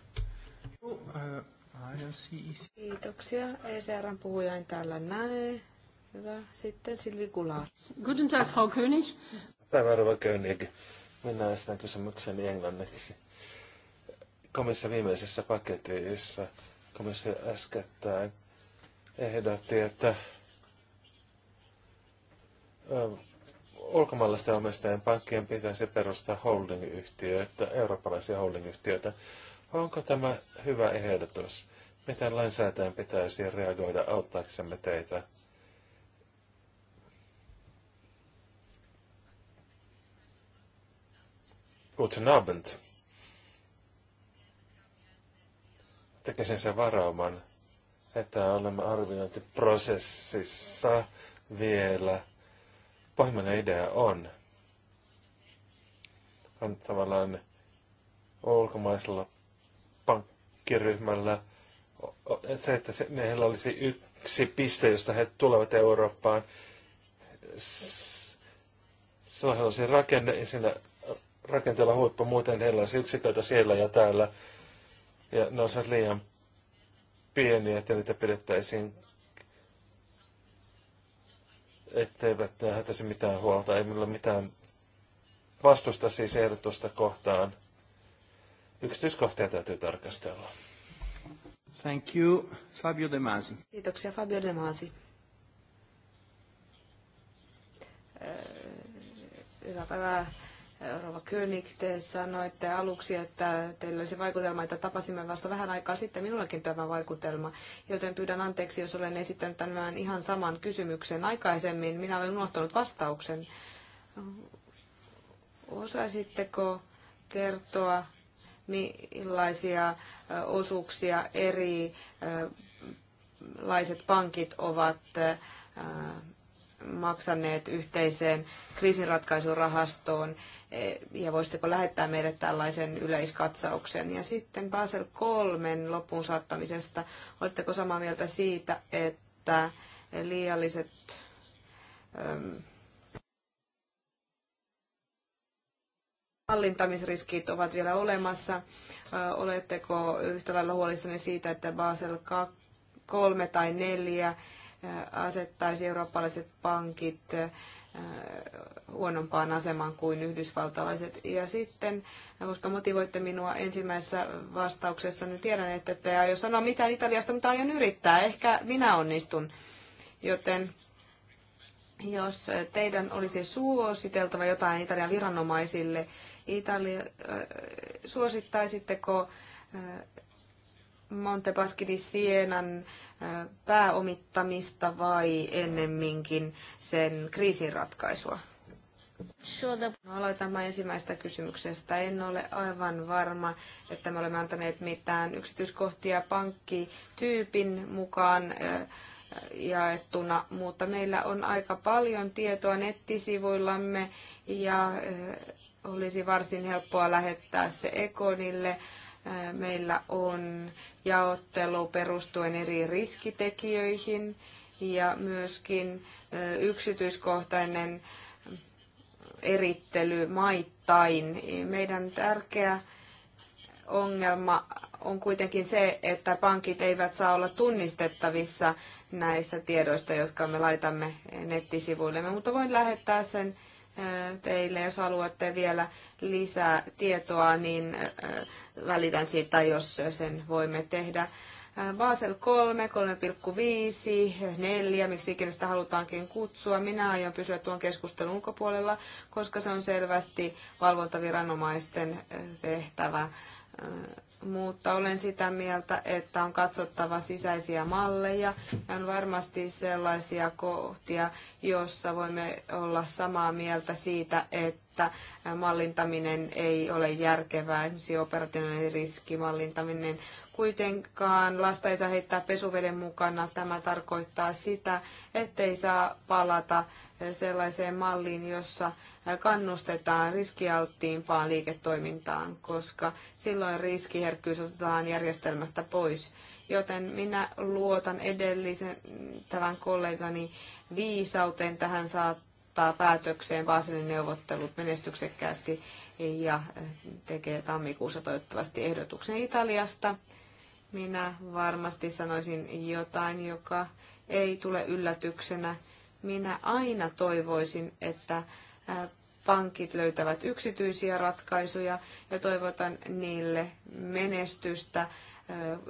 Speaker 2: Kiitoksia. ECRn puhuja en täällä näe. Hyvä. Sitten Silvi Kular. Guten Tag, Frau König.
Speaker 1: Päivä Rova König. Minä esitän kysymykseni englanniksi. Komissa viimeisessä paketissa komissio äskettäin ehdotti, että ähm, ulkomaalaisten omistajien pankkien pitäisi perustaa holdingyhtiöitä, eurooppalaisia holdingyhtiöitä. Onko tämä hyvä ehdotus? Miten lainsäätäjän pitäisi reagoida auttaaksemme teitä? Guten Abend. tekisin sen varauman, että olemme arviointiprosessissa vielä. Pohjimmainen idea on, on tavallaan ulkomaisella pankkiryhmällä se, että se, ne heillä olisi yksi piste, josta he tulevat Eurooppaan. Silloin heillä olisi rakenne, siinä rakenteella huippu, muuten heillä olisi yksiköitä siellä ja täällä ja ne olisivat liian pieniä, että niitä pidettäisiin, etteivät ne hätäisi mitään huolta. Ei minulla mitään vastusta siis ehdotusta kohtaan. Yksityiskohtia täytyy tarkastella. Thank you, Fabio De Masi.
Speaker 2: Kiitoksia, Fabio De Masi. Hyvää päivää Rova König, te sanoitte aluksi, että teillä oli se vaikutelma, että tapasimme vasta vähän aikaa sitten minullakin tämä vaikutelma, joten pyydän anteeksi, jos olen esittänyt tämän ihan saman kysymyksen aikaisemmin. Minä olen unohtanut vastauksen. Osaisitteko kertoa, millaisia osuuksia erilaiset pankit ovat maksaneet yhteiseen kriisinratkaisurahastoon eh, ja voisitteko lähettää meille tällaisen yleiskatsauksen. Ja sitten Basel 3 lopun saattamisesta. Oletteko samaa mieltä siitä, että liialliset ehm, hallintamisriskit ovat vielä olemassa. Eh, oletteko yhtä lailla huolissanne siitä, että Basel 3 tai 4 asettaisi eurooppalaiset pankit äh, huonompaan asemaan kuin yhdysvaltalaiset. Ja sitten, koska motivoitte minua ensimmäisessä vastauksessa, niin tiedän, että te aio sanoa mitään Italiasta, mutta aion yrittää. Ehkä minä onnistun. Joten jos teidän olisi suositeltava jotain Italian viranomaisille, Itali, äh, suosittaisitteko äh, Montepaschi Sienan pääomittamista vai ennemminkin sen kriisin ratkaisua? No, aloitan mä ensimmäistä kysymyksestä. En ole aivan varma, että me olemme antaneet mitään yksityiskohtia pankkityypin mukaan jaettuna, mutta meillä on aika paljon tietoa nettisivuillamme ja olisi varsin helppoa lähettää se Ekonille Meillä on jaottelu perustuen eri riskitekijöihin ja myöskin yksityiskohtainen erittely maittain. Meidän tärkeä ongelma on kuitenkin se, että pankit eivät saa olla tunnistettavissa näistä tiedoista, jotka me laitamme nettisivuillemme, mutta voin lähettää sen teille. Jos haluatte vielä lisää tietoa, niin äh, välitän siitä, jos sen voimme tehdä. Äh, Basel 3, 3,5, 4, miksi ikinä sitä halutaankin kutsua. Minä aion pysyä tuon keskustelun ulkopuolella, koska se on selvästi valvontaviranomaisten äh, tehtävä mutta olen sitä mieltä, että on katsottava sisäisiä malleja ja on varmasti sellaisia kohtia, joissa voimme olla samaa mieltä siitä, että mallintaminen ei ole järkevää, esimerkiksi operatiivinen riskimallintaminen. Kuitenkaan lasta ei saa heittää pesuveden mukana. Tämä tarkoittaa sitä, ettei saa palata sellaiseen malliin, jossa kannustetaan riskialttiimpaan liiketoimintaan, koska silloin riskiherkkyys otetaan järjestelmästä pois. Joten minä luotan edellisen tämän kollegani viisauteen tähän saattaa päätökseen Vaasinen neuvottelut menestyksekkäästi ja tekee tammikuussa toivottavasti ehdotuksen Italiasta. Minä varmasti sanoisin jotain, joka ei tule yllätyksenä minä aina toivoisin, että pankit löytävät yksityisiä ratkaisuja ja toivotan niille menestystä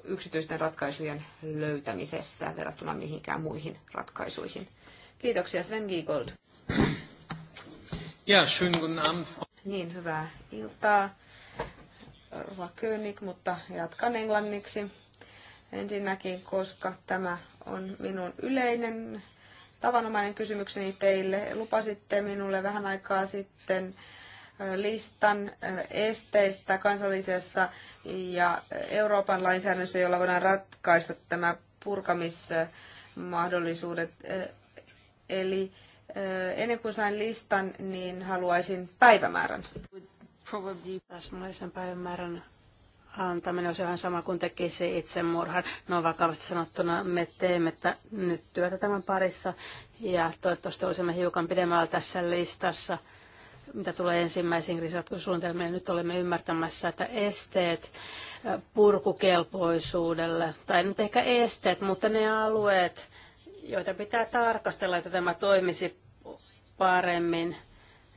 Speaker 2: yksityisten ratkaisujen löytämisessä verrattuna mihinkään muihin ratkaisuihin. Kiitoksia Sven Giegold.
Speaker 1: Ja, schönen guten Abend.
Speaker 2: Niin, hyvää iltaa. Rova König, mutta jatkan englanniksi. Ensinnäkin, koska tämä on minun yleinen tavanomainen kysymykseni teille. Lupasitte minulle vähän aikaa sitten listan esteistä kansallisessa ja Euroopan lainsäädännössä, jolla voidaan ratkaista tämä purkamismahdollisuudet. Eli ennen kuin sain listan, niin haluaisin päivämäärän.
Speaker 3: Täsmällisen päivämäärän antaminen olisi ihan sama kuin tekisi itsemurhan. No vakavasti sanottuna me teemme että nyt työtä tämän parissa ja toivottavasti olisimme hiukan pidemmällä tässä listassa mitä tulee ensimmäisiin kriisiratkaisusuunnitelmiin, nyt olemme ymmärtämässä, että esteet purkukelpoisuudelle, tai nyt ehkä esteet, mutta ne alueet, joita pitää tarkastella, että tämä toimisi paremmin,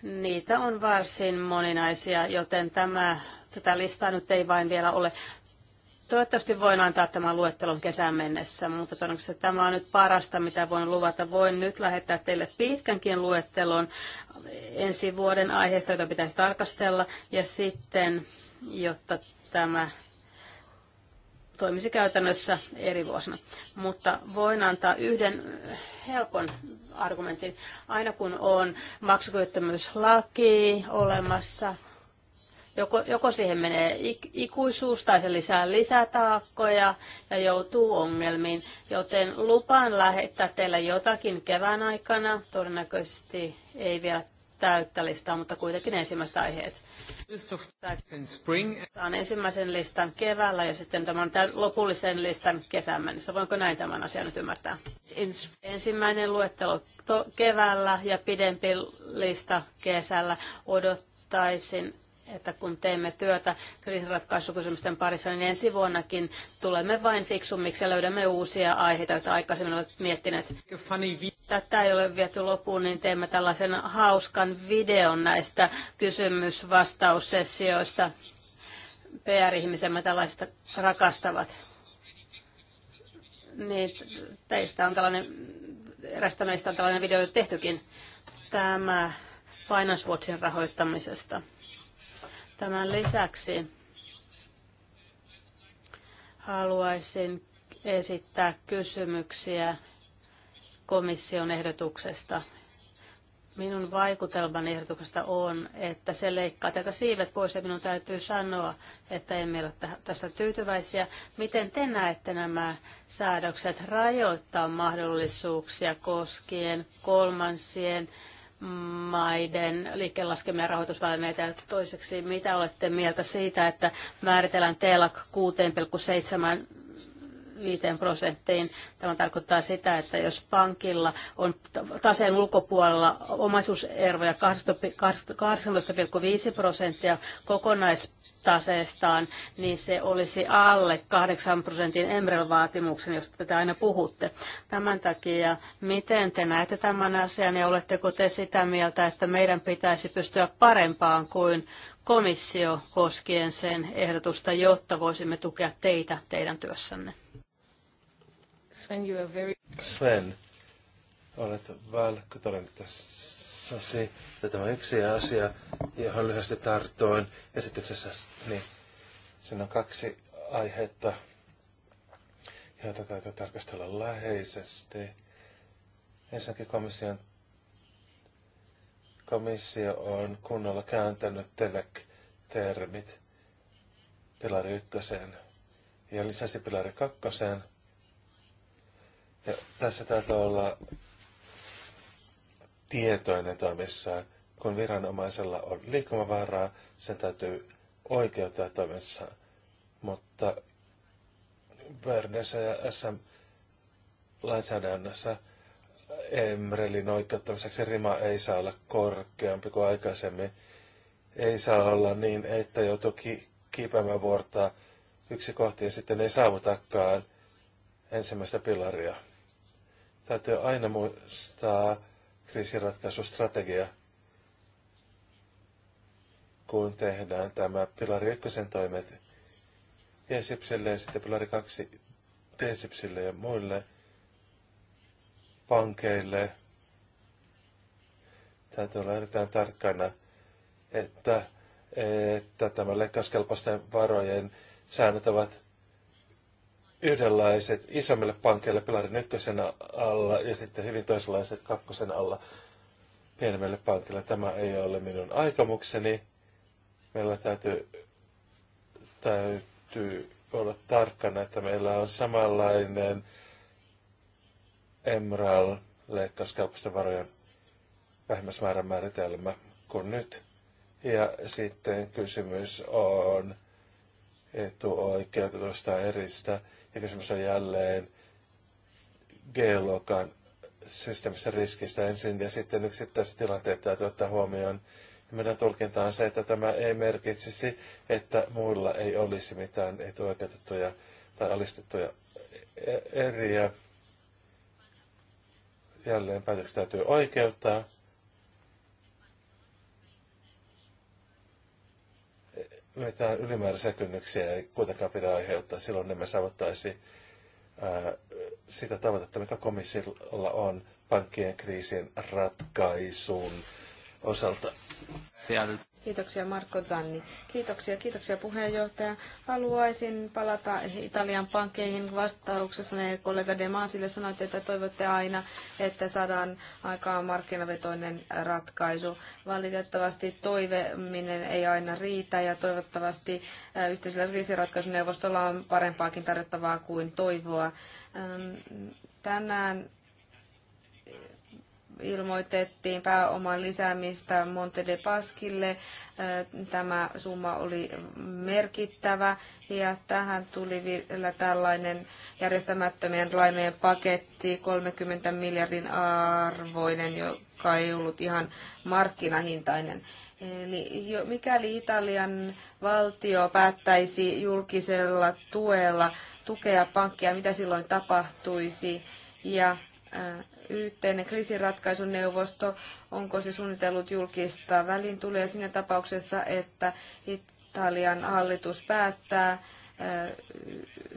Speaker 3: niitä on varsin moninaisia, joten tämä Tätä listaa nyt ei vain vielä ole. Toivottavasti voin antaa tämän luettelon kesän mennessä, mutta todennäköisesti tämä on nyt parasta, mitä voin luvata. Voin nyt lähettää teille pitkänkin luettelon ensi vuoden aiheesta, jota pitäisi tarkastella, ja sitten, jotta tämä toimisi käytännössä eri vuosina. Mutta voin antaa yhden helpon argumentin. Aina kun on maksukyvyttömyyslaki olemassa, Joko, joko siihen menee ikuisuus tai se lisää lisätaakkoja ja joutuu ongelmiin. Joten lupaan lähettää teille jotakin kevään aikana. Todennäköisesti ei vielä täyttä listaa, mutta kuitenkin ensimmäiset aiheet. Tämä on ensimmäisen listan keväällä ja sitten tämän lopullisen listan kesän mennessä. Voinko näin tämän asian nyt ymmärtää? Ensimmäinen luettelo keväällä ja pidempi lista kesällä. Odottaisin että kun teemme työtä kriisinratkaisukysymysten parissa, niin ensi vuonnakin tulemme vain fiksummiksi ja löydämme uusia aiheita, joita aikaisemmin olet miettineet. Tätä ei ole viety loppuun, niin teemme tällaisen hauskan videon näistä kysymysvastaussessioista. PR-ihmisemme tällaista rakastavat. Niin, teistä on tällainen, erästä meistä on tällainen video tehtykin. Tämä Finance Watchin rahoittamisesta. Tämän lisäksi haluaisin esittää kysymyksiä komission ehdotuksesta. Minun vaikutelman ehdotuksesta on, että se leikkaa tätä siivet pois ja minun täytyy sanoa, että emme ole tästä tyytyväisiä. Miten te näette nämä säädökset rajoittaa mahdollisuuksia koskien kolmansien maiden liikkeenlaskemia rahoitusvälineitä. toiseksi, mitä olette mieltä siitä, että määritellään TELAK 6,75 prosenttiin? Tämä tarkoittaa sitä, että jos pankilla on taseen ulkopuolella omaisuuservoja 18,5 prosenttia, kokonais taseestaan, niin se olisi alle 8 prosentin Emrel-vaatimuksen, josta te aina puhutte. Tämän takia, miten te näette tämän asian ja oletteko te sitä mieltä, että meidän pitäisi pystyä parempaan kuin komissio koskien sen ehdotusta, jotta voisimme tukea teitä teidän työssänne? Sven, you are very...
Speaker 1: Sven, olet valkotoinen tässä totesi, että tämä on yksi asia, johon lyhyesti tartoin esityksessä, niin siinä on kaksi aihetta, joita täytyy tarkastella läheisesti. Ensinnäkin komission, komissio on kunnolla kääntänyt telek-termit pilari ykköseen ja lisäsi pilari kakkoseen. Ja tässä täytyy olla tietoinen toimissaan. Kun viranomaisella on liikkumavaraa, sen täytyy oikeuttaa toimissaan. Mutta Bernessä ja SM lainsäädännössä Emrelin oikeuttamiseksi rima ei saa olla korkeampi kuin aikaisemmin. Ei saa olla niin, että joutuu ki- kiipeämään vuortaa yksi kohti ja sitten ei saavutakaan ensimmäistä pilaria. Täytyy aina muistaa kriisiratkaisustrategia, kun tehdään tämä pilari ykkösen toimet t ja sitten pilari 2 t ja muille pankeille. Täytyy olla erittäin tarkkana, että, että tämä leikkauskelpoisten varojen säännöt ovat yhdenlaiset isommille pankeille pilarin ykkösen alla ja sitten hyvin toisenlaiset kakkosen alla pienemmille pankeille. Tämä ei ole minun aikomukseni. Meillä täytyy, täytyy olla tarkkana, että meillä on samanlainen Emerald leikkauskelpoisten varojen vähimmäismäärän määritelmä kuin nyt. Ja sitten kysymys on etuoikeutetusta eristä ja kysymys on jälleen G-luokan systeemistä riskistä ensin ja sitten yksittäiset tilanteet täytyy ottaa huomioon. Ja meidän tulkinta on se, että tämä ei merkitsisi, että muilla ei olisi mitään etuoikeutettuja tai alistettuja eriä. Jälleen päätökset täytyy oikeuttaa mitään ylimääräisiä kynnyksiä ei kuitenkaan pidä aiheuttaa. Silloin emme saavuttaisi sitä tavoitetta, mikä komissiolla on pankkien kriisin ratkaisun osalta.
Speaker 2: Kiitoksia Marko Zanni. Kiitoksia, kiitoksia puheenjohtaja. Haluaisin palata Italian pankkeihin vastauksessa. Ne kollega De Masille sanoitte, että toivotte aina, että saadaan aikaan markkinavetoinen ratkaisu. Valitettavasti toiveminen ei aina riitä ja toivottavasti äh, yhteisellä kriisiratkaisuneuvostolla on parempaakin tarjottavaa kuin toivoa. Tänään ilmoitettiin pääoman lisäämistä Monte de Pasquille. Tämä summa oli merkittävä ja tähän tuli vielä tällainen järjestämättömien lainojen paketti, 30 miljardin arvoinen, joka ei ollut ihan markkinahintainen. Eli jo, mikäli Italian valtio päättäisi julkisella tuella tukea pankkia, mitä silloin tapahtuisi? Ja yhteinen kriisinratkaisuneuvosto, onko se suunnitellut julkista välintuloja siinä tapauksessa, että Italian hallitus päättää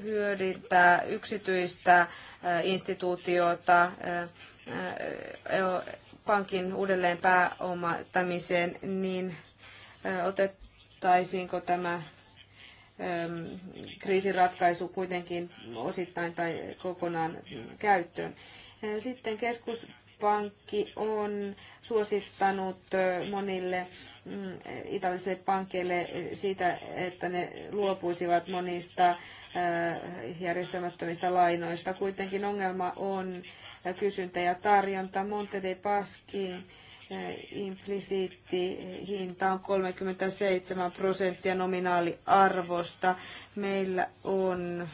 Speaker 2: hyödyntää yksityistä instituutiota pankin uudelleen pääomattamiseen, niin otettaisiinko tämä kriisiratkaisu kuitenkin osittain tai kokonaan käyttöön. Sitten keskuspankki on suosittanut monille mm, italialaisille pankeille sitä, että ne luopuisivat monista järjestämättömistä lainoista. Kuitenkin ongelma on kysyntä ja tarjonta. Monte de Paschi implisiitti hinta on 37 prosenttia nominaaliarvosta. Meillä on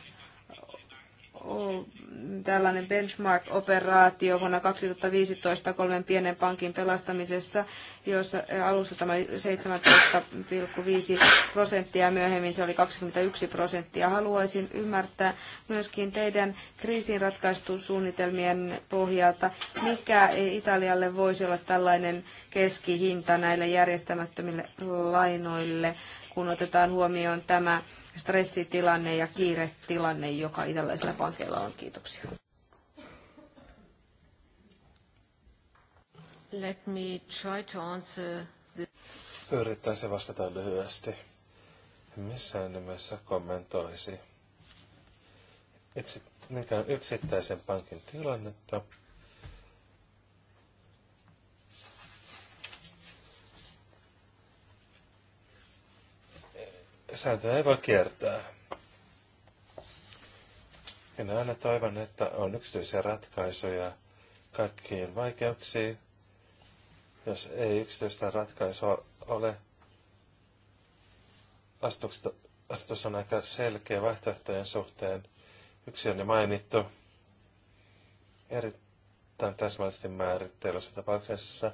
Speaker 2: tällainen benchmark-operaatio vuonna 2015 kolmen pienen pankin pelastamisessa, jossa alussa tämä oli 17,5 prosenttia, myöhemmin se oli 21 prosenttia. Haluaisin ymmärtää myöskin teidän kriisinratkaisusuunnitelmien pohjalta, mikä Italialle voisi olla tällainen keskihinta näille järjestämättömille lainoille, kun otetaan huomioon tämä stressitilanne ja kiiretilanne, joka italaisilla pankeilla on. Kiitoksia. Let me try to answer the...
Speaker 1: Yrittää se vastata lyhyesti. Missään nimessä kommentoisi yksi, mikä yksittäisen pankin tilannetta. sääntöjä ei voi kiertää. Minä aina toivon, että on yksityisiä ratkaisuja kaikkiin vaikeuksiin. Jos ei yksityistä ratkaisua ole, astus on aika selkeä vaihtoehtojen suhteen. Yksi on jo mainittu erittäin täsmällisesti määrittelyssä tapauksessa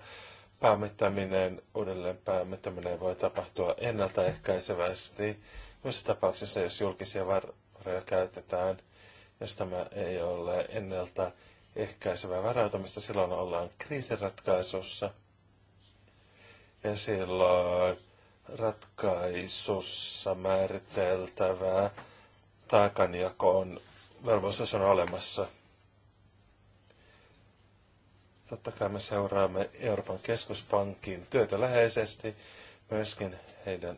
Speaker 1: pääomittaminen, uudelleen pääomittaminen voi tapahtua ennaltaehkäisevästi. Muissa tapauksissa, jos julkisia varoja käytetään, jos tämä ei ole ennaltaehkäisevää varautumista, silloin ollaan kriisiratkaisussa. Ja silloin ratkaisussa määriteltävää taakanjakoon velvollisuus on olemassa – Totta kai me seuraamme Euroopan keskuspankin työtä läheisesti, myöskin heidän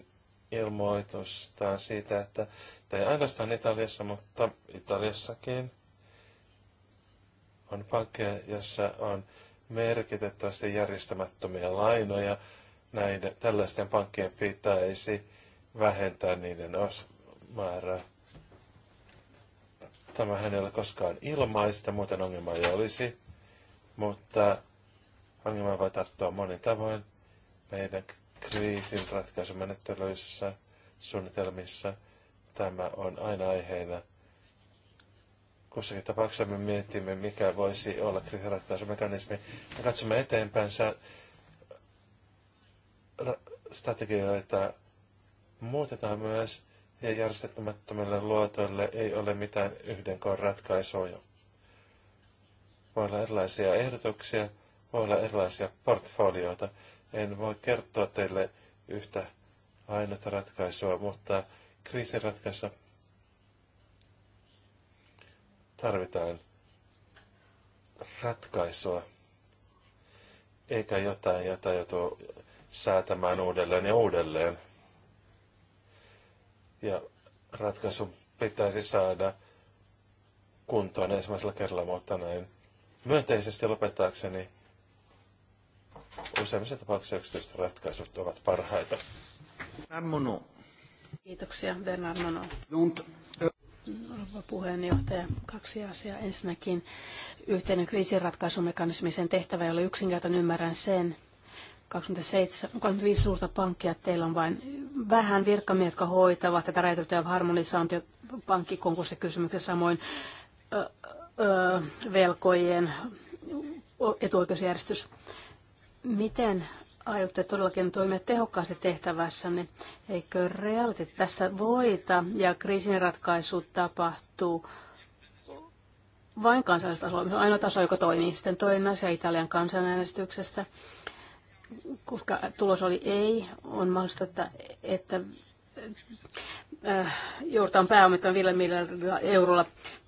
Speaker 1: ilmoitustaan siitä, että ei ainoastaan Italiassa, mutta Italiassakin on pankkeja, jossa on merkitettävästi järjestämättömiä lainoja. Näiden, tällaisten pankkien pitäisi vähentää niiden os- määrää. Tämä hänellä koskaan ilmaista, muuten ongelma ei olisi. Mutta ongelma voi tarttua monin tavoin meidän kriisin ratkaisumenettelyissä, suunnitelmissa. Tämä on aina aiheena. Kussakin tapauksessa me mietimme, mikä voisi olla ratkaisumekanismi. Me katsomme eteenpäin strategioita muutetaan myös ja järjestettämättömille luotoille ei ole mitään yhden koon ratkaisua, voi olla erilaisia ehdotuksia, voi olla erilaisia portfolioita. En voi kertoa teille yhtä ainutta ratkaisua, mutta kriisiratkaisu tarvitaan ratkaisua, eikä jotain, jota joutuu säätämään uudelleen ja uudelleen. Ja ratkaisu pitäisi saada kuntoon ensimmäisellä kerralla, mutta näin myönteisesti lopettaakseni useimmissa tapauksissa yksityiset ratkaisut ovat parhaita. Mono.
Speaker 3: Kiitoksia, Bernard Mono. Rouva puheenjohtaja, kaksi asiaa. Ensinnäkin yhteinen kriisinratkaisumekanismi, sen tehtävä ei ole yksinkertainen, ymmärrän sen. 27, 35 suurta pankkia, teillä on vain vähän virkamiehiä, jotka hoitavat tätä rajoitettuja harmonisaatio pankkikonkurssikysymyksessä samoin ö, velkojen etuoikeusjärjestys. Miten aiotte todellakin toimia tehokkaasti tehtävässänne? Eikö realiteetti tässä voita ja kriisin ratkaisu tapahtuu vain kansallistasolla? Se on ainoa taso, joka toimii. Sitten toinen asia Italian kansanäänestyksestä. Koska tulos oli ei, on mahdollista, että, että äh, joudutaan pääomittamaan 5 miljardilla eurolla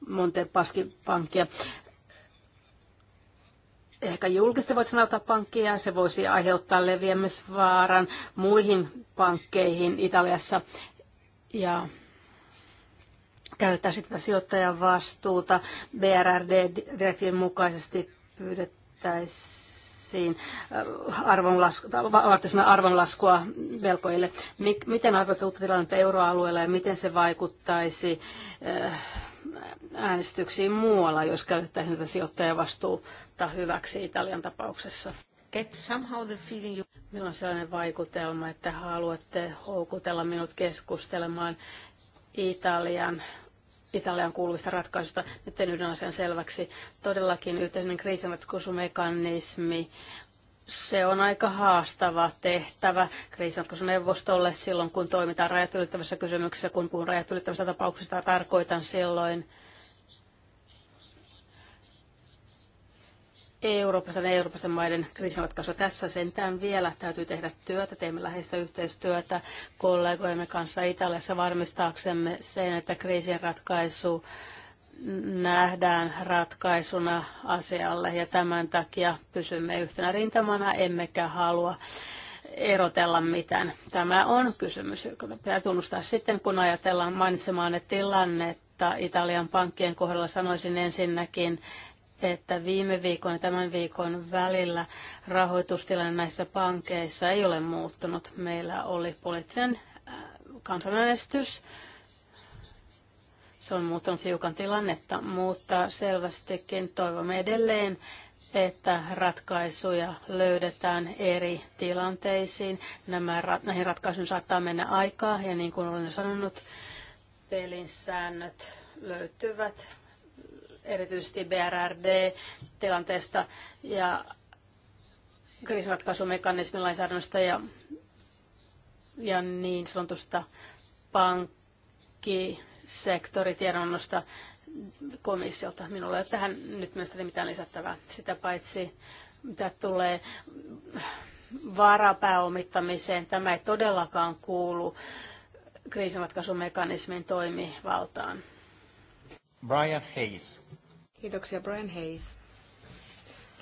Speaker 3: Montepaskin paskipankkia. Ehkä julkisesti voit sanoa pankkia, se voisi aiheuttaa leviämisvaaran muihin pankkeihin Italiassa. Ja käyttää sitten sijoittajan vastuuta. BRRD-direktiivin mukaisesti pyydettäisiin arvioitaisiin arvonlaskua, arvonlaskua velkoille. Miten arvioitte tilannetta euroalueella ja miten se vaikuttaisi äh, äänestyksiin muualla, jos käytettäisiin tätä sijoittajavastuuta hyväksi Italian tapauksessa? Get somehow the feeling you... Minulla on sellainen vaikutelma, että haluatte houkutella minut keskustelemaan Italian Italian kuuluvista ratkaisuista. Nyt tein yhden asian selväksi. Todellakin yhteisen kriisinratkaisumekanismi se on aika haastava tehtävä kriisinratkaisuneuvostolle silloin, kun toimitaan rajat ylittävässä kysymyksessä. Kun puhun rajat ylittävässä tapauksessa, tarkoitan silloin Euroopassa ja Euroopan maiden kriisinratkaisu tässä sentään vielä täytyy tehdä työtä. Teemme läheistä yhteistyötä kollegojemme kanssa Italiassa varmistaaksemme sen, että ratkaisu nähdään ratkaisuna asialle ja tämän takia pysymme yhtenä rintamana emmekä halua erotella mitään. Tämä on kysymys, joka pitää tunnustaa sitten, kun ajatellaan mainitsemaan tilannetta. Italian pankkien kohdalla sanoisin ensinnäkin, että viime viikon ja tämän viikon välillä rahoitustilanne näissä pankeissa ei ole muuttunut. Meillä oli poliittinen äh, kansanäänestys. Se on muuttanut hiukan tilannetta, mutta selvästikin toivomme edelleen, että ratkaisuja löydetään eri tilanteisiin. Nämä, näihin ratkaisuihin saattaa mennä aikaa ja niin kuin olen sanonut, pelin säännöt löytyvät erityisesti BRRD-tilanteesta ja kriisiratkaisumekanismin lainsäädännöstä ja, ja niin sanotusta pankkisektoritiedonnosta komissiolta. Minulla ei ole tähän nyt mielestäni mitään lisättävää. Sitä paitsi, mitä tulee varapääomittamiseen, tämä ei todellakaan kuulu kriisinratkaisumekanismin toimivaltaan.
Speaker 1: Brian Hayes.
Speaker 2: Kiitoksia Brian Hayes.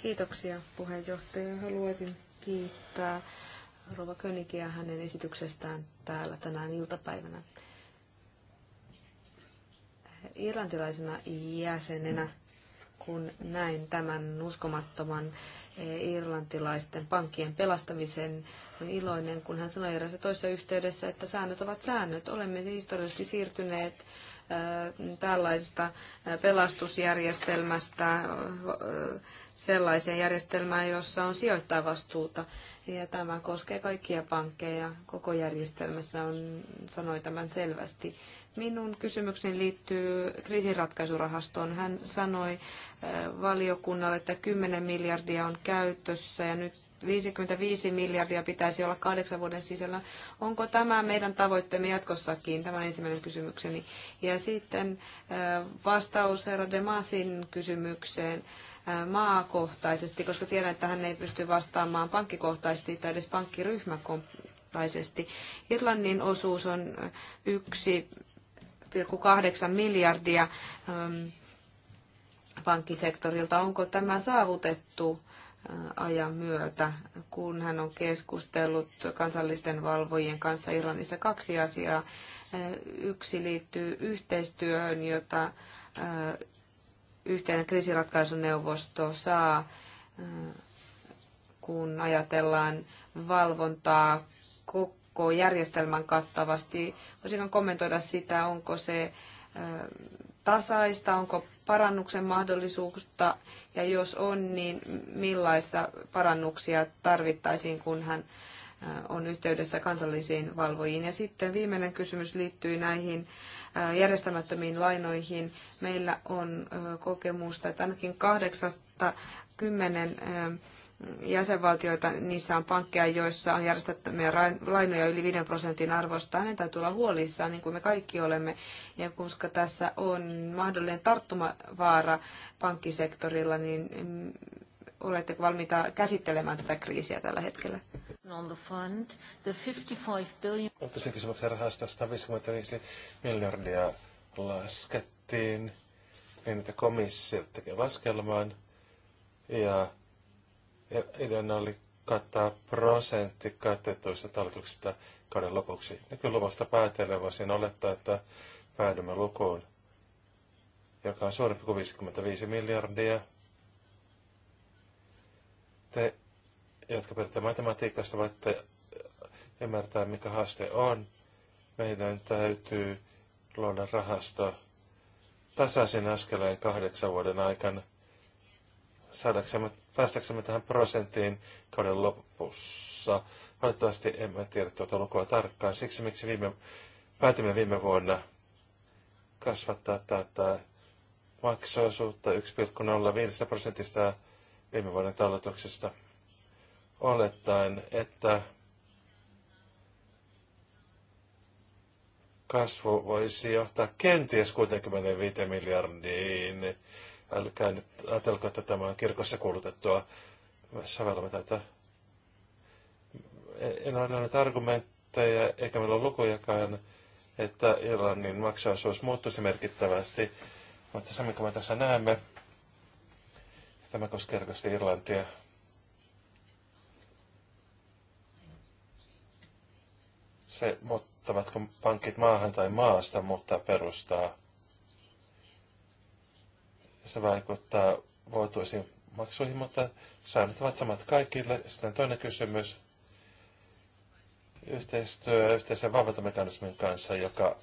Speaker 2: Kiitoksia puheenjohtaja. Haluaisin kiittää Rova Königiä hänen esityksestään täällä tänään iltapäivänä. Irlantilaisena jäsenenä, kun näin tämän uskomattoman e, irlantilaisten pankkien pelastamisen, olen iloinen, kun hän sanoi erässä toisessa yhteydessä, että säännöt ovat säännöt. Olemme siis historiallisesti siirtyneet tällaisesta pelastusjärjestelmästä sellaiseen järjestelmään, jossa on sijoittajavastuuta. Ja tämä koskee kaikkia pankkeja. Koko järjestelmässä on, sanoi tämän selvästi. Minun kysymykseni liittyy kriisinratkaisurahastoon. Hän sanoi valiokunnalle, että 10 miljardia on käytössä ja nyt 55 miljardia pitäisi olla kahdeksan vuoden sisällä. Onko tämä meidän tavoitteemme jatkossakin? Tämä on ensimmäinen kysymykseni. Ja sitten äh, vastaus herra Demasin kysymykseen äh, maakohtaisesti, koska tiedän, että hän ei pysty vastaamaan pankkikohtaisesti tai edes pankkiryhmäkohtaisesti. Irlannin osuus on 1,8 miljardia ähm, pankkisektorilta. Onko tämä saavutettu? ajan myötä, kun hän on keskustellut kansallisten valvojien kanssa Irlannissa kaksi asiaa. Yksi liittyy yhteistyöhön, jota yhteinen kriisiratkaisuneuvosto saa, kun ajatellaan valvontaa koko järjestelmän kattavasti. Voisinko kommentoida sitä, onko se tasaista, onko parannuksen mahdollisuutta ja jos on, niin millaista parannuksia tarvittaisiin, kun hän on yhteydessä kansallisiin valvojiin. Ja sitten viimeinen kysymys liittyy näihin järjestämättömiin lainoihin. Meillä on kokemusta, että ainakin kahdeksasta kymmenen jäsenvaltioita, niissä on pankkeja, joissa on järjestettömiä lainoja yli 5 prosentin arvosta. Hänen täytyy olla huolissaan, niin kuin me kaikki olemme. Ja koska tässä on mahdollinen tarttumavaara pankkisektorilla, niin mm, oletteko valmiita käsittelemään tätä kriisiä tällä hetkellä? On the fund, the
Speaker 3: 55
Speaker 2: billion...
Speaker 1: Tässä kysymyksen rahasta 155 miljardia laskettiin niin, että komissio tekee laskelman ja ideana oli kattaa prosentti katettuista talletuksista kauden lopuksi. Nykyluvasta päätellen voisin olettaa, että päädymme lukuun, joka on suurempi kuin 55 miljardia. Te, jotka pidätte matematiikasta, voitte ymmärtää, mikä haaste on. Meidän täytyy luoda rahasto tasaisin askeleen kahdeksan vuoden aikana – saadaksemme, päästäksemme tähän prosenttiin kauden lopussa. Valitettavasti emme tiedä tuota lukua tarkkaan. Siksi miksi viime, päätimme viime vuonna kasvattaa tätä maksuosuutta 1,05 prosentista viime vuoden talletuksesta olettaen, että kasvu voisi johtaa kenties 65 miljardiin Älkää nyt ajatelko, että tämä on kirkossa kuulutettua sävelmä tätä. En ole nähnyt argumentteja, eikä meillä ole lukujakaan, että Irlannin maksuosuus muuttuisi merkittävästi. Mutta se, mikä me tässä näemme, tämä koskee erityisesti Irlantia, se, muuttavatko pankit maahan tai maasta mutta perustaa ja se vaikuttaa vuotuisiin maksuihin, mutta säännöt ovat samat kaikille. Sitten toinen kysymys, yhteistyö yhteisen valvontamekanismin kanssa, joka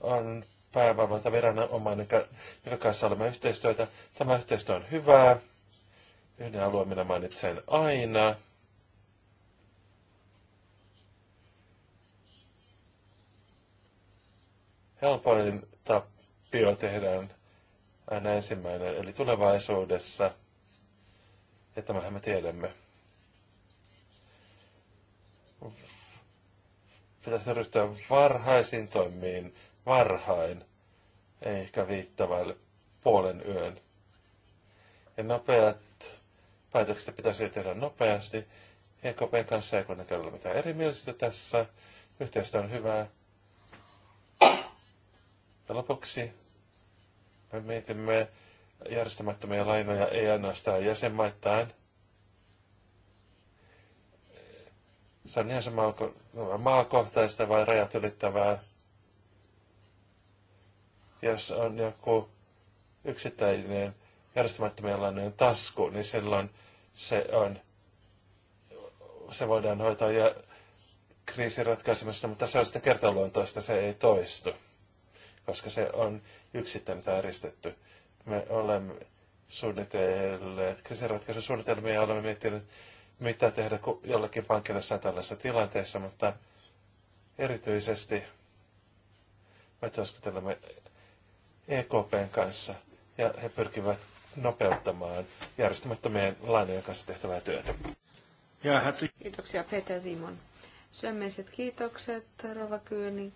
Speaker 1: on päävalvonta viranomainen, joka kanssa olemme yhteistyötä. Tämä yhteistyö on hyvää. Yhden alueen minä mainitsen aina. Helpoin tapa pion tehdään aina ensimmäinen, eli tulevaisuudessa, ja tämähän me tiedämme. Pitäisi ryhtyä varhaisiin toimiin varhain, ehkä viittavalle puolen yön. Ja nopeat päätökset pitäisi tehdä nopeasti. EKPn kanssa ei kuitenkaan ole mitään erimielisyyttä tässä. Yhteistyö on hyvää. Ja lopuksi me mietimme järjestämättömiä lainoja ei ainoastaan jäsenmaittain. Se on ihan sama, onko maakohtaista vai rajat ylittävää. Jos on joku yksittäinen järjestämättömiä lainojen tasku, niin silloin se on se voidaan hoitaa ja kriisin ratkaisemassa, mutta se on sitten kertaluontoista, se ei toistu koska se on yksittäin tarjistettu. Me olemme suunnitelleet kriisiratkaisusuunnitelmia ja olemme miettineet, mitä tehdä jollekin pankille tällaisessa tilanteessa, mutta erityisesti me työskentelemme EKPn kanssa ja he pyrkivät nopeuttamaan järjestämättömien lainojen kanssa tehtävää työtä.
Speaker 2: Kiitoksia Peter Simon. Syömeiset kiitokset, Rova Kyynik,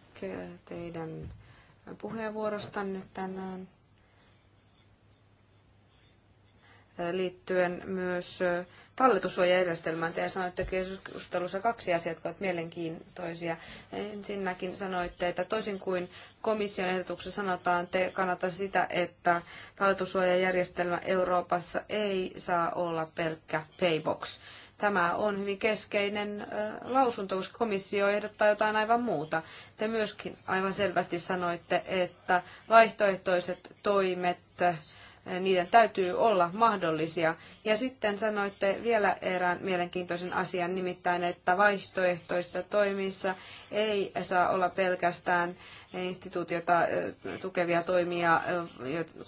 Speaker 2: teidän puheenvuorostanne tänään liittyen myös talletussuojajärjestelmään. Te sanoitte keskustelussa kaksi asiaa, jotka ovat mielenkiintoisia. Ensinnäkin sanoitte, että toisin kuin komission ehdotuksessa sanotaan, te kannata sitä, että talletussuojajärjestelmä Euroopassa ei saa olla pelkkä paybox. Tämä on hyvin keskeinen lausunto, koska komissio ehdottaa jotain aivan muuta. Te myöskin aivan selvästi sanoitte, että vaihtoehtoiset toimet, niiden täytyy olla mahdollisia. Ja sitten sanoitte vielä erään mielenkiintoisen asian, nimittäin, että vaihtoehtoisissa toimissa ei saa olla pelkästään instituutiota tukevia toimia,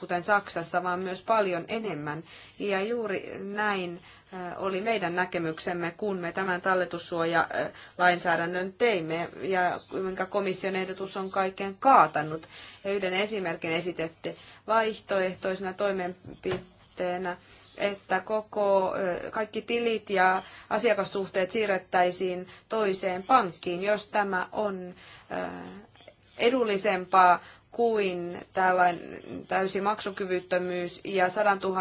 Speaker 2: kuten Saksassa, vaan myös paljon enemmän. Ja juuri näin oli meidän näkemyksemme, kun me tämän talletussuojalainsäädännön teimme ja kuinka komission ehdotus on kaiken kaatanut. Ja yhden esimerkin esitette vaihtoehtoisena toimenpiteenä että koko, kaikki tilit ja asiakassuhteet siirrettäisiin toiseen pankkiin, jos tämä on edullisempaa kuin tällainen täysi maksukyvyttömyys ja 100 000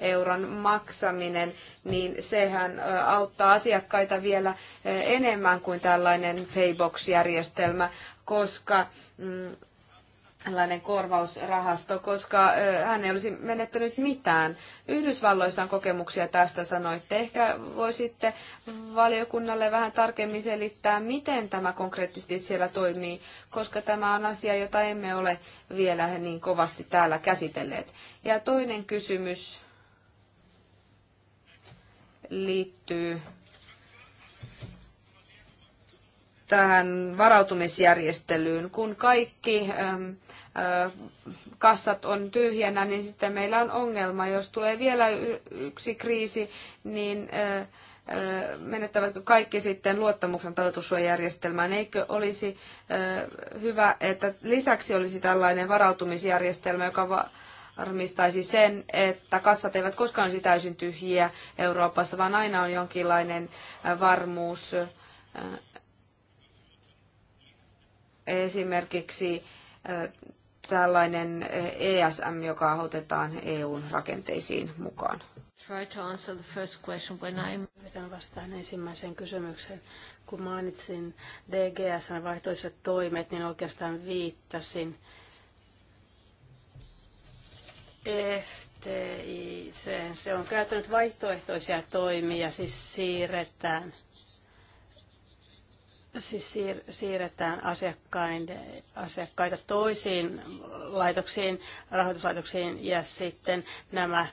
Speaker 2: euron maksaminen, niin sehän auttaa asiakkaita vielä enemmän kuin tällainen paybox-järjestelmä, koska mm, tällainen korvausrahasto, koska hän ei olisi menettänyt mitään. Yhdysvalloissa on kokemuksia tästä, sanoitte. Ehkä voisitte valiokunnalle vähän tarkemmin selittää, miten tämä konkreettisesti siellä toimii, koska tämä on asia, jota emme ole vielä niin kovasti täällä käsitelleet. Ja toinen kysymys liittyy tähän varautumisjärjestelyyn, kun kaikki kassat on tyhjänä, niin sitten meillä on ongelma. Jos tulee vielä yksi kriisi, niin menettävätkö kaikki sitten luottamuksen talletussuojajärjestelmään? Eikö olisi hyvä, että lisäksi olisi tällainen varautumisjärjestelmä, joka varmistaisi sen, että kassat eivät koskaan olisi täysin tyhjiä Euroopassa, vaan aina on jonkinlainen varmuus. Esimerkiksi tällainen ESM, joka otetaan EUn rakenteisiin mukaan?
Speaker 3: Try to answer the first question when I'm... Yritän vastaan ensimmäiseen kysymykseen. Kun mainitsin DGS vaihtoiset toimet, niin oikeastaan viittasin FTI. Se on käyttänyt vaihtoehtoisia toimia, siis siirretään – siis siir- siirretään asiakkaita toisiin laitoksiin, rahoituslaitoksiin ja sitten nämä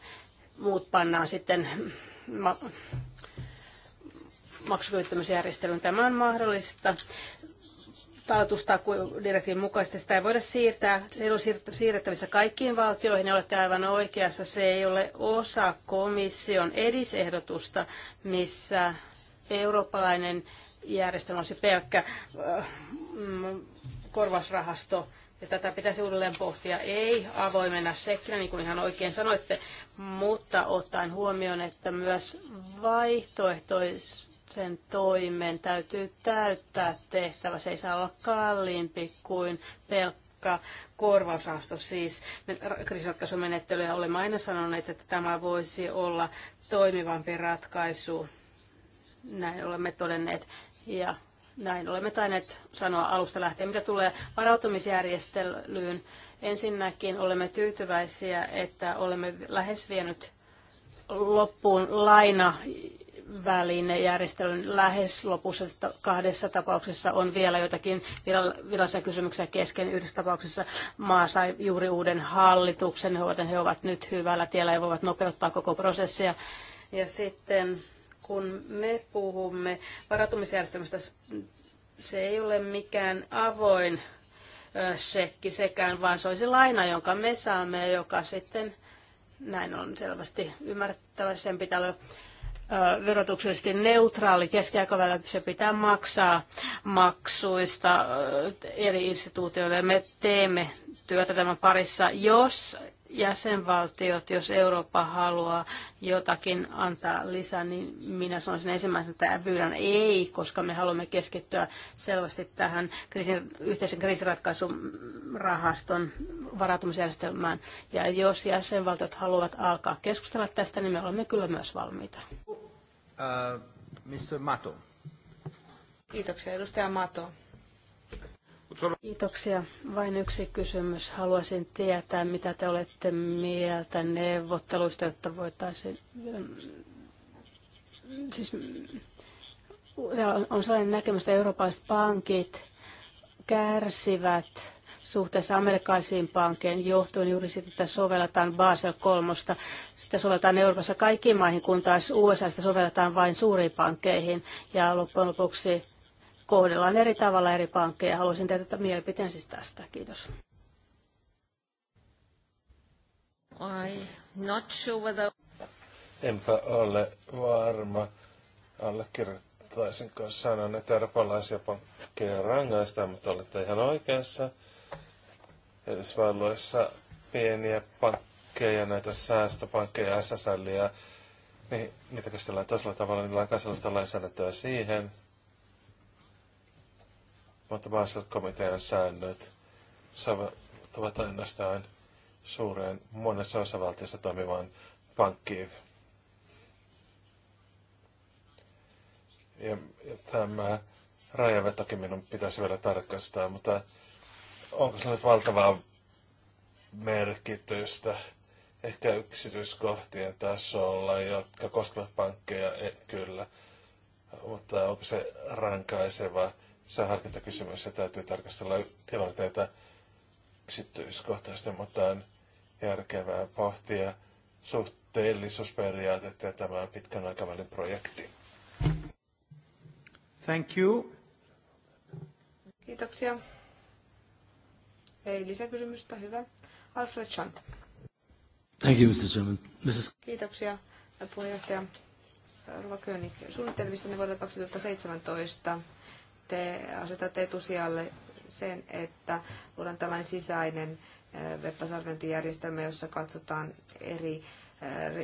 Speaker 3: muut pannaan sitten ma- maksukyvyttömyysjärjestelyyn. Tämä on mahdollista direktiivin mukaisesti. Sitä ei voida siirtää. Se ei ole siirrettävissä kaikkiin valtioihin. ne olette aivan oikeassa. Se ei ole osa komission edisehdotusta, missä eurooppalainen järjestelmä se pelkkä äh, mm, korvausrahasto. Ja tätä pitäisi uudelleen pohtia, ei avoimena sekkinä, niin kuin ihan oikein sanoitte, mutta ottaen huomioon, että myös vaihtoehtoisen toimen täytyy täyttää tehtävä. Se ei saa olla kalliimpi kuin pelkkä korvausrahasto. Siis kriisiratkaisumenettelyä olemme aina sanoneet, että tämä voisi olla toimivampi ratkaisu. Näin olemme todenneet ja näin olemme tainneet sanoa alusta lähtien. Mitä tulee varautumisjärjestelyyn, ensinnäkin olemme tyytyväisiä, että olemme lähes vienyt loppuun laina välinejärjestelyn lähes lopussa kahdessa tapauksessa on vielä jotakin virallisia kysymyksiä kesken. Yhdessä tapauksessa maa sai juuri uuden hallituksen, joten he ovat nyt hyvällä tiellä ja voivat nopeuttaa koko prosessia. Ja sitten kun me puhumme varautumisjärjestelmästä, se ei ole mikään avoin sekki sekään, vaan se olisi laina, jonka me saamme, joka sitten, näin on selvästi ymmärrettävä, sen pitää olla verotuksellisesti neutraali. Keskiaikavälillä se pitää maksaa maksuista eri instituutioille. Me teemme työtä tämän parissa, jos jäsenvaltiot, jos Eurooppa haluaa jotakin antaa lisää, niin minä sanoisin ensimmäisenä, että pyydän ei, koska me haluamme keskittyä selvästi tähän kriisin, yhteisen kriisiratkaisurahaston varautumisjärjestelmään. Ja jos jäsenvaltiot haluavat alkaa keskustella tästä, niin me olemme kyllä myös valmiita. Uh,
Speaker 2: Mr. Mato.
Speaker 3: Kiitoksia, edustaja Mato. Kiitoksia. Vain yksi kysymys. Haluaisin tietää, mitä te olette mieltä neuvotteluista, jotta voitaisiin... Mm, siis, mm, on sellainen näkemys, että eurooppalaiset pankit kärsivät suhteessa amerikkalaisiin pankkeihin johtuen juuri siitä, että sovelletaan Basel kolmosta. Sitä sovelletaan Euroopassa kaikkiin maihin, kun taas USA sitä sovelletaan vain suuriin pankkeihin. Ja loppujen lopuksi kohdellaan eri tavalla eri pankkeja. Haluaisin tehdä mielipiteen siis tästä. Kiitos. I not sure whether...
Speaker 1: Enpä ole varma. Allekirjoittaisinko sanon, että eurooppalaisia pankkeja rangaistaan, mutta olette ihan oikeassa. Yhdysvalloissa pieniä pankkeja, näitä säästöpankkeja, SSL, niin niitä käsitellään toisella tavalla, niin niillä on kansallista lainsäädäntöä siihen – mutta Basel-komitean säännöt saavat ainoastaan suureen monessa osavaltiossa toimivaan pankkiin. Ja, ja tämä rajavetokin minun pitäisi vielä tarkastaa, mutta onko se nyt valtavaa merkitystä ehkä yksityiskohtien tasolla, jotka koskevat pankkeja, et kyllä. Mutta onko se rankaiseva se on harkintakysymys ja täytyy tarkastella tilanteita yksityiskohtaisesti, mutta on järkevää pohtia suhteellisuusperiaatetta ja tämä on pitkän aikavälin projekti.
Speaker 2: Thank you. Kiitoksia. Ei lisäkysymystä, hyvä. Alfred Chant.
Speaker 1: Thank you, Mr. Chairman. Mrs.
Speaker 2: Kiitoksia, puheenjohtaja Rova König. Suunnitelmissa ne vuodelle 2017 te asetat etusijalle sen, että luodaan tällainen sisäinen vertaisarviointijärjestelmä, jossa katsotaan eri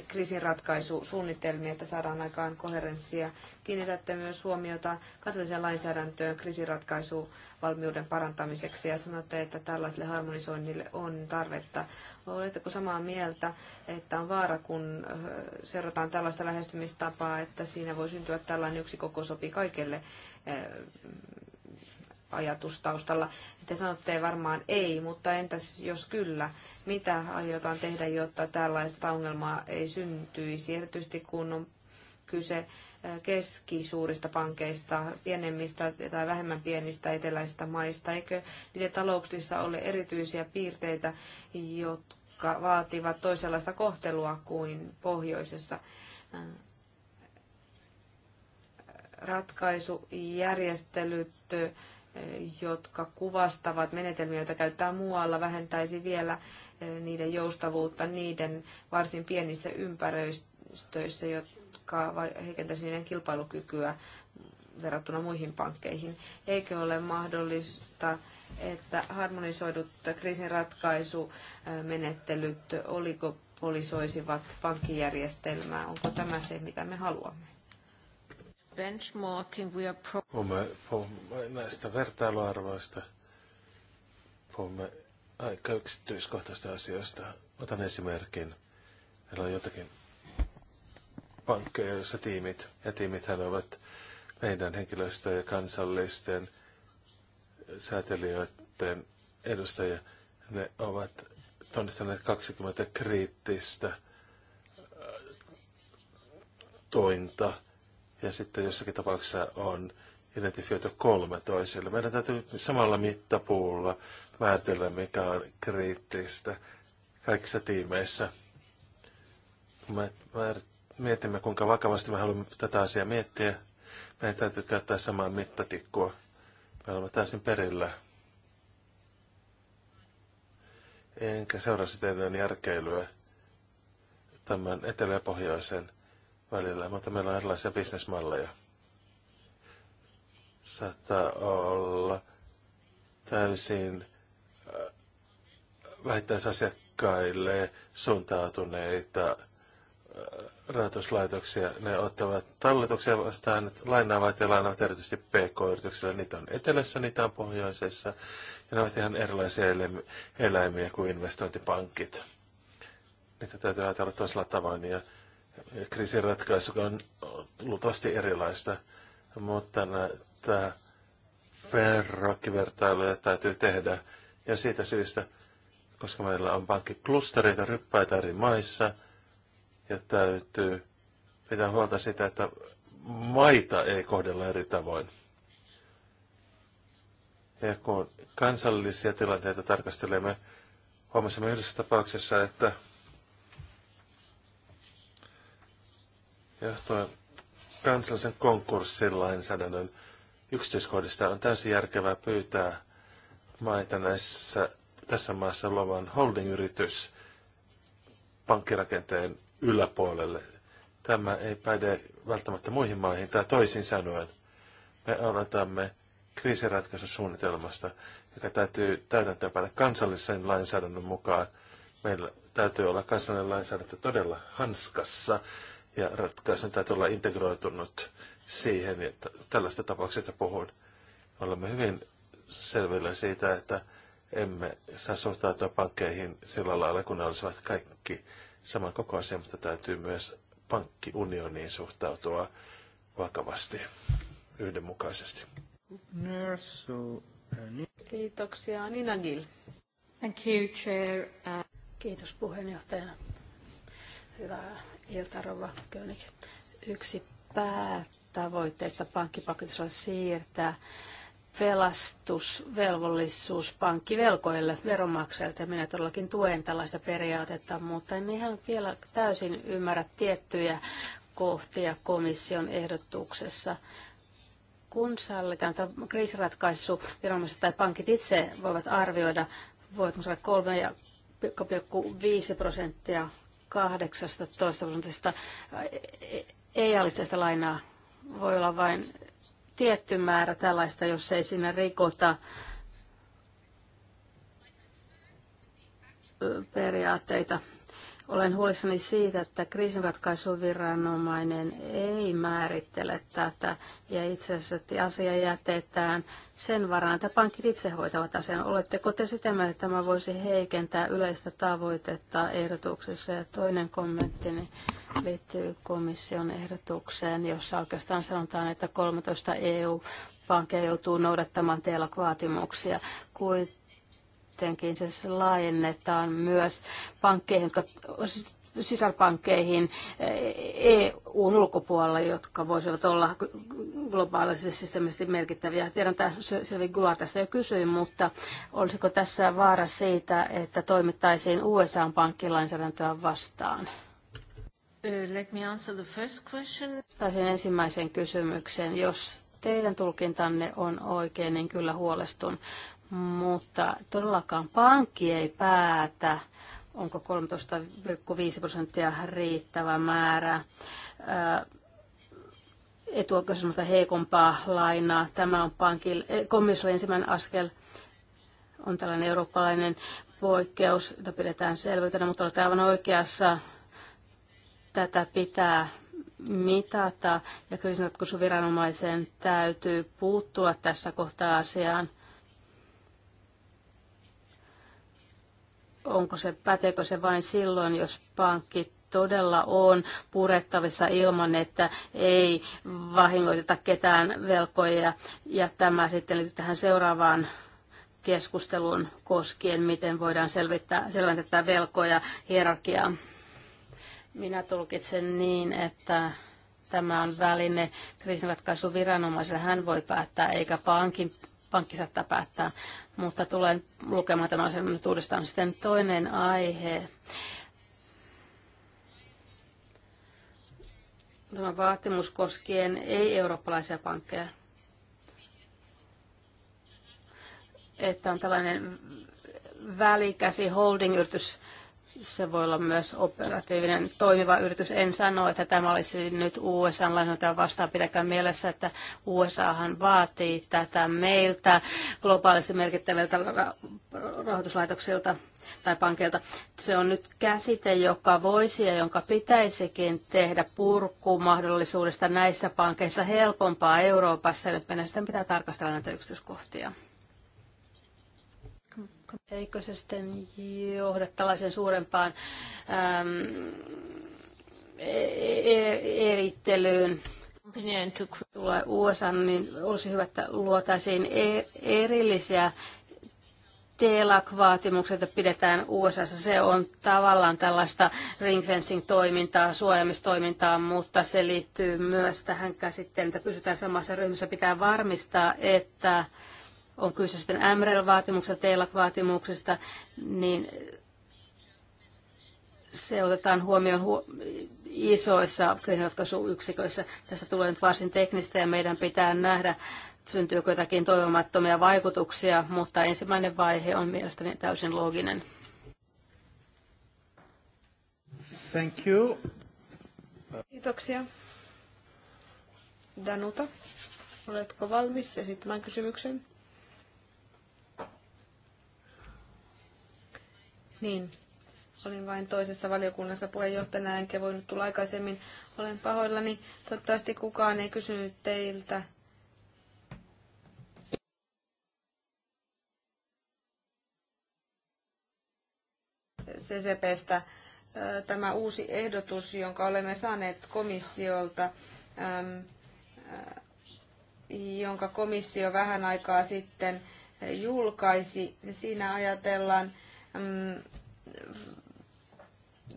Speaker 2: kriisinratkaisusuunnitelmia, että saadaan aikaan koherenssia. Kiinnitätte myös huomiota kansalliseen lainsäädäntöön kriisinratkaisuvalmiuden parantamiseksi ja sanotte, että tällaiselle harmonisoinnille on tarvetta. Oletteko samaa mieltä, että on vaara, kun seurataan tällaista lähestymistapaa, että siinä voi syntyä tällainen yksi koko sopii kaikille ajatus taustalla. Te sanotte varmaan ei, mutta entäs jos kyllä, mitä aiotaan tehdä, jotta tällaista ongelmaa ei syntyisi, erityisesti kun on kyse keskisuurista pankeista, pienemmistä tai vähemmän pienistä eteläisistä maista. Eikö niiden talouksissa ole erityisiä piirteitä, jotka vaativat toisenlaista kohtelua kuin pohjoisessa? ratkaisujärjestelyt jotka kuvastavat menetelmiä, joita käyttää muualla, vähentäisi vielä eh, niiden joustavuutta niiden varsin pienissä ympäristöissä, jotka heikentäisi niiden kilpailukykyä verrattuna muihin pankkeihin. Eikö ole mahdollista, että harmonisoidut kriisinratkaisumenettelyt oligopolisoisivat pankkijärjestelmää? Onko tämä se, mitä me haluamme? benchmarking, we are pro-
Speaker 1: puhumme, puhumme näistä vertailuarvoista, puhumme aika yksityiskohtaisista asioista. Otan esimerkin. Meillä on jotakin pankkeja, joissa tiimit, ja tiimithän ovat meidän henkilöstö- ja kansallisten säätelijöiden edustajia. Ne ovat tunnistaneet 20 kriittistä äh, tointa ja sitten jossakin tapauksessa on identifioitu kolme toiselle. Meidän täytyy samalla mittapuulla määritellä, mikä on kriittistä kaikissa tiimeissä. Me mietimme, kuinka vakavasti me haluamme tätä asiaa miettiä. Meidän täytyy käyttää samaa mittatikkua. Me olemme täysin perillä. Enkä seuraa sitä järkeilyä tämän etelä- ja pohjoisen välillä, mutta meillä on erilaisia bisnesmalleja. Saattaa olla täysin äh, vähittäisasiakkaille suuntautuneita äh, rahoituslaitoksia. Ne ottavat talletuksia vastaan, lainaavat ja lainaavat erityisesti PK-yrityksillä. Niitä on etelässä, niitä on pohjoisessa. Ja ne ovat ihan erilaisia eläimiä kuin investointipankit. Niitä täytyy ajatella toisella tavoin. Ja kriisin ratkaisu on luultavasti erilaista, mutta näitä verrokkivertailuja täytyy tehdä. Ja siitä syystä, koska meillä on pankkiklustereita, ryppäitä eri maissa, ja täytyy pitää huolta sitä, että maita ei kohdella eri tavoin. Ja kun kansallisia tilanteita tarkastelemme, huomasimme yhdessä tapauksessa, että johtua kansallisen konkurssilainsäädännön yksityiskohdista on täysin järkevää pyytää maita näissä, tässä maassa luovan holdingyritys pankkirakenteen yläpuolelle. Tämä ei päde välttämättä muihin maihin, tai toisin sanoen, me odotamme kriisiratkaisusuunnitelmasta, joka täytyy täytäntöönpanna kansallisen lainsäädännön mukaan. Meillä täytyy olla kansallinen lainsäädäntö todella hanskassa, ja ratkaisun täytyy olla integroitunut siihen, että tällaista tapauksesta puhun. Olemme hyvin selvillä siitä, että emme saa suhtautua pankkeihin sillä lailla, kun ne olisivat kaikki saman asia, mutta täytyy myös pankkiunioniin suhtautua vakavasti, yhdenmukaisesti.
Speaker 3: Kiitoksia. Nina Gil. Thank you, Chair. Kiitos puheenjohtaja. Hyvää Iltarova König. Yksi päätavoitteista pankkipaketissa on siirtää pelastusvelvollisuus pankkivelkoille veronmaksajilta. Minä todellakin tuen tällaista periaatetta, mutta en ihan vielä täysin ymmärrä tiettyjä kohtia komission ehdotuksessa kun sallitaan tämä kriisiratkaisu, viranomaiset tai pankit itse voivat arvioida, voivatko saada 3,5 prosenttia 18 prosentista ei-alisteista lainaa voi olla vain tietty määrä tällaista, jos ei siinä rikota periaatteita olen huolissani siitä, että kriisinratkaisuviranomainen ei määrittele tätä ja itse asiassa asia jätetään sen varaan, että pankit itse hoitavat asian. Oletteko te sitä mieltä, että tämä voisi heikentää yleistä tavoitetta ehdotuksessa? Ja toinen kommentti liittyy komission ehdotukseen, jossa oikeastaan sanotaan, että 13 EU pankkeja joutuu noudattamaan teillä vaatimuksia Kuit- sittenkin se laajennetaan myös pankkeihin, jotka sisarpankkeihin EUn eh, e ulkopuolella, jotka voisivat olla globaalisesti systeemisesti merkittäviä. Tiedän, että Silvi Gula tästä jo kysyi, mutta olisiko tässä vaara siitä, että toimittaisiin USA:n pankkilainsäädäntöä vastaan? Uh, let me answer the first question. Taisin ensimmäisen kysymyksen. Jos teidän tulkintanne on oikein, niin kyllä huolestun mutta todellakaan pankki ei päätä, onko 13,5 prosenttia riittävä määrä etuoikeusemmalta heikompaa lainaa. Tämä on pankille, eh, komissiolle ensimmäinen askel on tällainen eurooppalainen poikkeus, jota pidetään selvyytenä, mutta olet aivan oikeassa. Tätä pitää mitata ja kriisinratkaisuviranomaisen täytyy puuttua tässä kohtaa asiaan onko se, päteekö se vain silloin, jos pankki todella on purettavissa ilman, että ei vahingoiteta ketään velkoja. Ja tämä sitten liittyy tähän seuraavaan keskusteluun koskien, miten voidaan selvittää, selventää velkoja hierarkiaa. Minä tulkitsen niin, että tämä on väline kriisinratkaisuviranomaiselle. Hän voi päättää, eikä pankin pankki saattaa päättää, mutta tulen lukemaan tämän asian nyt uudestaan. Sitten toinen aihe. Tämä vaatimus koskien ei-eurooppalaisia pankkeja. Että on tällainen välikäsi holding-yritys, se voi olla myös operatiivinen toimiva yritys. En sano, että tämä olisi nyt USA lainsäädäntöä vastaan. Pitäkää mielessä, että USAhan vaatii tätä meiltä globaalisti merkittäviltä rahoituslaitoksilta tai pankilta. Se on nyt käsite, joka voisi ja jonka pitäisikin tehdä purku mahdollisuudesta näissä pankeissa helpompaa Euroopassa. Nyt meidän sitten pitää tarkastella näitä yksityiskohtia. Eikö se sitten johda tällaisen suurempaan äm, e-, e-, erittelyyn? Tulee USA, niin olisi hyvä, että luotaisiin e-, erillisiä TELAC-vaatimukset, että pidetään USA. se on tavallaan tällaista ringfencing-toimintaa, suojamistoimintaa, mutta se liittyy myös tähän käsitteen, että pysytään samassa ryhmässä. Pitää varmistaa, että on kyse sitten mrl vaatimuksesta TELAC-vaatimuksesta, niin se otetaan huomioon hu- isoissa kriisinratkaisuyksiköissä. Tästä tulee nyt varsin teknistä ja meidän pitää nähdä, syntyykö jotakin toivomattomia vaikutuksia, mutta ensimmäinen vaihe on mielestäni täysin looginen.
Speaker 2: Thank you. Kiitoksia. Danuta, oletko valmis esittämään kysymyksen? Niin, olin vain toisessa valiokunnassa puheenjohtajana, enkä voinut tulla aikaisemmin. Olen pahoillani. Toivottavasti kukaan ei kysynyt teiltä. CCPstä tämä uusi ehdotus, jonka olemme saaneet komissiolta, jonka komissio vähän aikaa sitten julkaisi. Siinä ajatellaan Mm,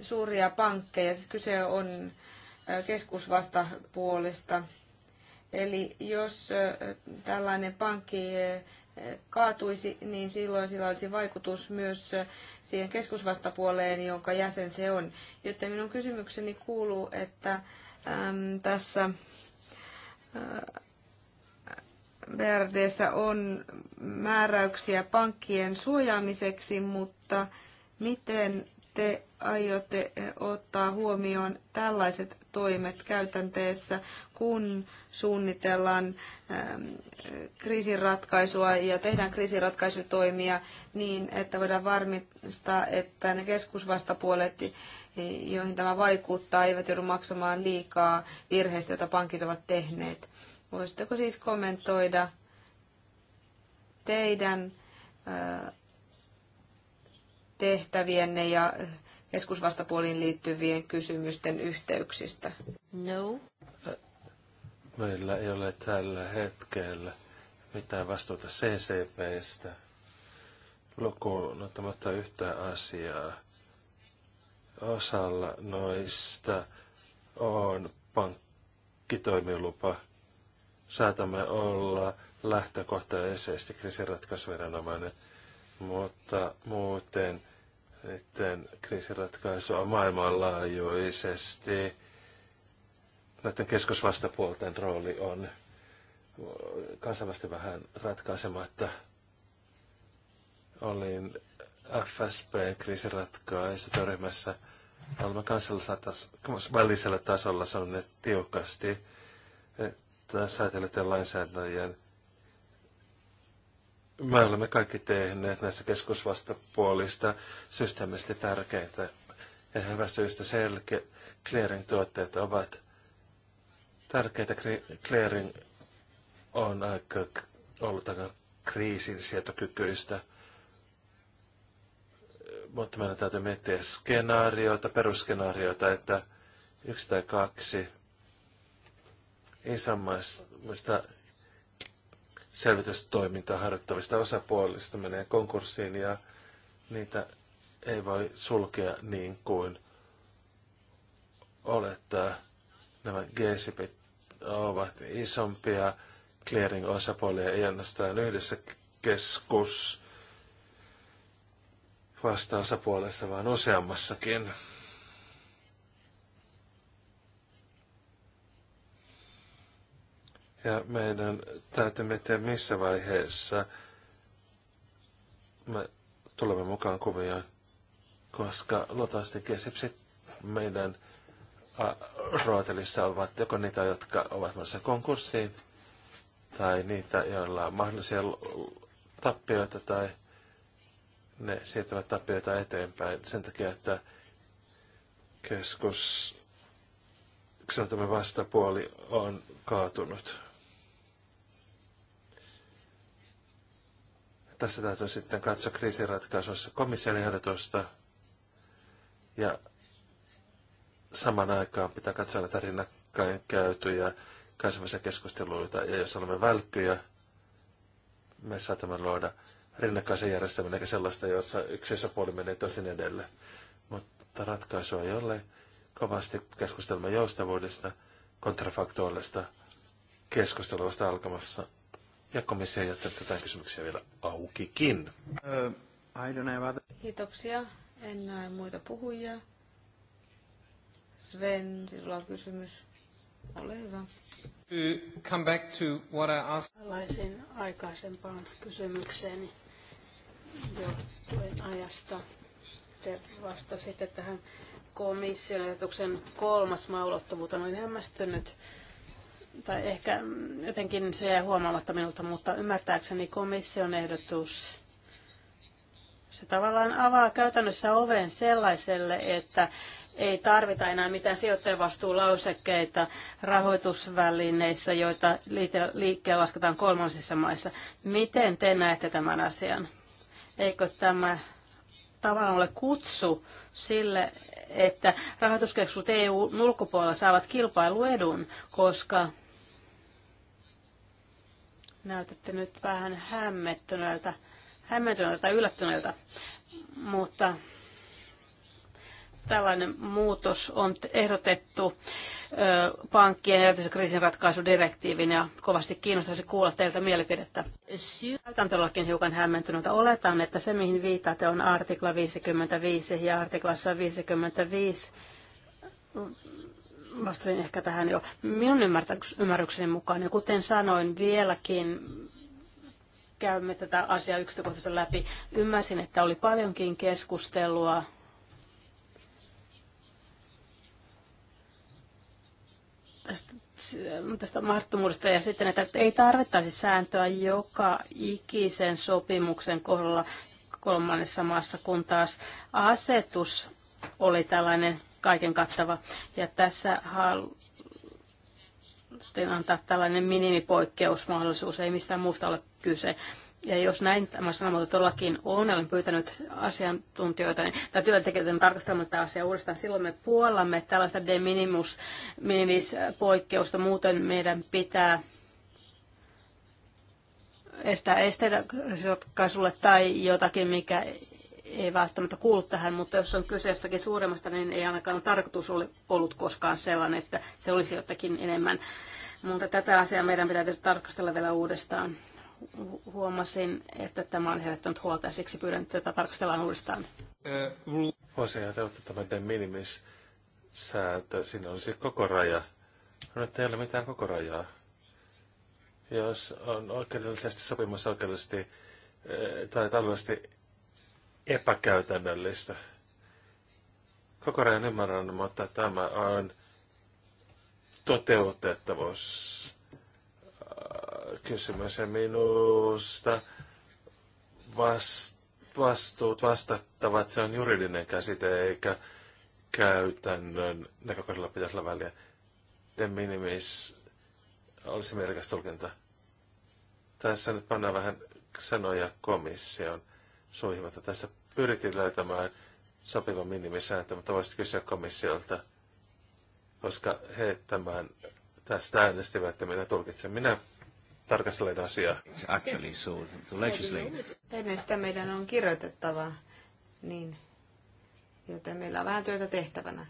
Speaker 2: suuria pankkeja. Siis kyse on keskusvastapuolesta. Eli jos tällainen pankki kaatuisi, niin silloin sillä olisi vaikutus myös siihen keskusvastapuoleen, jonka jäsen se on. Joten minun kysymykseni kuuluu, että äm, tässä äh, BRDstä on määräyksiä pankkien suojaamiseksi, mutta miten te aiotte ottaa huomioon tällaiset toimet käytänteessä, kun suunnitellaan ähm, kriisinratkaisua ja tehdään kriisinratkaisutoimia niin, että voidaan varmistaa, että ne keskusvastapuolet, joihin tämä vaikuttaa, eivät joudu maksamaan liikaa virheistä, joita pankit ovat tehneet. Voisitteko siis kommentoida teidän tehtävienne ja keskusvastapuoliin liittyvien kysymysten yhteyksistä? No.
Speaker 1: Meillä ei ole tällä hetkellä mitään vastuuta CCPstä lukuun ottamatta yhtä asiaa. Osalla noista on pankkitoimilupa saatamme olla lähtökohtaisesti kriisiratkaisuviranomainen, mutta muuten niiden on maailmanlaajuisesti näiden keskusvastapuolten rooli on kansainvälisesti vähän ratkaisematta. Olin fsp kriisiratkaisutyöryhmässä olemme kansallisella tas- välisellä tasolla sanoneet tiukasti tämän lainsäätäjien. Me olemme kaikki tehneet näissä keskusvastapuolista systeemisesti tärkeitä ja hyvästä syystä selkeä clearing-tuotteet ovat tärkeitä. Clearing on aika ollut aika sietokykyistä. mutta meidän täytyy miettiä skenaarioita, perusskenaarioita, että yksi tai kaksi – isommaista selvitystoimintaa harjoittavista osapuolista menee konkurssiin ja niitä ei voi sulkea niin kuin olettaa. Nämä GSIPit ovat isompia clearing-osapuolia, ei ainoastaan yhdessä keskus vastaosapuolessa, vaan useammassakin. Ja meidän täytyy miettiä missä vaiheessa me tulemme mukaan kuvioon, koska luultavasti kesipsit meidän rootelissa ovat joko niitä, jotka ovat menossa konkurssiin, tai niitä, joilla on mahdollisia tappioita, tai ne siirtävät tappioita eteenpäin sen takia, että keskus, sanotamme vastapuoli, on kaatunut. tässä täytyy sitten katsoa kriisiratkaisussa komission ehdotusta ja saman aikaan pitää katsoa näitä rinnakkain käytyjä kansainvälisiä keskusteluita ja jos olemme välkkyjä, me saatamme luoda rinnakkaisen järjestelmän eikä sellaista, jossa yksi osapuoli menee tosin edelle. Mutta ratkaisua ei ole. Kovasti keskustelma joustavuudesta, kontrafaktuaalista keskustelusta alkamassa ja komissio jättää tätä kysymyksiä vielä aukikin. Uh, I don't have other...
Speaker 2: Kiitoksia. En näe muita puhujia. Sven, sinulla on kysymys. Ole hyvä.
Speaker 1: To come back to what I asked.
Speaker 3: Tällaiseen aikaisempaan kysymykseeni johtuen ajasta. Te vastasitte tähän komission ajatuksen kolmas maulottomuuteen. Olen hämmästynyt tai ehkä jotenkin se jäi huomaamatta minulta, mutta ymmärtääkseni komission ehdotus, se tavallaan avaa käytännössä oven sellaiselle, että ei tarvita enää mitään sijoittajavastuulausekkeita rahoitusvälineissä, joita liikkeen lasketaan kolmansissa maissa. Miten te näette tämän asian? Eikö tämä tavallaan ole kutsu sille, että rahoituskeskukset eu ulkopuolella saavat kilpailuedun, koska Näytätte nyt vähän hämmentyneeltä, hämmentyneeltä tai yllättyneeltä, mutta tällainen muutos on ehdotettu ö, pankkien ja kriisinratkaisudirektiivin ja kovasti kiinnostaisi kuulla teiltä mielipidettä. Näytän todellakin hiukan hämmentynyt. Oletan, että se mihin viitaatte on artikla 55 ja artiklassa 55 vastasin ehkä tähän jo. Minun ymmärrykseni mukaan, ja kuten sanoin, vieläkin käymme tätä asiaa yksityiskohtaisesti läpi. Ymmärsin, että oli paljonkin keskustelua tästä, tästä mahdottomuudesta ja sitten, että ei tarvittaisi sääntöä joka ikisen sopimuksen kohdalla kolmannessa maassa, kun taas asetus oli tällainen kaiken kattava. Ja tässä haluttiin antaa tällainen minimipoikkeusmahdollisuus, ei mistään muusta ole kyse. Ja jos näin tämä sanamuoto todellakin on, olen pyytänyt asiantuntijoita niin, tai työntekijöitä niin tarkastelemaan tämä asia uudestaan, silloin me puollamme tällaista de minimis, minimis poikkeusta. Muuten meidän pitää estää esteitä tai jotakin, mikä ei välttämättä kuulu tähän, mutta jos on kyse jostakin suuremmasta, niin ei ainakaan tarkoitus ole ollut koskaan sellainen, että se olisi jotakin enemmän. Mutta tätä asiaa meidän pitää tarkastella vielä uudestaan. Huomasin, että tämä on herättänyt huolta ja siksi pyydän, että tätä tarkastellaan uudestaan.
Speaker 1: Voisi ajatella, että tämä de minimis säätö, siinä olisi koko raja. No, että ei ole mitään koko rajaa. Jos on oikeudellisesti sopimus oikeudellisesti eh, tai taloudellisesti epäkäytännöllistä. Koko ajan ymmärrän, mutta tämä on toteutettavuus äh, kysymys ja minusta vastuut vastattavat, se on juridinen käsite eikä käytännön näkökohdalla pitäisi olla väliä. De minimis olisi mielekäs tulkinta. Tässä nyt pannaan vähän sanoja komission suihimatta. Tässä pyrittiin löytämään sopiva minimisääntö, mutta voisit kysyä komissiolta, koska he tämän tästä äänestivät, että minä tulkitsen. Minä tarkastelen asiaa. Actually, so to legislate.
Speaker 2: Ennen sitä meidän on kirjoitettava, niin, joten meillä on vähän työtä tehtävänä.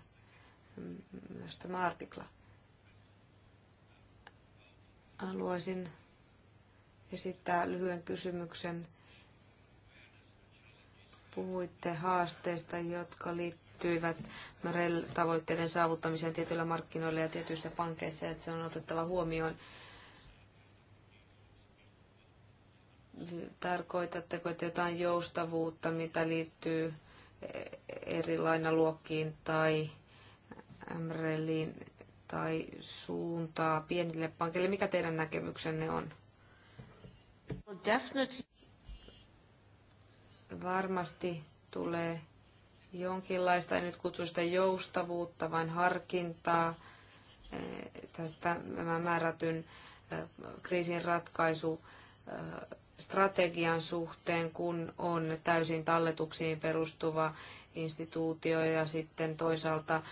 Speaker 2: Myös tämä artikla. Haluaisin esittää lyhyen kysymyksen Puhuitte haasteista, jotka liittyivät tavoitteiden saavuttamiseen tietyillä markkinoilla ja tietyissä pankeissa, että se on otettava huomioon. Tarkoitatteko että jotain joustavuutta, mitä liittyy eri lainaluokkiin tai MRELiin tai suuntaa pienille pankeille? Mikä teidän näkemyksenne on? Definitely varmasti tulee jonkinlaista, en nyt kutsu sitä joustavuutta, vain harkintaa eh, tästä määrätyn eh, kriisin ratkaisu eh, strategian suhteen, kun on täysin talletuksiin perustuva instituutio ja sitten toisaalta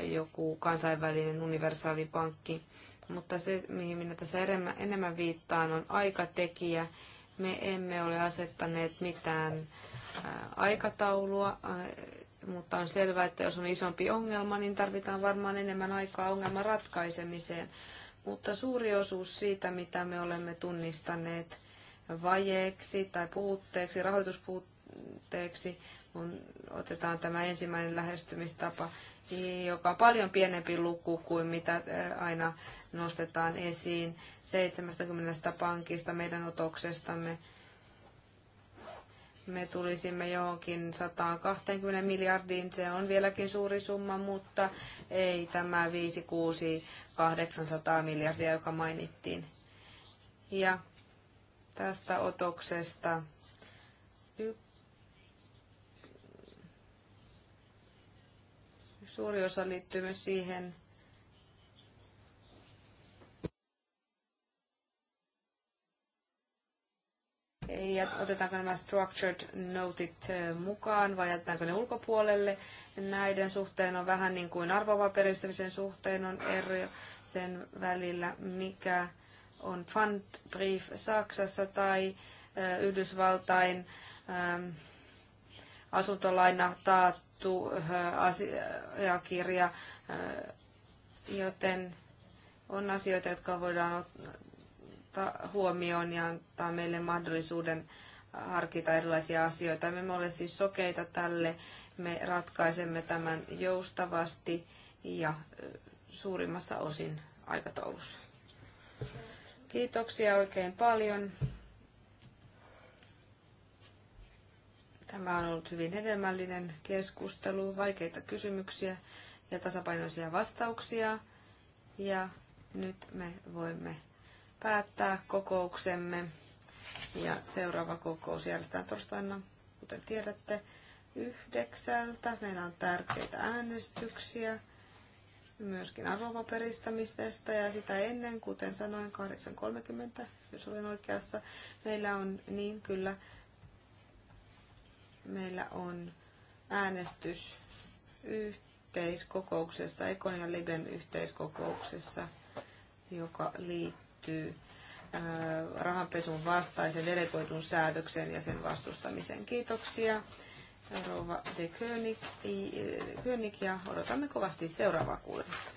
Speaker 2: joku kansainvälinen universaalipankki. Mutta se, mihin minä tässä enemmän viittaan, on aikatekijä me emme ole asettaneet mitään aikataulua, mutta on selvää, että jos on isompi ongelma, niin tarvitaan varmaan enemmän aikaa ongelman ratkaisemiseen. Mutta suuri osuus siitä, mitä me olemme tunnistaneet vajeeksi tai puutteeksi, rahoituspuutteeksi, kun otetaan tämä ensimmäinen lähestymistapa, joka on paljon pienempi luku kuin mitä aina nostetaan esiin. 70 pankista meidän otoksestamme. Me tulisimme johonkin 120 miljardiin, se on vieläkin suuri summa, mutta ei tämä 5, 6, 800 miljardia, joka mainittiin. Ja tästä otoksesta suuri osa liittyy myös siihen, ja otetaanko nämä structured notit eh, mukaan vai jätetäänkö ne ulkopuolelle. Näiden suhteen on vähän niin kuin arvovaperistämisen suhteen on eri sen välillä, mikä on fund brief Saksassa tai eh, Yhdysvaltain ehm, asuntolaina taattu eh, asiakirja, joten on asioita, jotka voidaan huomioon ja antaa meille mahdollisuuden harkita erilaisia asioita. Me emme ole siis sokeita tälle. Me ratkaisemme tämän joustavasti ja suurimmassa osin aikataulussa. Kiitoksia oikein paljon. Tämä on ollut hyvin hedelmällinen keskustelu, vaikeita kysymyksiä ja tasapainoisia vastauksia. Ja nyt me voimme päättää kokouksemme. Ja seuraava kokous järjestetään torstaina, kuten tiedätte, yhdeksältä. Meillä on tärkeitä äänestyksiä myöskin arvopaperistämisestä ja sitä ennen, kuten sanoin, 8.30, jos olen oikeassa. Meillä on, niin kyllä, meillä on äänestys yhteiskokouksessa, Ekon ja Liben yhteiskokouksessa, joka liittyy liittyy rahanpesun vastaisen delegoitun säädöksen ja sen vastustamisen. Kiitoksia. Rova de König ja odotamme kovasti seuraavaa kuulemista.